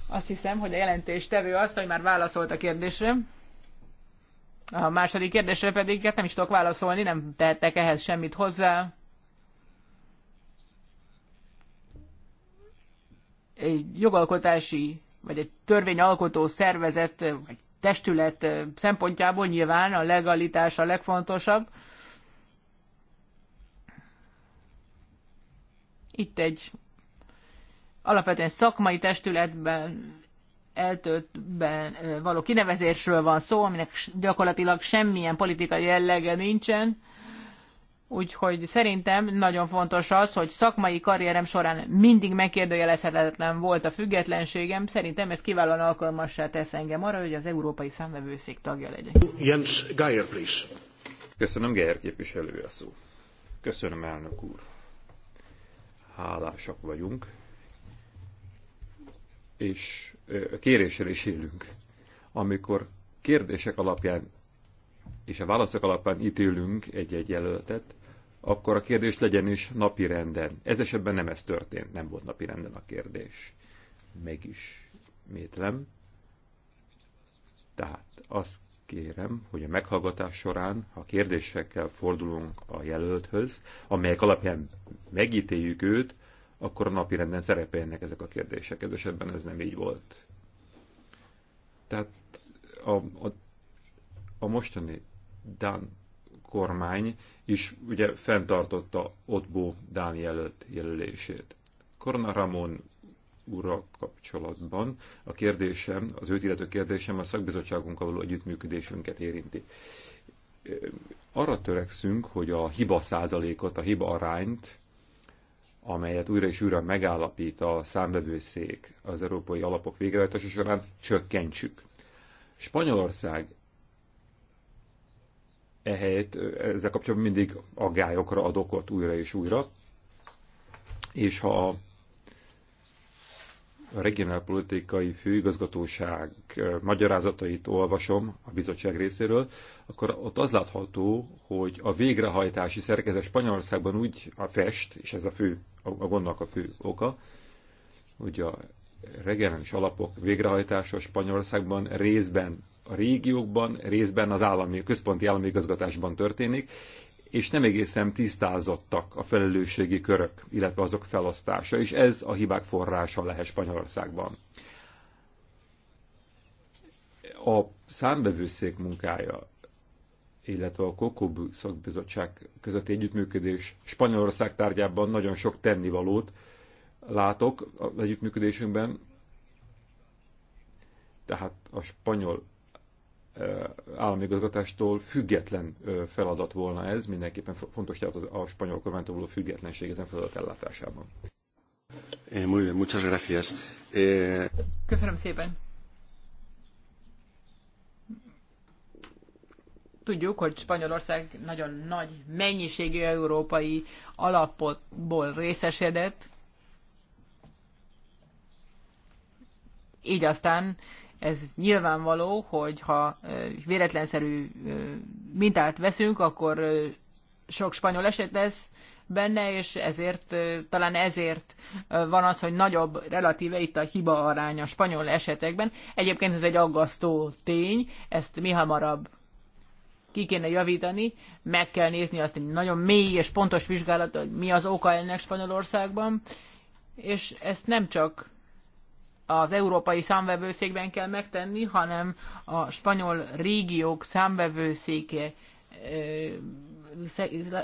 Azt hiszem, hogy a jelentés tevő az, hogy már válaszolt a kérdésre. A második kérdésre pedig hát nem is tudok válaszolni, nem tehettek ehhez semmit hozzá egy jogalkotási, vagy egy törvényalkotó szervezet, vagy testület szempontjából nyilván a legalitás a legfontosabb. Itt egy alapvetően szakmai testületben eltöltben való kinevezésről van szó, aminek gyakorlatilag semmilyen politikai jellege nincsen. Úgyhogy szerintem nagyon fontos az, hogy szakmai karrierem során mindig megkérdőjelezhetetlen volt a függetlenségem. Szerintem ez kiválóan alkalmassá tesz engem arra, hogy az Európai Számvevőszék tagja legyek. Jens Geier, please. Köszönöm, Geier képviselő a szó. Köszönöm, elnök úr. Hálásak vagyunk. És kéréssel is élünk. Amikor kérdések alapján és a válaszok alapján ítélünk egy-egy jelöltet, akkor a kérdés legyen is napi renden. Ez esetben nem ez történt, nem volt napi renden a kérdés. Mégis métlem. Tehát azt kérem, hogy a meghallgatás során, ha kérdésekkel fordulunk a jelölthöz, amelyek alapján megítéljük őt, akkor a napi renden szerepeljenek ezek a kérdések. Ez esetben ez nem így volt. Tehát a, a, a mostani Dan kormány is ugye fenntartotta Otbó Dániel jelölését. Korona Ramon úrral kapcsolatban a kérdésem, az őt illető kérdésem a szakbizottságunkkal való együttműködésünket érinti. Arra törekszünk, hogy a hiba százalékot, a hiba arányt, amelyet újra és újra megállapít a számvevőszék az európai alapok végrehajtása során, csökkentsük. Spanyolország ehelyett ezzel kapcsolatban mindig aggályokra ad okot újra és újra. És ha a regionálpolitikai főigazgatóság magyarázatait olvasom a bizottság részéről, akkor ott az látható, hogy a végrehajtási szerkezet Spanyolországban úgy a fest, és ez a fő, a gondnak a fő oka, hogy a regionális alapok végrehajtása Spanyolországban részben a régiókban, részben az állami, központi állami igazgatásban történik, és nem egészen tisztázottak a felelősségi körök, illetve azok felosztása, és ez a hibák forrása lehet Spanyolországban. A számbevőszék munkája, illetve a Kokobu szakbizottság közötti együttműködés Spanyolország tárgyában nagyon sok tennivalót látok az együttműködésünkben, tehát a spanyol államigazgatástól független feladat volna ez, mindenképpen fontos tehát az a spanyol kormánytól való függetlenség ezen feladat ellátásában. Eh, muy bien, muchas gracias. Eh, Köszönöm szépen. Tudjuk, hogy Spanyolország nagyon nagy mennyiségű európai alapotból részesedett, így aztán ez nyilvánvaló, hogy ha véletlenszerű mintát veszünk, akkor sok spanyol eset lesz benne, és ezért talán ezért van az, hogy nagyobb relatíve itt a hiba arány a spanyol esetekben. Egyébként ez egy aggasztó tény, ezt mi hamarabb ki kéne javítani, meg kell nézni azt egy nagyon mély és pontos vizsgálat, hogy mi az oka ennek Spanyolországban, és ezt nem csak az európai számvevőszékben kell megtenni, hanem a spanyol régiók számvevőszéke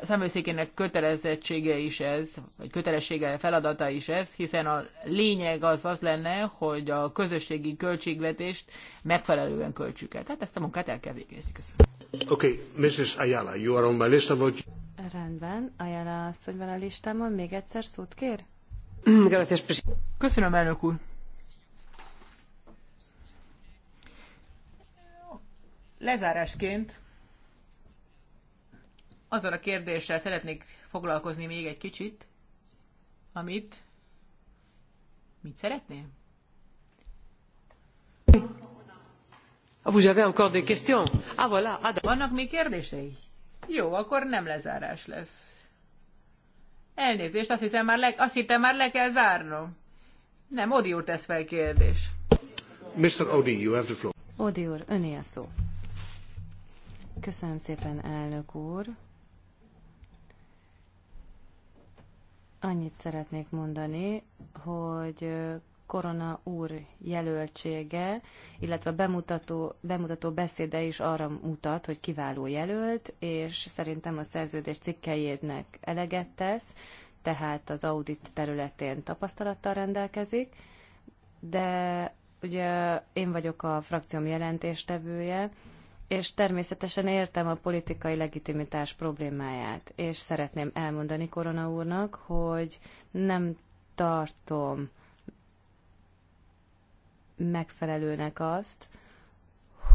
szemőszékének kötelezettsége is ez, vagy kötelessége, feladata is ez, hiszen a lényeg az az lenne, hogy a közösségi költségvetést megfelelően költsük el. Tehát ezt a munkát el kell végezni. Köszönöm. Oké, okay, Mrs. Ayala, you are on my list, vagy... Rendben, Ayala asszony van a listámon, még egyszer szót kér? Köszönöm, elnök úr. Lezárásként azzal a kérdéssel szeretnék foglalkozni még egy kicsit, amit mit szeretnél? Ah, vous avez encore des questions? Ah, voilà. Adam. Ah, Vannak még kérdései? Jó, akkor nem lezárás lesz. Elnézést, azt hiszem már le, azt hittem már le kell zárnom. Nem, Odi úr tesz fel kérdés. Mr. Odi, you have the floor. Odi úr, öné a szó. Köszönöm szépen, elnök úr. Annyit szeretnék mondani, hogy Korona úr jelöltsége, illetve a bemutató, bemutató beszéde is arra mutat, hogy kiváló jelölt, és szerintem a szerződés cikkeinek eleget tesz, tehát az audit területén tapasztalattal rendelkezik, de ugye én vagyok a frakcióm jelentéstevője, és természetesen értem a politikai legitimitás problémáját, és szeretném elmondani Korona úrnak, hogy nem tartom megfelelőnek azt,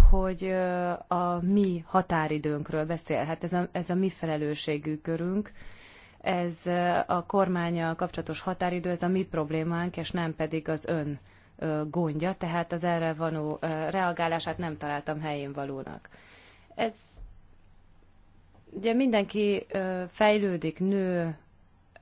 hogy a mi határidőnkről beszél. Hát ez a, ez a mi felelősségű körünk, ez a kormánya kapcsolatos határidő, ez a mi problémánk, és nem pedig az ön gondja, tehát az erre vanó reagálását nem találtam helyén valónak. Ez ugye mindenki fejlődik, nő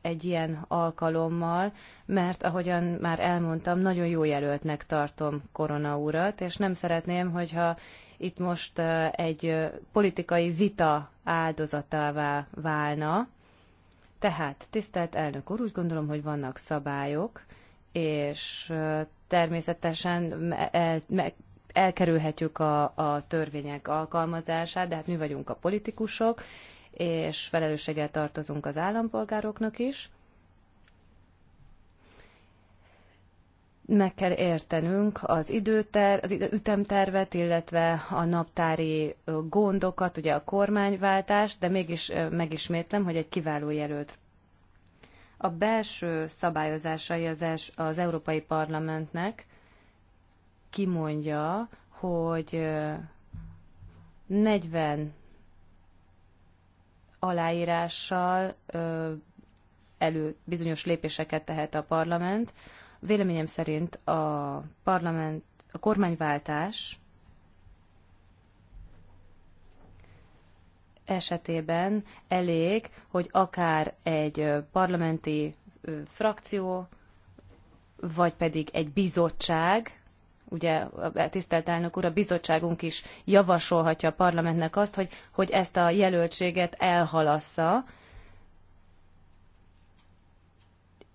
egy ilyen alkalommal, mert ahogyan már elmondtam, nagyon jó jelöltnek tartom Korona urat, és nem szeretném, hogyha itt most egy politikai vita áldozatává válna. Tehát, tisztelt elnök úr, úgy gondolom, hogy vannak szabályok, és természetesen el, me, elkerülhetjük a, a törvények alkalmazását, de hát mi vagyunk a politikusok, és felelősséggel tartozunk az állampolgároknak is. meg kell értenünk az időter, az ütemtervet, illetve a naptári gondokat, ugye a kormányváltást, de mégis megismétlem, hogy egy kiváló jelölt a belső szabályozásai az, es, az Európai Parlamentnek kimondja, hogy 40 aláírással elő bizonyos lépéseket tehet a parlament. Véleményem szerint a parlament, a kormányváltás esetében elég, hogy akár egy parlamenti frakció, vagy pedig egy bizottság, ugye a tisztelt elnök úr, a bizottságunk is javasolhatja a parlamentnek azt, hogy, hogy ezt a jelöltséget elhalassza,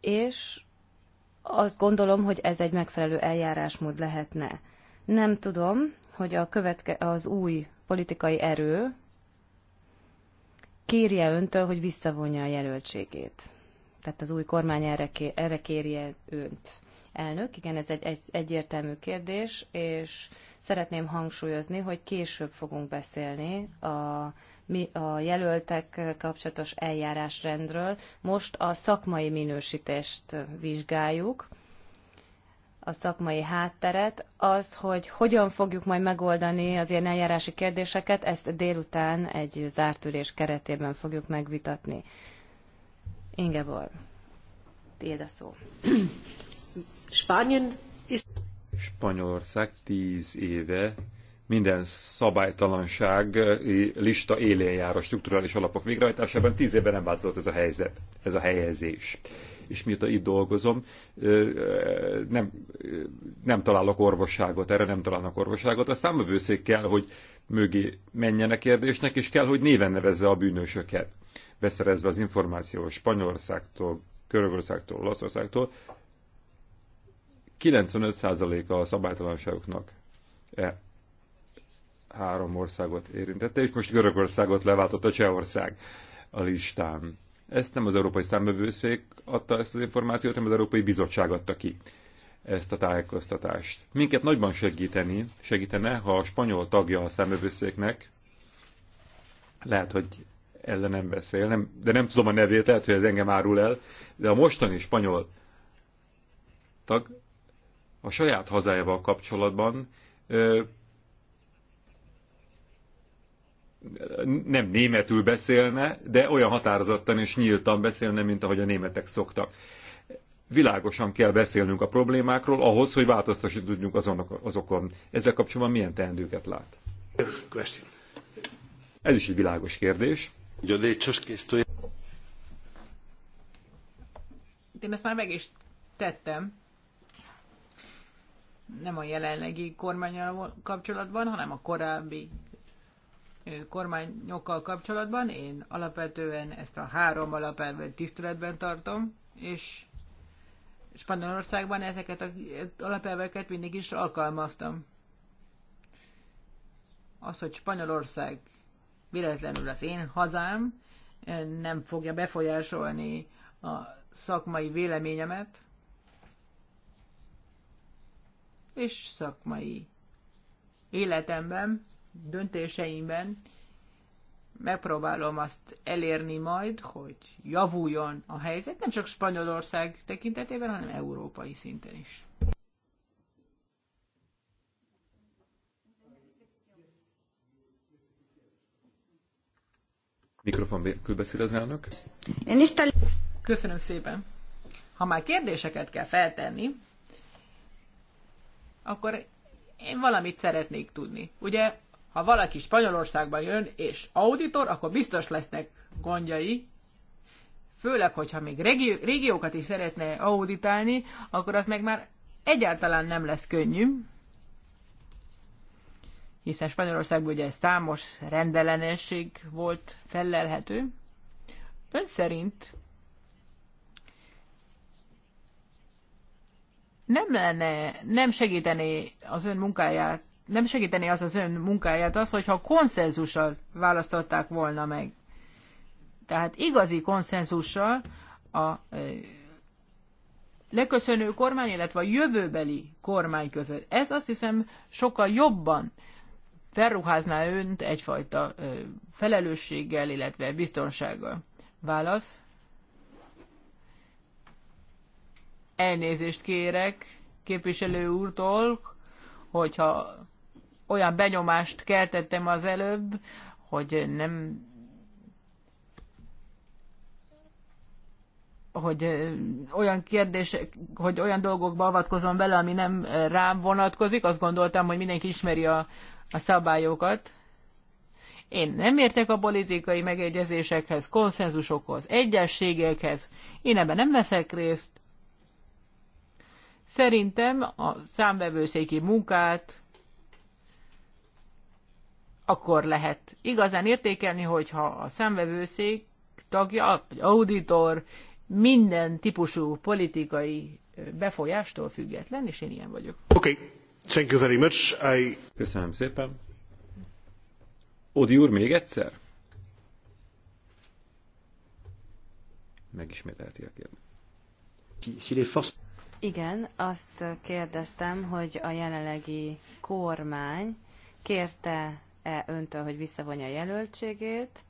és azt gondolom, hogy ez egy megfelelő eljárásmód lehetne. Nem tudom, hogy a követke, az új politikai erő, kérje öntől, hogy visszavonja a jelöltségét. Tehát az új kormány erre, ké, erre kérje önt. Elnök, igen, ez egy, egy egyértelmű kérdés, és szeretném hangsúlyozni, hogy később fogunk beszélni a, mi, a jelöltek kapcsolatos eljárásrendről. Most a szakmai minősítést vizsgáljuk, a szakmai hátteret, az, hogy hogyan fogjuk majd megoldani az ilyen eljárási kérdéseket, ezt délután egy zárt ülés keretében fogjuk megvitatni. Ingeborg, tiéd a szó. Spanyolország tíz éve minden szabálytalanság lista élén jár a strukturális alapok végrehajtásában. Tíz éve nem változott ez a helyzet, ez a helyezés és mióta itt dolgozom, nem, nem találok orvosságot, erre nem találnak orvosságot. A számövőszék kell, hogy mögé menjen a kérdésnek, és kell, hogy néven nevezze a bűnösöket, beszerezve az információ Spanyolországtól, Körögországtól, Olaszországtól. 95%-a a szabálytalanságoknak e három országot érintette, és most Görögországot leváltott a Csehország a listán. Ezt nem az Európai Számbevőszék adta ezt az információt, hanem az Európai Bizottság adta ki ezt a tájékoztatást. Minket nagyban segíteni, segítene, ha a spanyol tagja a számbevőszéknek, lehet, hogy ellenem beszél, nem, de nem tudom a nevét, lehet, hogy ez engem árul el, de a mostani spanyol tag a saját hazájával kapcsolatban ö, nem németül beszélne, de olyan határozottan és nyíltan beszélne, mint ahogy a németek szoktak. Világosan kell beszélnünk a problémákról, ahhoz, hogy változtatni tudjunk azonok, azokon. Ezzel kapcsolatban milyen teendőket lát? Ez is egy világos kérdés. Én ezt már meg is tettem. Nem a jelenlegi kormányal kapcsolatban, hanem a korábbi kormányokkal kapcsolatban. Én alapvetően ezt a három alapelvet tiszteletben tartom, és Spanyolországban ezeket az alapelveket mindig is alkalmaztam. Az, hogy Spanyolország véletlenül az én hazám, nem fogja befolyásolni a szakmai véleményemet, és szakmai életemben döntéseimben megpróbálom azt elérni majd, hogy javuljon a helyzet, nem csak Spanyolország tekintetében, hanem európai szinten is. Mikrofon külbeszél az elnök. Én is Köszönöm szépen. Ha már kérdéseket kell feltenni, akkor én valamit szeretnék tudni. Ugye ha valaki Spanyolországba jön és auditor, akkor biztos lesznek gondjai, főleg, hogyha még régi, régiókat is szeretne auditálni, akkor az meg már egyáltalán nem lesz könnyű, hiszen Spanyolországban ugye számos rendellenesség volt fellelhető. Ön szerint nem lenne, nem segítené az ön munkáját nem segítené az az ön munkáját az, hogyha konszenzussal választották volna meg. Tehát igazi konszenzussal a leköszönő kormány, illetve a jövőbeli kormány között. Ez azt hiszem sokkal jobban felruházná önt egyfajta felelősséggel, illetve biztonsággal. Válasz. Elnézést kérek képviselő úrtól, hogyha olyan benyomást keltettem az előbb, hogy nem hogy olyan kérdések, hogy olyan dolgokba avatkozom bele, ami nem rám vonatkozik. Azt gondoltam, hogy mindenki ismeri a, a szabályokat. Én nem értek a politikai megegyezésekhez, konszenzusokhoz, egyességekhez. Én ebben nem veszek részt. Szerintem a számvevőszéki munkát akkor lehet igazán értékelni, hogyha a szemvevőszék tagja, vagy auditor minden típusú politikai befolyástól független, és én ilyen vagyok. Oké, okay. thank you very much. I... Köszönöm szépen. Odi úr, még egyszer? Megismételheti a kérdést. Igen, azt kérdeztem, hogy a jelenlegi kormány kérte e öntől, hogy visszavonja a jelöltségét,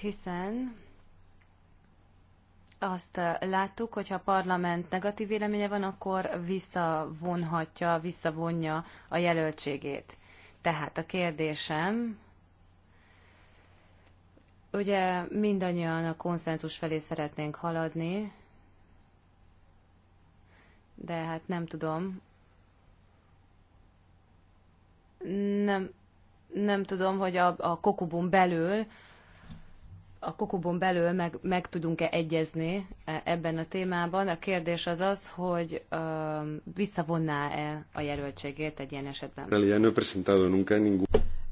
hiszen azt e, láttuk, hogy ha a parlament negatív véleménye van, akkor visszavonhatja, visszavonja a jelöltségét. Tehát a kérdésem, ugye mindannyian a konszenzus felé szeretnénk haladni, de hát nem tudom, nem, nem tudom, hogy a, a kokubon belül a kokubon belül meg, meg tudunk-e egyezni e, ebben a témában. A kérdés az az, hogy uh, visszavonná-e a jelöltségét egy ilyen esetben.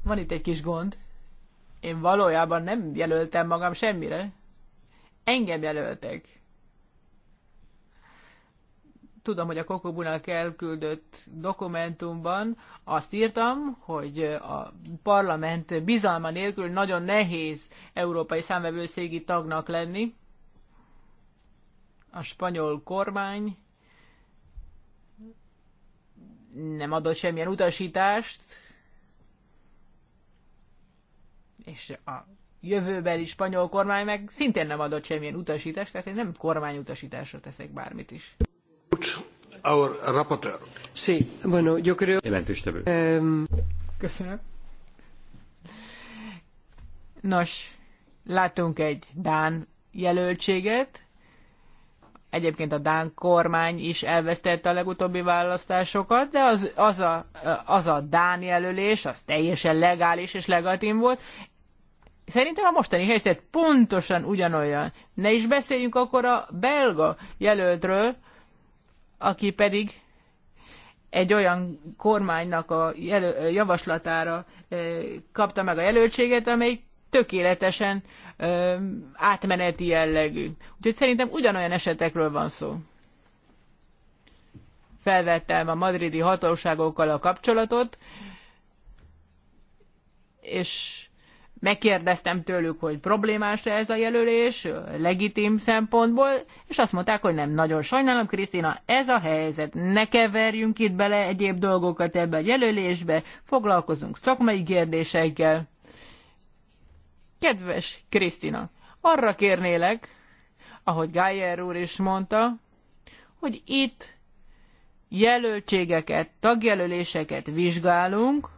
Van itt egy kis gond. Én valójában nem jelöltem magam semmire. Engem jelöltek tudom, hogy a Kokobunak elküldött dokumentumban azt írtam, hogy a parlament bizalma nélkül nagyon nehéz európai számvevőszégi tagnak lenni. A spanyol kormány nem adott semmilyen utasítást, és a jövőbeli spanyol kormány meg szintén nem adott semmilyen utasítást, tehát én nem kormányutasításra teszek bármit is our rapporteur. Sí, bueno, yo creo... Jelentéstevő. Um, köszönöm. Nos, látunk egy Dán jelöltséget. Egyébként a Dán kormány is elvesztette a legutóbbi választásokat, de az, az, a, az a Dán jelölés, az teljesen legális és legatim volt. Szerintem a mostani helyzet pontosan ugyanolyan. Ne is beszéljünk akkor a belga jelöltről, aki pedig egy olyan kormánynak a javaslatára kapta meg a jelöltséget, amely tökéletesen átmeneti jellegű. Úgyhogy szerintem ugyanolyan esetekről van szó. Felvettem a madridi hatóságokkal a kapcsolatot, és megkérdeztem tőlük, hogy problémás -e ez a jelölés, legitim szempontból, és azt mondták, hogy nem nagyon sajnálom, Krisztina, ez a helyzet, ne keverjünk itt bele egyéb dolgokat ebbe a jelölésbe, foglalkozunk szakmai kérdésekkel. Kedves Krisztina, arra kérnélek, ahogy Geyer úr is mondta, hogy itt jelöltségeket, tagjelöléseket vizsgálunk,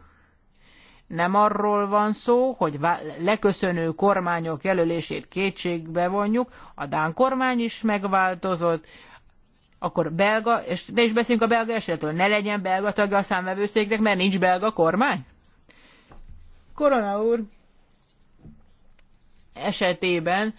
nem arról van szó, hogy leköszönő kormányok jelölését kétségbe vonjuk, a Dán kormány is megváltozott, akkor belga, és ne is beszéljünk a belga esetről, ne legyen belga tagja a számvevőszéknek, mert nincs belga kormány. Korona úr esetében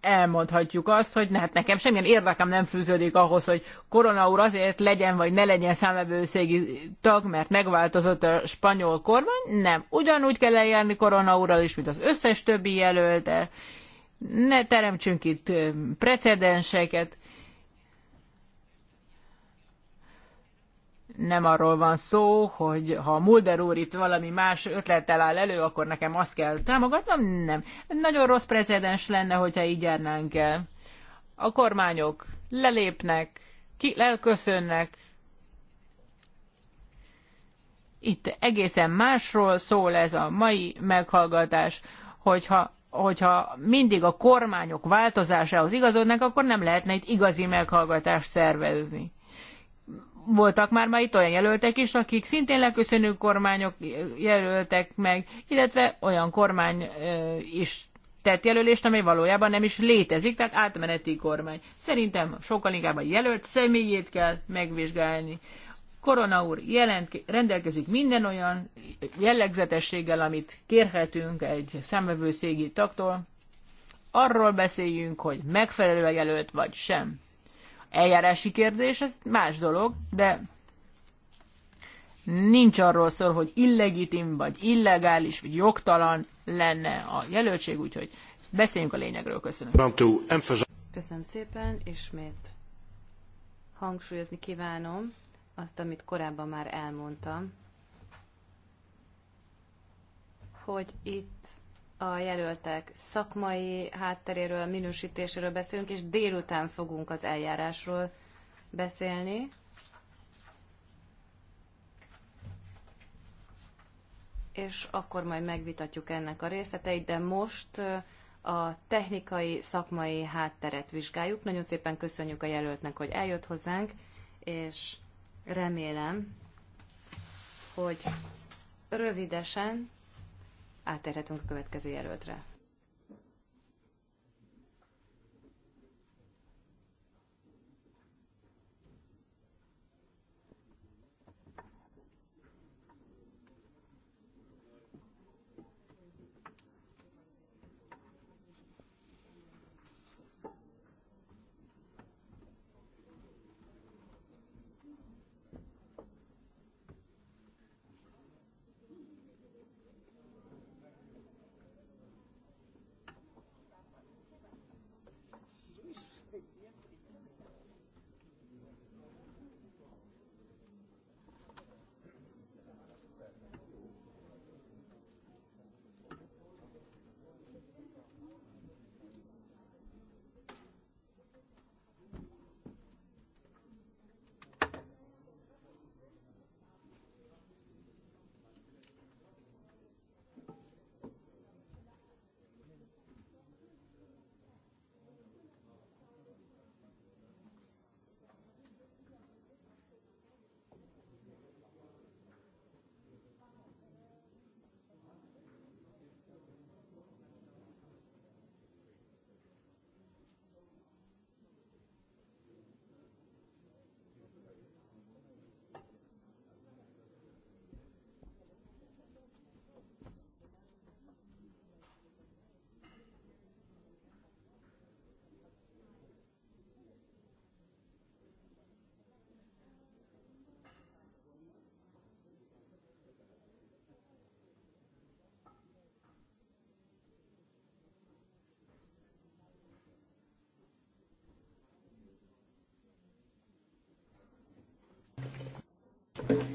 elmondhatjuk azt, hogy hát nekem semmilyen érdekem nem fűződik ahhoz, hogy Korona úr azért legyen vagy ne legyen számlevőszégi tag, mert megváltozott a spanyol kormány. Nem, ugyanúgy kell eljárni Korona úrral is, mint az összes többi jelölte. Ne teremtsünk itt precedenseket. nem arról van szó, hogy ha Mulder úr itt valami más ötlettel áll elő, akkor nekem azt kell támogatnom? Nem. Nagyon rossz precedens lenne, hogyha így járnánk el. A kormányok lelépnek, ki, elköszönnek. Itt egészen másról szól ez a mai meghallgatás, hogyha hogyha mindig a kormányok változásához igazodnak, akkor nem lehetne itt igazi meghallgatást szervezni voltak már ma itt olyan jelöltek is, akik szintén leköszönő kormányok jelöltek meg, illetve olyan kormány is tett jelölést, amely valójában nem is létezik, tehát átmeneti kormány. Szerintem sokkal inkább a jelölt személyét kell megvizsgálni. Korona úr jelent, rendelkezik minden olyan jellegzetességgel, amit kérhetünk egy számvevőszégi taktól. Arról beszéljünk, hogy megfelelő jelölt vagy sem eljárási kérdés, ez más dolog, de nincs arról szól, hogy illegitim, vagy illegális, vagy jogtalan lenne a jelöltség, úgyhogy beszéljünk a lényegről. Köszönöm. Köszönöm szépen, ismét hangsúlyozni kívánom azt, amit korábban már elmondtam, hogy itt a jelöltek szakmai hátteréről, minősítéséről beszélünk, és délután fogunk az eljárásról beszélni. És akkor majd megvitatjuk ennek a részleteit, de most a technikai, szakmai hátteret vizsgáljuk. Nagyon szépen köszönjük a jelöltnek, hogy eljött hozzánk, és remélem, hogy rövidesen átérhetünk a következő jelöltre.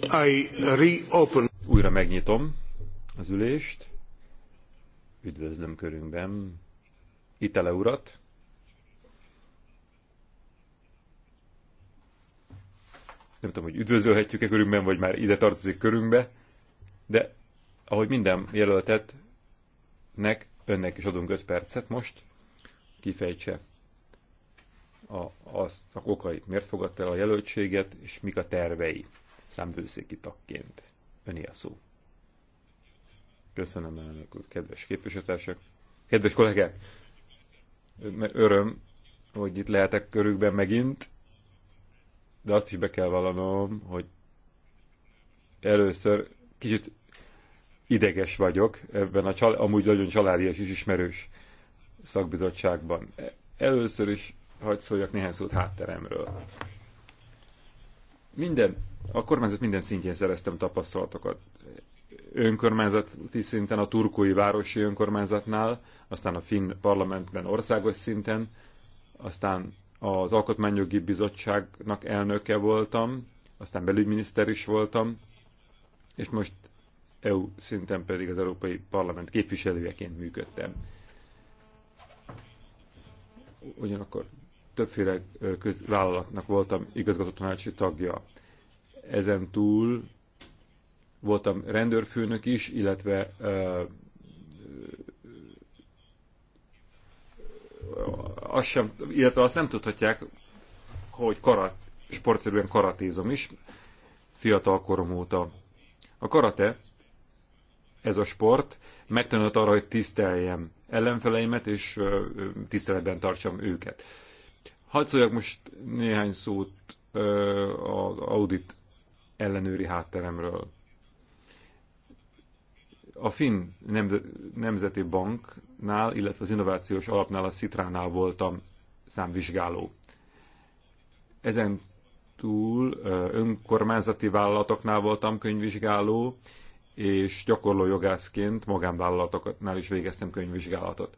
I reopen. Újra megnyitom az ülést. Üdvözlöm körünkben Itele urat. Nem tudom, hogy üdvözölhetjük-e körünkben, vagy már ide tartozik körünkbe, de ahogy minden jelöltetnek, önnek is adunk 5 percet most, kifejtse a, azt a okait, miért fogadta el a jelöltséget, és mik a tervei számbőszéki tagként. Öné a szó. Köszönöm, elnök úr, kedves képviselőtársak, kedves kollégák! Öröm, hogy itt lehetek körükben megint, de azt is be kell vallanom, hogy először kicsit ideges vagyok ebben a csal amúgy nagyon családias és ismerős szakbizottságban. Először is hagyd szóljak néhány szót hátteremről. Minden a kormányzat minden szintjén szereztem tapasztalatokat. Önkormányzati szinten, a turkói városi önkormányzatnál, aztán a finn parlamentben országos szinten, aztán az Alkotmányjogi Bizottságnak elnöke voltam, aztán belügyminiszter is voltam, és most EU szinten pedig az Európai Parlament képviselőjeként működtem. Ugyanakkor többféle közvállalatnak vállalatnak voltam igazgatótanácsi tagja. Ezen túl voltam rendőrfőnök is, illetve uh, azt sem, illetve azt nem tudhatják, hogy karat, sportszerűen karatézom is, fiatal korom óta. A karate, ez a sport, megtanult arra, hogy tiszteljem ellenfeleimet, és tiszteletben tartsam őket. Hadd szóljak most néhány szót az audit ellenőri hátteremről. A Finn Nemzeti Banknál, illetve az Innovációs Alapnál, a Citránál voltam számvizsgáló. Ezen túl önkormányzati vállalatoknál voltam könyvvizsgáló, és gyakorló jogászként magánvállalatoknál is végeztem könyvvizsgálatot.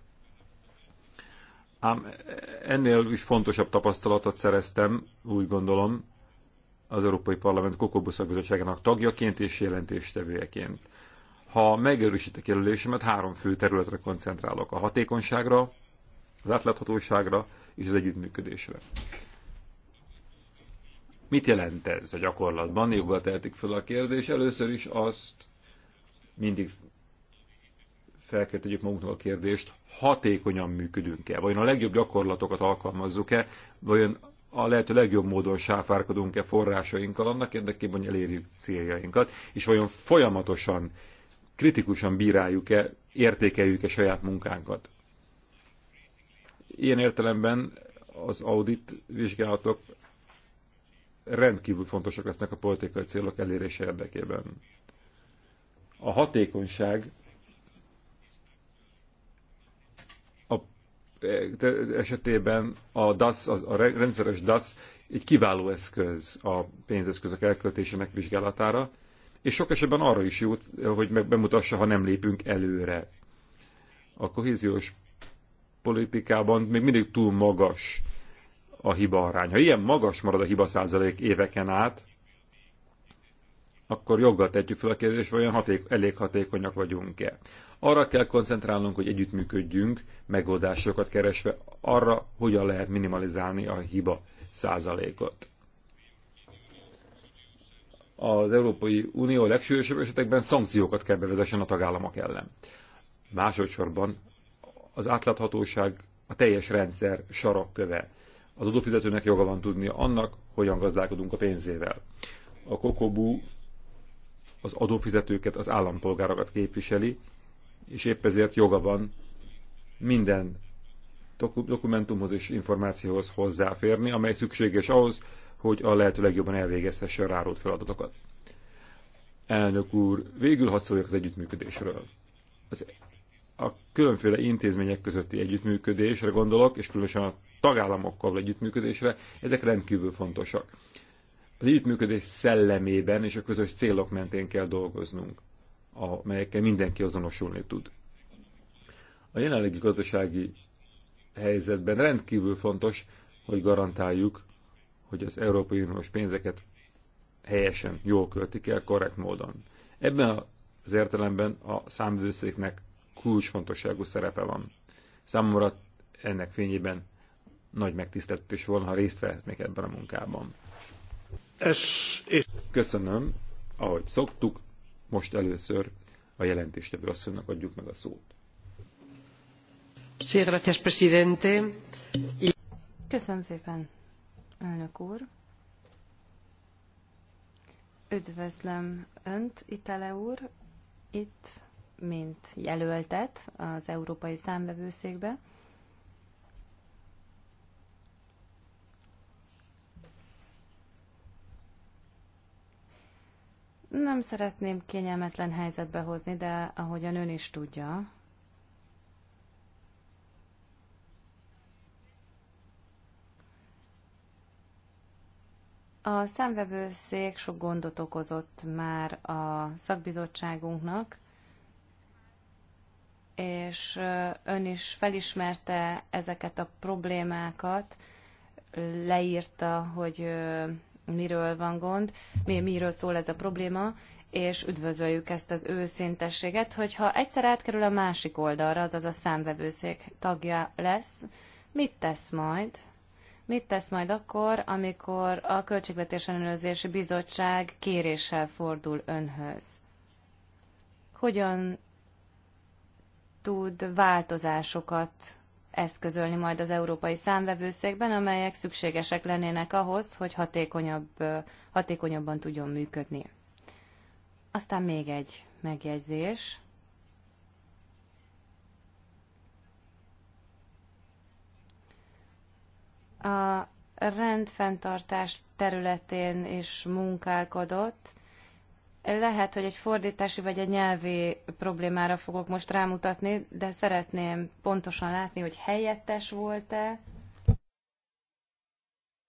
Ám ennél is fontosabb tapasztalatot szereztem, úgy gondolom, az Európai Parlament Kokobuszakbizottságának tagjaként és jelentéstevőjeként. Ha megerősítek jelölésemet, három fő területre koncentrálok. A hatékonyságra, az átláthatóságra és az együttműködésre. Mit jelent ez a gyakorlatban? Joggal tehetik fel a kérdés. Először is azt mindig fel kell tegyük magunknak a kérdést, hatékonyan működünk-e? Vajon a legjobb gyakorlatokat alkalmazzuk-e? Vajon a lehető legjobb módon sáfárkodunk-e forrásainkkal annak érdekében, hogy elérjük céljainkat, és vajon folyamatosan, kritikusan bíráljuk-e, értékeljük-e saját munkánkat. Ilyen értelemben az audit vizsgálatok rendkívül fontosak lesznek a politikai célok elérése érdekében. A hatékonyság esetében a DAS, a rendszeres DAS egy kiváló eszköz a pénzeszközök elköltésének vizsgálatára, és sok esetben arra is jó, hogy meg bemutassa, ha nem lépünk előre. A kohéziós politikában még mindig túl magas a hiba arány. Ha ilyen magas marad a hiba százalék éveken át, akkor joggal tetjük fel a kérdést, vajon haték, elég hatékonyak vagyunk-e. Arra kell koncentrálnunk, hogy együttműködjünk, megoldásokat keresve arra, hogyan lehet minimalizálni a hiba százalékot. Az Európai Unió legsúlyosabb esetekben szankciókat kell bevezessen a tagállamok ellen. Másodszorban az átláthatóság a teljes rendszer sarokköve. Az adófizetőnek joga van tudni annak, hogyan gazdálkodunk a pénzével. A kokobú az adófizetőket, az állampolgárokat képviseli, és épp ezért joga van minden dokumentumhoz és információhoz hozzáférni, amely szükséges ahhoz, hogy a lehető legjobban elvégeztesse a rárót feladatokat. Elnök úr, végül hadd szóljak az együttműködésről. Az, a különféle intézmények közötti együttműködésre gondolok, és különösen a tagállamokkal együttműködésre, ezek rendkívül fontosak az együttműködés szellemében és a közös célok mentén kell dolgoznunk, amelyekkel mindenki azonosulni tud. A jelenlegi gazdasági helyzetben rendkívül fontos, hogy garantáljuk, hogy az Európai Uniós pénzeket helyesen, jól költik el, korrekt módon. Ebben az értelemben a számvőszéknek kulcsfontosságú szerepe van. Számomra ennek fényében nagy megtiszteltetés volna, ha részt vehetnék ebben a munkában. Köszönöm, ahogy szoktuk, most először a jelentéstevő asszonynak adjuk meg a szót. Köszönöm szépen, elnök úr. Üdvözlöm Önt, Itele úr, itt, mint jelöltet az Európai Számbevőszékbe. Nem szeretném kényelmetlen helyzetbe hozni, de ahogyan ön is tudja, A szemvevőszék sok gondot okozott már a szakbizottságunknak, és ön is felismerte ezeket a problémákat, leírta, hogy miről van gond, mi, miről szól ez a probléma, és üdvözöljük ezt az őszintességet, hogyha egyszer átkerül a másik oldalra, azaz a számvevőszék tagja lesz, mit tesz majd? Mit tesz majd akkor, amikor a Költségvetés Ellenőrzési Bizottság kéréssel fordul önhöz? Hogyan tud változásokat eszközölni majd az európai számvevőszékben, amelyek szükségesek lennének ahhoz, hogy hatékonyabb, hatékonyabban tudjon működni. Aztán még egy megjegyzés. A rendfenntartás területén is munkálkodott, lehet, hogy egy fordítási vagy egy nyelvi problémára fogok most rámutatni, de szeretném pontosan látni, hogy helyettes volt-e,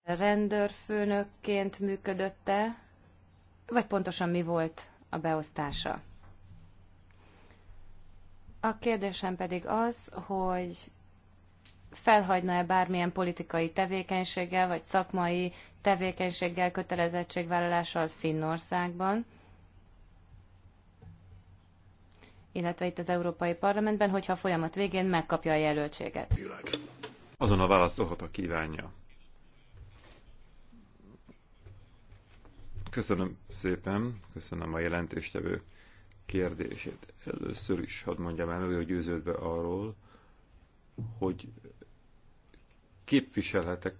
rendőrfőnökként működötte, vagy pontosan mi volt a beosztása. A kérdésem pedig az, hogy felhagyna-e bármilyen politikai tevékenységgel, vagy szakmai tevékenységgel, kötelezettségvállalással Finnországban, illetve itt az Európai Parlamentben, hogyha a folyamat végén megkapja a jelöltséget. Azon a válaszolhat, a kívánja. Köszönöm szépen, köszönöm a jelentéstevő kérdését. Először is hadd mondjam el, hogy győződve arról, hogy képviselhetek,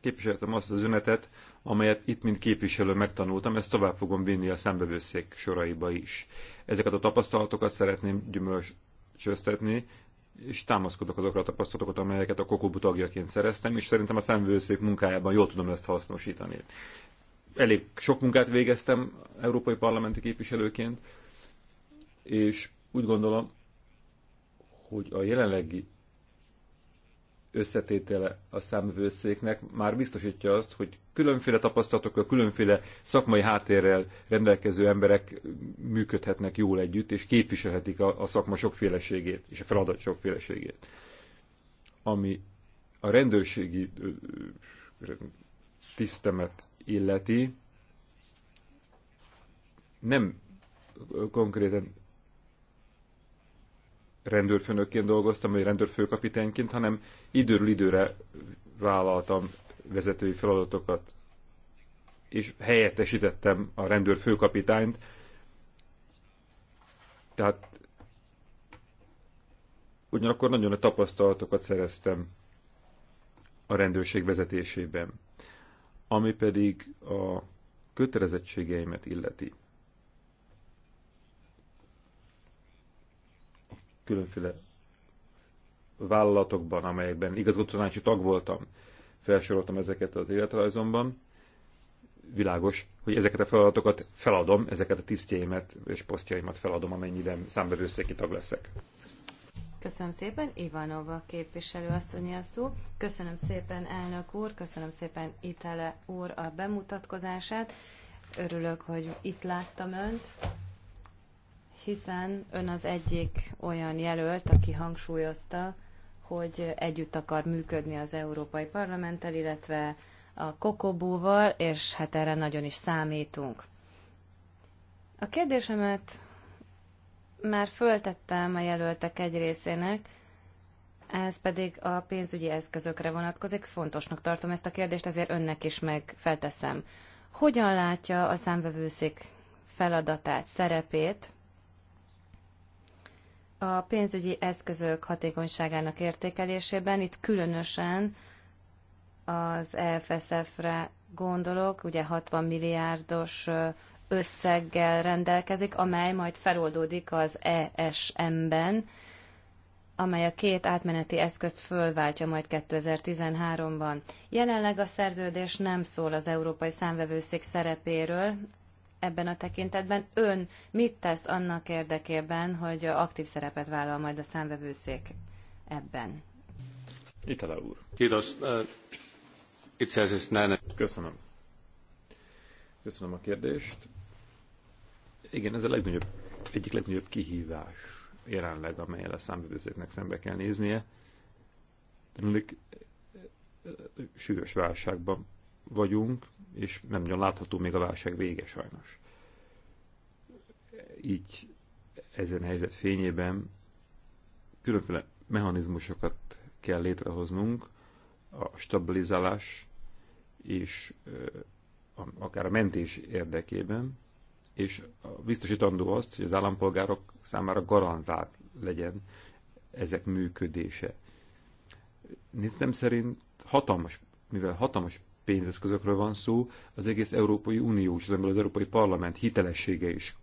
képviseltem azt az ünetet, amelyet itt, mint képviselő megtanultam, ezt tovább fogom vinni a szembevőszék soraiba is. Ezeket a tapasztalatokat szeretném gyümölcsöztetni, és támaszkodok azokra a tapasztalatokat, amelyeket a kokobu tagjaként szereztem, és szerintem a szemvőszék munkájában jól tudom ezt hasznosítani. Elég sok munkát végeztem európai parlamenti képviselőként, és úgy gondolom, hogy a jelenlegi összetétele a számvőszéknek már biztosítja azt, hogy különféle tapasztalatokkal, különféle szakmai háttérrel rendelkező emberek működhetnek jól együtt, és képviselhetik a, a szakma sokféleségét, és a feladat sokféleségét. Ami a rendőrségi tisztemet illeti, nem konkrétan rendőrfőnökként dolgoztam, vagy rendőrfőkapitányként, hanem időről időre vállaltam vezetői feladatokat, és helyettesítettem a rendőrfőkapitányt. Tehát ugyanakkor nagyon a tapasztalatokat szereztem a rendőrség vezetésében. Ami pedig a kötelezettségeimet illeti. különféle vállalatokban, amelyekben igazgatótanácsi tag voltam, felsoroltam ezeket az életrajzomban, világos, hogy ezeket a feladatokat feladom, ezeket a tisztjeimet és posztjaimat feladom, amennyiben számbevőszéki tag leszek. Köszönöm szépen, Ivanova képviselő asszony a szó. Köszönöm szépen, elnök úr, köszönöm szépen, Itele úr a bemutatkozását. Örülök, hogy itt láttam önt hiszen ön az egyik olyan jelölt, aki hangsúlyozta, hogy együtt akar működni az Európai Parlamenttel, illetve a Kokobóval, és hát erre nagyon is számítunk. A kérdésemet már föltettem a jelöltek egy részének, ez pedig a pénzügyi eszközökre vonatkozik. Fontosnak tartom ezt a kérdést, ezért önnek is megfelteszem. Hogyan látja a számvevőszék feladatát, szerepét a pénzügyi eszközök hatékonyságának értékelésében itt különösen az EFSF-re gondolok, ugye 60 milliárdos összeggel rendelkezik, amely majd feloldódik az ESM-ben, amely a két átmeneti eszközt fölváltja majd 2013-ban. Jelenleg a szerződés nem szól az Európai Számvevőszék szerepéről ebben a tekintetben. Ön mit tesz annak érdekében, hogy aktív szerepet vállal majd a számvevőszék ebben? Itala úr. Kiitos. Köszönöm. Köszönöm a kérdést. Igen, ez a legnagyobb, egyik legnagyobb kihívás jelenleg, amelyel a számvevőszéknek szembe kell néznie. Tudnék, sűrös válságban vagyunk, és nem nagyon látható még a válság vége sajnos. Így ezen helyzet fényében különféle mechanizmusokat kell létrehoznunk, a stabilizálás és akár a mentés érdekében, és biztosítandó azt, hogy az állampolgárok számára garantált legyen ezek működése. Néztem szerint hatalmas, mivel hatalmas pénzeszközökről van szó, az egész Európai Unió és az ember az Európai Parlament hitelessége is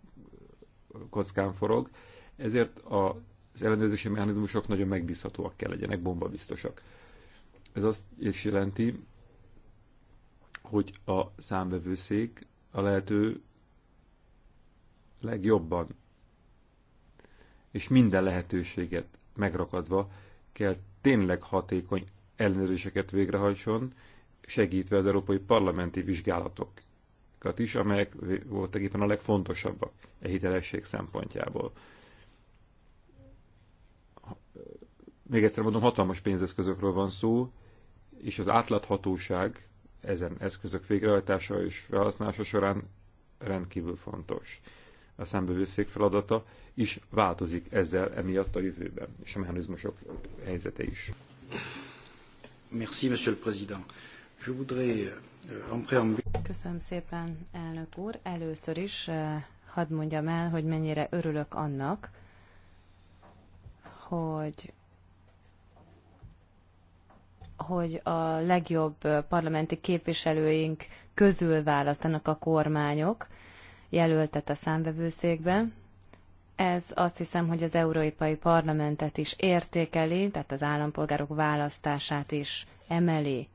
kockán forog, ezért az ellenőrzési mechanizmusok nagyon megbízhatóak kell legyenek, bombabiztosak. Ez azt is jelenti, hogy a számvevőszék a lehető legjobban és minden lehetőséget megrakadva kell tényleg hatékony ellenőrzéseket végrehajtson, segítve az európai parlamenti vizsgálatokat is, amelyek voltak éppen a legfontosabbak a e hitelesség szempontjából. Még egyszer mondom, hatalmas pénzeszközökről van szó, és az átláthatóság ezen eszközök végrehajtása és felhasználása során rendkívül fontos. A szembevőszék feladata is változik ezzel emiatt a jövőben, és a mechanizmusok helyzete is. Merci, Monsieur le Président. Euh, Köszönöm szépen, elnök úr. Először is eh, hadd mondjam el, hogy mennyire örülök annak, hogy hogy a legjobb eh, parlamenti képviselőink közül választanak a kormányok jelöltet a számvevőszékbe. Ez azt hiszem, hogy az Európai Parlamentet is értékeli, tehát az állampolgárok választását is emeli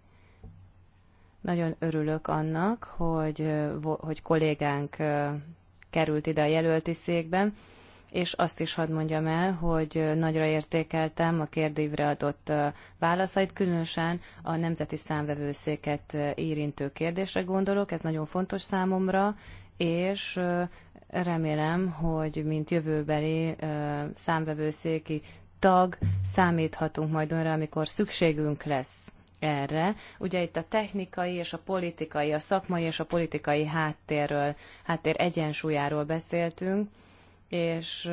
nagyon örülök annak, hogy, hogy kollégánk került ide a jelölti székben, és azt is hadd mondjam el, hogy nagyra értékeltem a kérdévre adott válaszait, különösen a nemzeti számvevőszéket érintő kérdésre gondolok, ez nagyon fontos számomra, és remélem, hogy mint jövőbeli számvevőszéki tag számíthatunk majd önre, amikor szükségünk lesz erre. Ugye itt a technikai és a politikai, a szakmai és a politikai háttérről, háttér egyensúlyáról beszéltünk, és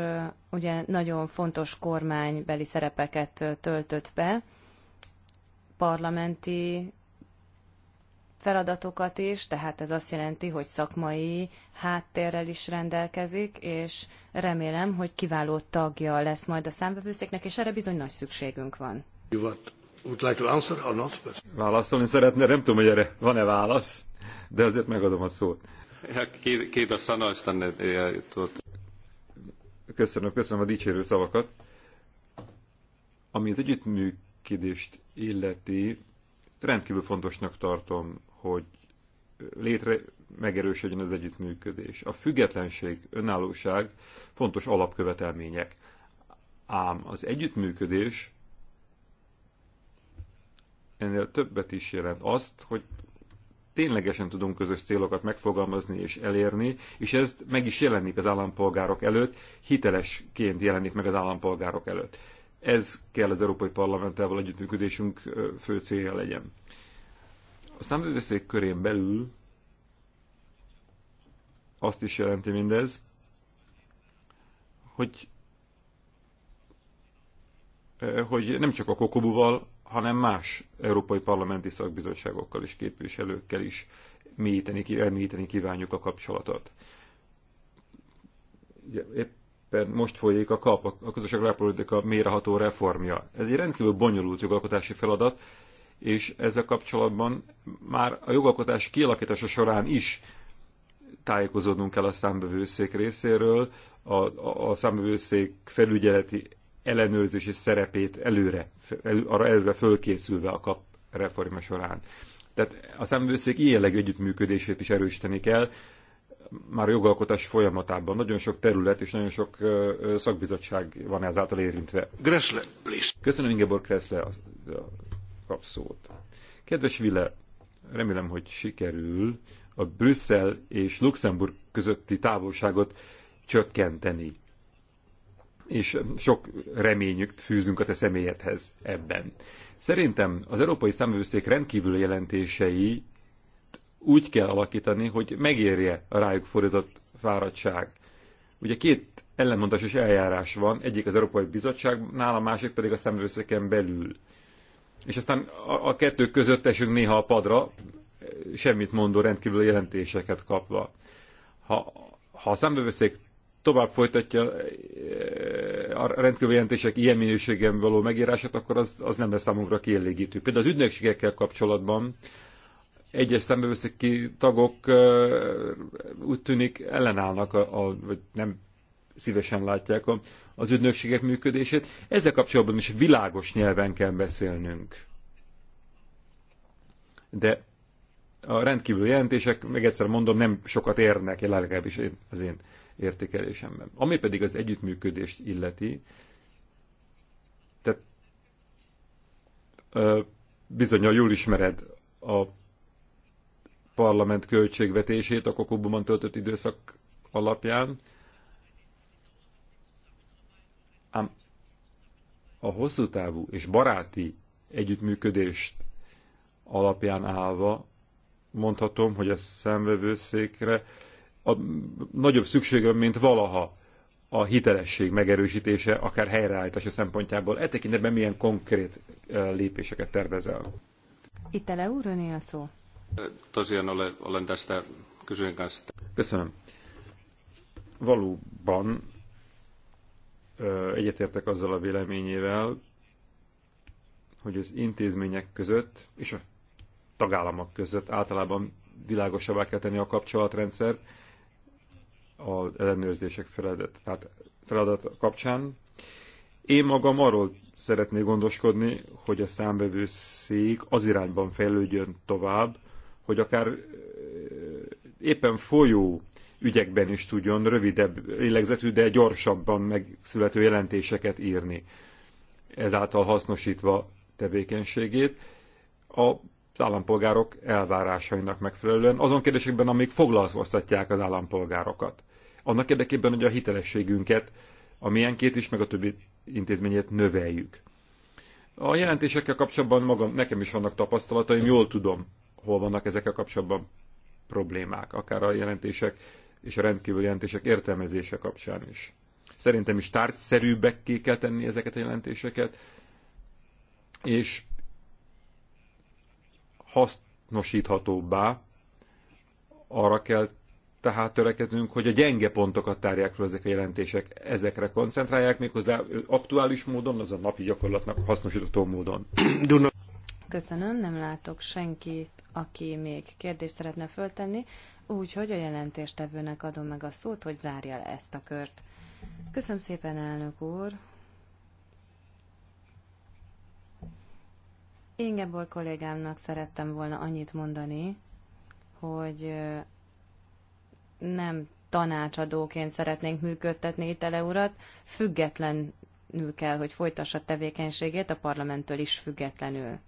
ugye nagyon fontos kormánybeli szerepeket töltött be, parlamenti feladatokat is, tehát ez azt jelenti, hogy szakmai háttérrel is rendelkezik, és remélem, hogy kiváló tagja lesz majd a számbevőszéknek, és erre bizony nagy szükségünk van would like to answer or not, but... Válaszolni szeretne, nem tudom, hogy erre van-e válasz, de azért megadom a szót. Köszönöm, köszönöm a dicsérő szavakat. Ami az együttműködést illeti, rendkívül fontosnak tartom, hogy létre megerősödjön az együttműködés. A függetlenség, önállóság fontos alapkövetelmények. Ám az együttműködés ennél többet is jelent azt, hogy ténylegesen tudunk közös célokat megfogalmazni és elérni, és ez meg is jelenik az állampolgárok előtt, hitelesként jelenik meg az állampolgárok előtt. Ez kell az Európai Parlamentával együttműködésünk fő célja legyen. A számvevőszék körén belül azt is jelenti mindez, hogy hogy nem csak a kokobuval, hanem más európai parlamenti szakbizottságokkal és képviselőkkel is mélyíteni, elmélyíteni kívánjuk a kapcsolatot. Ugye, éppen most folyik a KAP, a közösség a méreható reformja. Ez egy rendkívül bonyolult jogalkotási feladat, és ezzel kapcsolatban már a jogalkotás kialakítása során is tájékozódnunk kell a számbevőszék részéről, a, a, a számbevőszék felügyeleti ellenőrzési szerepét előre, arra előre fölkészülve a kap reforma során. Tehát a számvőszék ilyen együttműködését is erősíteni kell, már a jogalkotás folyamatában. Nagyon sok terület és nagyon sok szakbizottság van ezáltal érintve. Gressle, please. Köszönöm Ingeborg Gressle a, a kapszót. Kedves Ville, remélem, hogy sikerül a Brüsszel és Luxemburg közötti távolságot csökkenteni és sok reményt fűzünk a te személyedhez ebben. Szerintem az Európai Számvevőszék rendkívül jelentései úgy kell alakítani, hogy megérje a rájuk fordított fáradtság. Ugye két ellenmondásos eljárás van, egyik az Európai Bizottságnál, a másik pedig a számvevőszéken belül. És aztán a, a kettő között esünk néha a padra, semmit mondó rendkívül jelentéseket kapva. Ha, ha a számvevőszék tovább folytatja eh, a rendkívüli jelentések ilyen minőségen való megírását, akkor az, az nem lesz számunkra kielégítő. Például az ügynökségekkel kapcsolatban egyes szembevőszeki tagok eh, úgy tűnik ellenállnak, a, a, vagy nem szívesen látják a, az ügynökségek működését. Ezzel kapcsolatban is világos nyelven kell beszélnünk. De a rendkívüli jelentések, meg egyszer mondom, nem sokat érnek, legalábbis az én értékelésemben. Ami pedig az együttműködést illeti, tehát bizony, jól ismered a parlament költségvetését a kokóban töltött időszak alapján, ám a hosszú távú és baráti együttműködést alapján állva mondhatom, hogy a szemvevőszékre a nagyobb szüksége, mint valaha a hitelesség megerősítése, akár helyreállítása szempontjából. E tekintetben milyen konkrét e, lépéseket tervezel? Itt a úr, öné a szó. Tosiaan olen tästä kanssa. Köszönöm. Valóban e, egyetértek azzal a véleményével, hogy az intézmények között és a tagállamok között általában világosabbá kell tenni a kapcsolatrendszert, az ellenőrzések feladat, tehát feladat kapcsán. Én magam arról szeretnék gondoskodni, hogy a számbevőszék az irányban fejlődjön tovább, hogy akár éppen folyó ügyekben is tudjon rövidebb lélegzetű, de gyorsabban megszülető jelentéseket írni, ezáltal hasznosítva tevékenységét az állampolgárok elvárásainak megfelelően, azon kérdésekben, amik foglalkoztatják az állampolgárokat annak érdekében, hogy a hitelességünket, a két is, meg a többi intézményét növeljük. A jelentésekkel kapcsolatban magam, nekem is vannak tapasztalataim, jól tudom, hol vannak ezekkel kapcsolatban problémák, akár a jelentések és a rendkívül jelentések értelmezése kapcsán is. Szerintem is tárgyszerűbbekké kell tenni ezeket a jelentéseket, és hasznosíthatóbbá arra kell tehát törekedünk, hogy a gyenge pontokat tárják fel ezek a jelentések, ezekre koncentrálják méghozzá aktuális módon, az a napi gyakorlatnak hasznosítható módon. Köszönöm, nem látok senkit, aki még kérdést szeretne föltenni, úgyhogy a jelentéstevőnek adom meg a szót, hogy zárja le ezt a kört. Köszönöm szépen, elnök úr! Ingeborg kollégámnak szerettem volna annyit mondani, hogy nem tanácsadóként szeretnénk működtetni Itele urat, függetlenül kell, hogy folytassa tevékenységét a parlamenttől is függetlenül.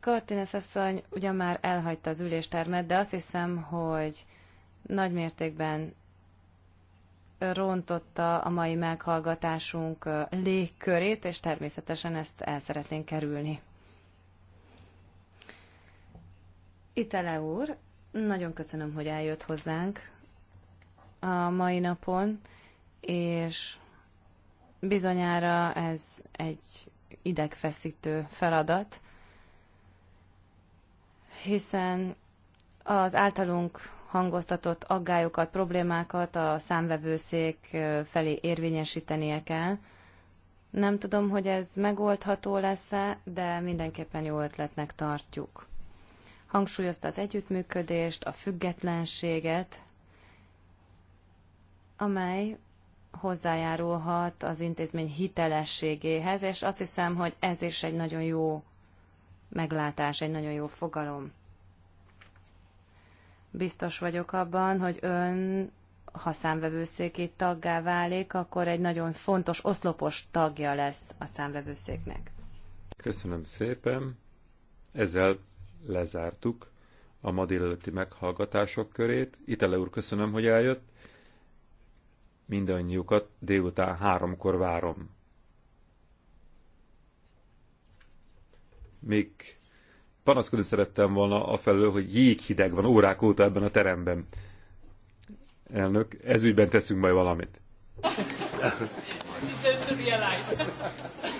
Kartinesz asszony ugyan már elhagyta az üléstermet, de azt hiszem, hogy nagy mértékben rontotta a mai meghallgatásunk légkörét, és természetesen ezt el szeretnénk kerülni. Itele úr, nagyon köszönöm, hogy eljött hozzánk a mai napon, és bizonyára ez egy idegfeszítő feladat, hiszen az általunk hangoztatott aggályokat, problémákat a számvevőszék felé érvényesítenie kell. Nem tudom, hogy ez megoldható lesz-e, de mindenképpen jó ötletnek tartjuk hangsúlyozta az együttműködést, a függetlenséget, amely hozzájárulhat az intézmény hitelességéhez, és azt hiszem, hogy ez is egy nagyon jó meglátás, egy nagyon jó fogalom. Biztos vagyok abban, hogy ön, ha számvevőszékét taggá válik, akkor egy nagyon fontos, oszlopos tagja lesz a számvevőszéknek. Köszönöm szépen. Ezzel lezártuk a ma délelőtti meghallgatások körét. Itele úr, köszönöm, hogy eljött. Mindannyiukat délután háromkor várom. Még panaszkodni szerettem volna a felől, hogy jéghideg van órák óta ebben a teremben. Elnök, ez teszünk majd valamit.